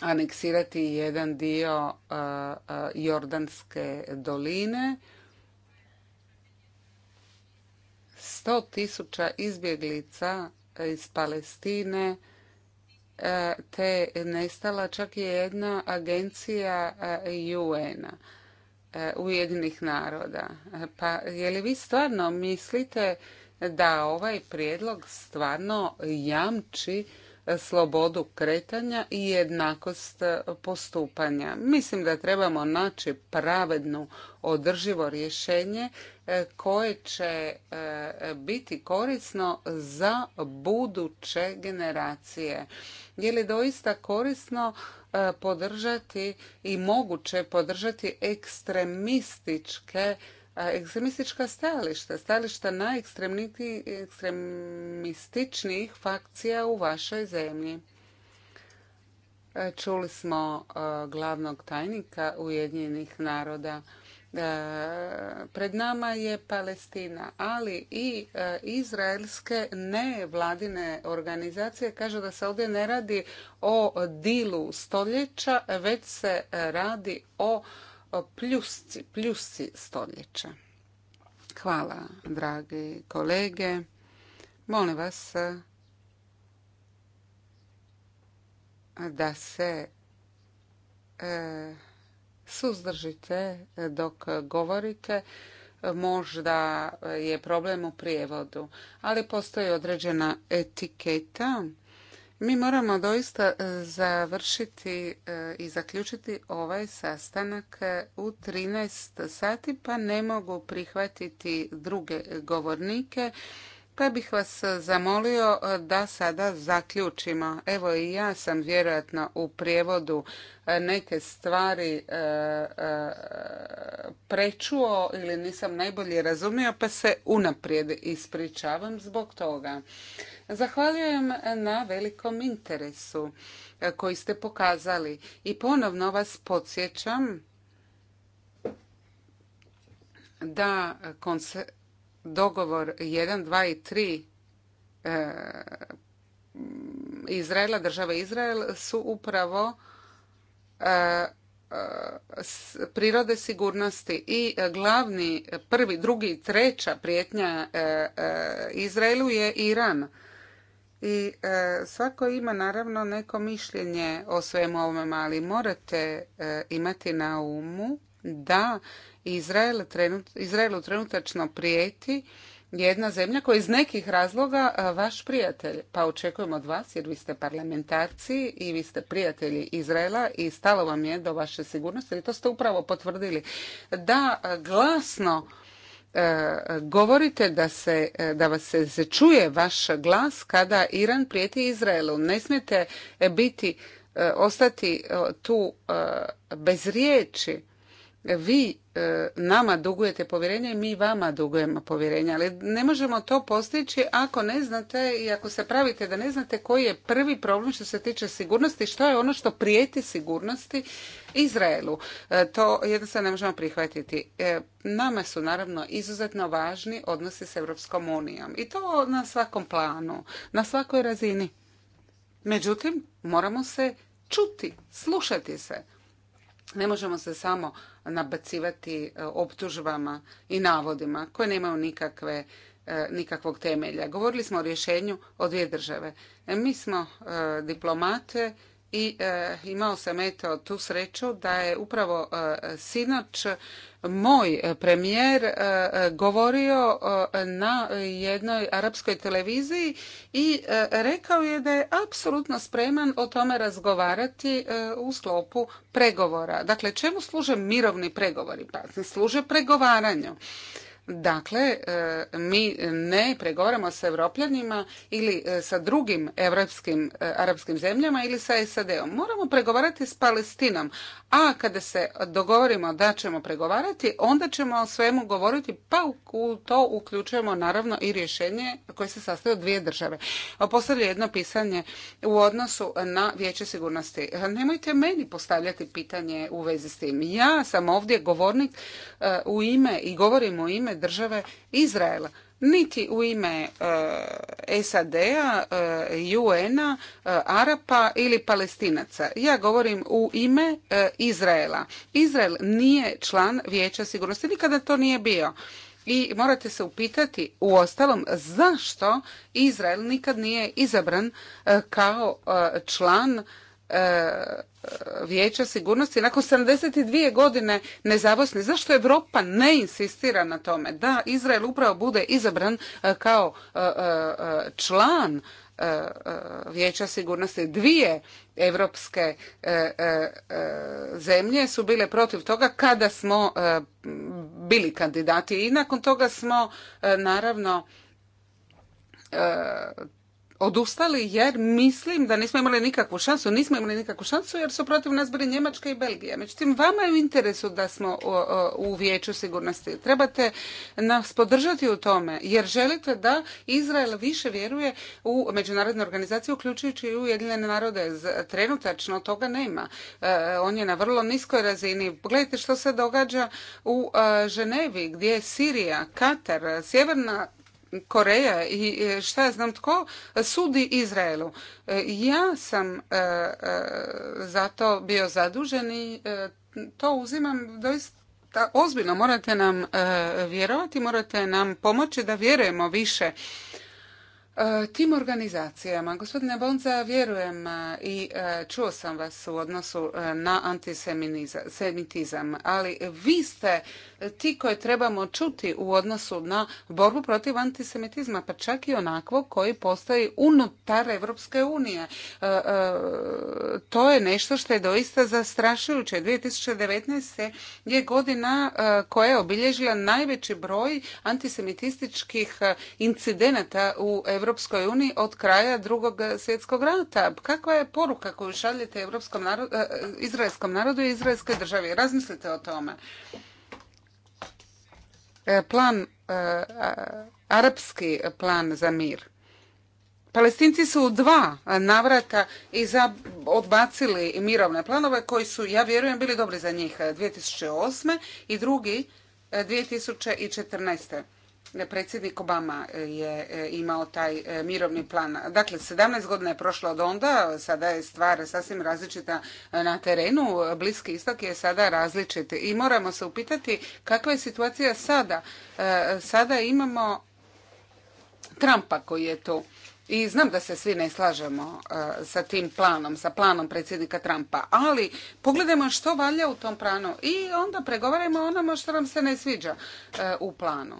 aneksirati jedan dio e, Jordanske doline. Sto tisuća izbjeglica iz Palestine te nestala čak i jedna agencija UN-a E, Ujedinih naroda. E, pa je li vi stvarno mislite da ovaj prijedlog stvarno jamči slobodu kretanja i jednakost postupanja. Mislim da trebamo naći pravedno održivo rješenje e, koje će biti korisno za buduće generacije. Je li doista korisno E, podržati i moguće podržati ekstremističke e, ekstremistička stajališta, stajališta najekstremističnijih fakcija u vašoj zemlji. E, čuli smo glavnog tajnika Ujedinjenih naroda E, pred nama je Palestina, ali i e, izraelske nevladine organizacije kažu da se ovdje ne radi o dilu stoljeća, već se radi o pljusci, pljusci stoljeća. Hvala, dragi kolege. Molim vas e, da se suzdržite dok govorite. Možda je problem u prijevodu, ali postoji određena etiketa. Mi moramo doista završiti e, i zaključiti ovaj sastanak u 13 sati, pa ne mogu prihvatiti druge govornike pa bih vas e, zamolio e, da sada zaključimo. Evo i ja sam vjerojatno u prijevodu e, neke stvari prečuo ili nisam najbolje razumio pa se unaprijed ispričavam zbog toga. Zahvaljujem na velikom interesu koji ste pokazali i ponovno vas podsjećam da dogovor 1, 2 i 3 e, Izraela, države Izrael su upravo e, e, prirode sigurnosti i glavni prvi, drugi treća prijetnja Izraelu je Iran. I svako ima naravno neko mišljenje o svemu ovome, ali morate imati na umu da Izrael, Izraelu trenutačno prijeti jedna zemlja koja je iz nekih razloga vaš prijatelj. Pa očekujem od vas, jer vi ste parlamentarci i vi ste prijatelji Izraela i stalo vam je do vaše sigurnosti. I to ste upravo potvrdili. Da glasno e, govorite da, se, e, da vas se, se čuje vaš glas kada Iran prijeti Izraelu. Ne smijete e, biti, ostati tu bez riječi vi e, nama dugujete povjerenje i mi vama dugujemo povjerenje, ali ne možemo to postići ako ne znate i ako se pravite da ne znate koji je prvi problem što se tiče sigurnosti, što je ono što prijeti sigurnosti Izraelu. E, to jednostavno ne možemo prihvatiti. E, nama su naravno izuzetno važni odnosi s Europskom unijom i to na svakom planu, na svakoj razini. Međutim, moramo se čuti, slušati se. Ne možemo se samo nabacivati e, optužbama i navodima koje nemaju nikakve e, nikakvog temelja. Govorili smo o rješenju o dvije države. E, mi smo diplomate i e, imao sam eto tu sreću da je upravo e, sinoć moj premijer e, govorio na jednoj arapskoj televiziji i rekao je da je apsolutno spreman o tome razgovarati u sklopu pregovora. Dakle, čemu služe mirovni pregovori? Pa služe pregovaranju. Dakle, e, mi ne pregovaramo sa evropljanima ili e, sa drugim evropskim e, arapskim zemljama ili sa SAD-om. Moramo pregovarati s Palestinom, a kada se dogovorimo da ćemo pregovarati, onda ćemo o svemu govoriti, pa u to uključujemo naravno i rješenje koje se sastoje od dvije države. Postavlja jedno pisanje u odnosu na vijeće sigurnosti. Nemojte meni postavljati pitanje u vezi s tim. Ja sam ovdje govornik u ime i govorim u ime države Izraela. Niti u ime e, SAD-a, e, UN-a, e, Arapa ili Palestinaca. Ja govorim u ime e, Izraela. Izrael nije član Vijeća sigurnosti, nikada to nije bio. I morate se upitati u ostalom zašto Izrael nikad nije izabran e, kao član E, vijeća sigurnosti nakon 72 godine nezavisni. Zašto Europa ne insistira na tome da Izrael upravo bude izabran e, kao e, član Vijeća sigurnosti. Dvije evropske zemlje su bile protiv toga kada smo bili kandidati i nakon toga smo naravno odustali jer mislim da nismo imali nikakvu šansu. Nismo imali nikakvu šansu jer su protiv nas bili Njemačka i Belgija. Međutim, vama je u interesu da smo u vijeću sigurnosti. Trebate nas podržati u tome jer želite da Izrael više vjeruje u međunarodne organizacije uključujući i Ujedinjene narode. Trenutačno toga nema. E, on je na vrlo niskoj razini. Pogledajte što se događa u e, Ženevi gdje je Sirija, Katar, Sjeverna Koreja i e, šta ja znam tko sudi Izraelu. E, ja sam e, zato bio zadužen i to uzimam doista ozbiljno. Morate nam vjerovati, morate nam pomoći da vjerujemo više tim organizacijama. Gospodine Bonza, vjerujem i čuo sam vas u odnosu na antisemitizam, ali vi ste ti koje trebamo čuti u odnosu na borbu protiv antisemitizma, pa čak i onakvog koji postoji unutar Evropske unije. E, e, to je nešto što je doista zastrašujuće. 2019. je godina e, koja je obilježila najveći broj antisemitističkih incidenata u Evropskoj uniji od kraja drugog svjetskog rata. Kakva je poruka koju šaljete izraelskom narodu i izraelskoj državi? Razmislite o tome. E, plan, e, arapski plan za mir. Palestinci su u dva navrata i odbacili mirovne planove koji su, ja vjerujem, bili dobri za njih 2008. E, i drugi 2014. Predsjednik Obama je e, imao taj e, mirovni plan. Dakle, 17 godina je prošlo od onda, sada je stvar sasvim različita e, na terenu. Bliski istok je sada različit i moramo se upitati kakva je situacija sada. Sada imamo Trumpa koji je tu. I znam da se svi ne slažemo sa tim planom, sa planom predsjednika Trumpa, ali pogledajmo što valja u tom planu i onda pregovarajmo onome što nam se ne sviđa u planu.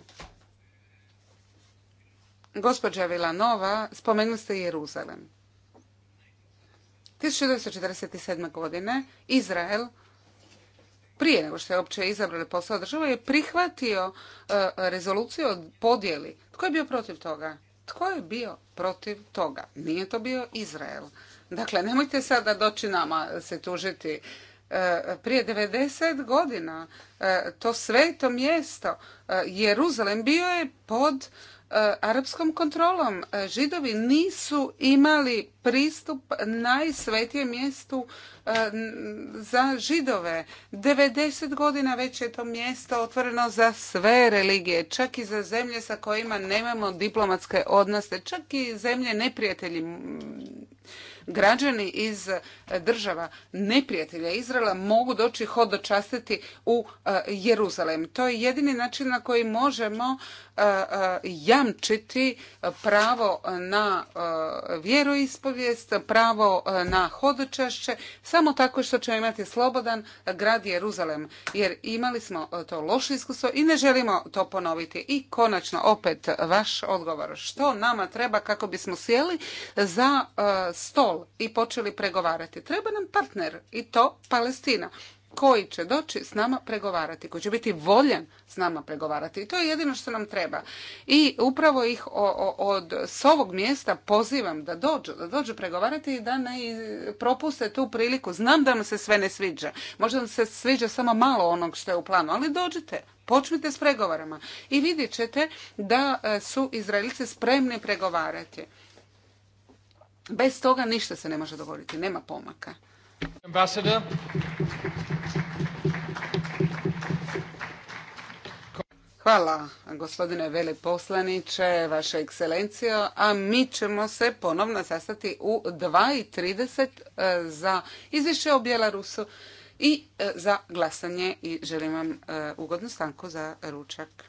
Gospođa nova spomenuli ste Jeruzalem. 1947. godine Izrael prije nego što je uopće izabrali posao država je prihvatio e, rezoluciju o podjeli. Tko je bio protiv toga? Tko je bio protiv toga? Nije to bio Izrael. Dakle, nemojte sada doći nama se tužiti. E, prije 90 godina e, to sveto mjesto Jeruzalem bio je pod E, arapskom kontrolom. E, Židovi nisu imali pristup najsvetijem mjestu e, za židove. 90 godina već je to mjesto otvoreno za sve religije, čak i za zemlje sa kojima nemamo diplomatske odnose, čak i zemlje neprijatelji građani iz e, država neprijatelja Izraela mogu doći hodočastiti u e, Jeruzalem. To je jedini način na koji možemo e, jamčiti pravo na vjeroispovijest, pravo na hodočašće, samo tako što ćemo imati slobodan grad Jeruzalem. Jer imali smo to loše iskustvo i ne želimo to ponoviti. I konačno opet vaš odgovor. Što nama treba kako bismo sjeli za sto i počeli pregovarati. Treba nam partner i to Palestina koji će doći s nama pregovarati, koji će biti voljan s nama pregovarati. I to je jedino što nam treba. I upravo ih od s ovog mjesta pozivam da dođu, da dođu pregovarati i da ne propuste tu priliku. Znam da nam se sve ne sviđa. Možda nam se sviđa samo malo onog što je u planu, ali dođite. Počnite s pregovarama i vidjet ćete da e, su Izraelice spremni pregovarati. Bez toga ništa se ne može dogoditi, nema pomaka. Ambasador. Hvala, gospodine veleposlaniče, vaša ekscelencijo, a mi ćemo se ponovno sastati u 2.30 e, za izvješće o Bjelarusu i e, za glasanje i želim vam e, ugodnu stanku za ručak.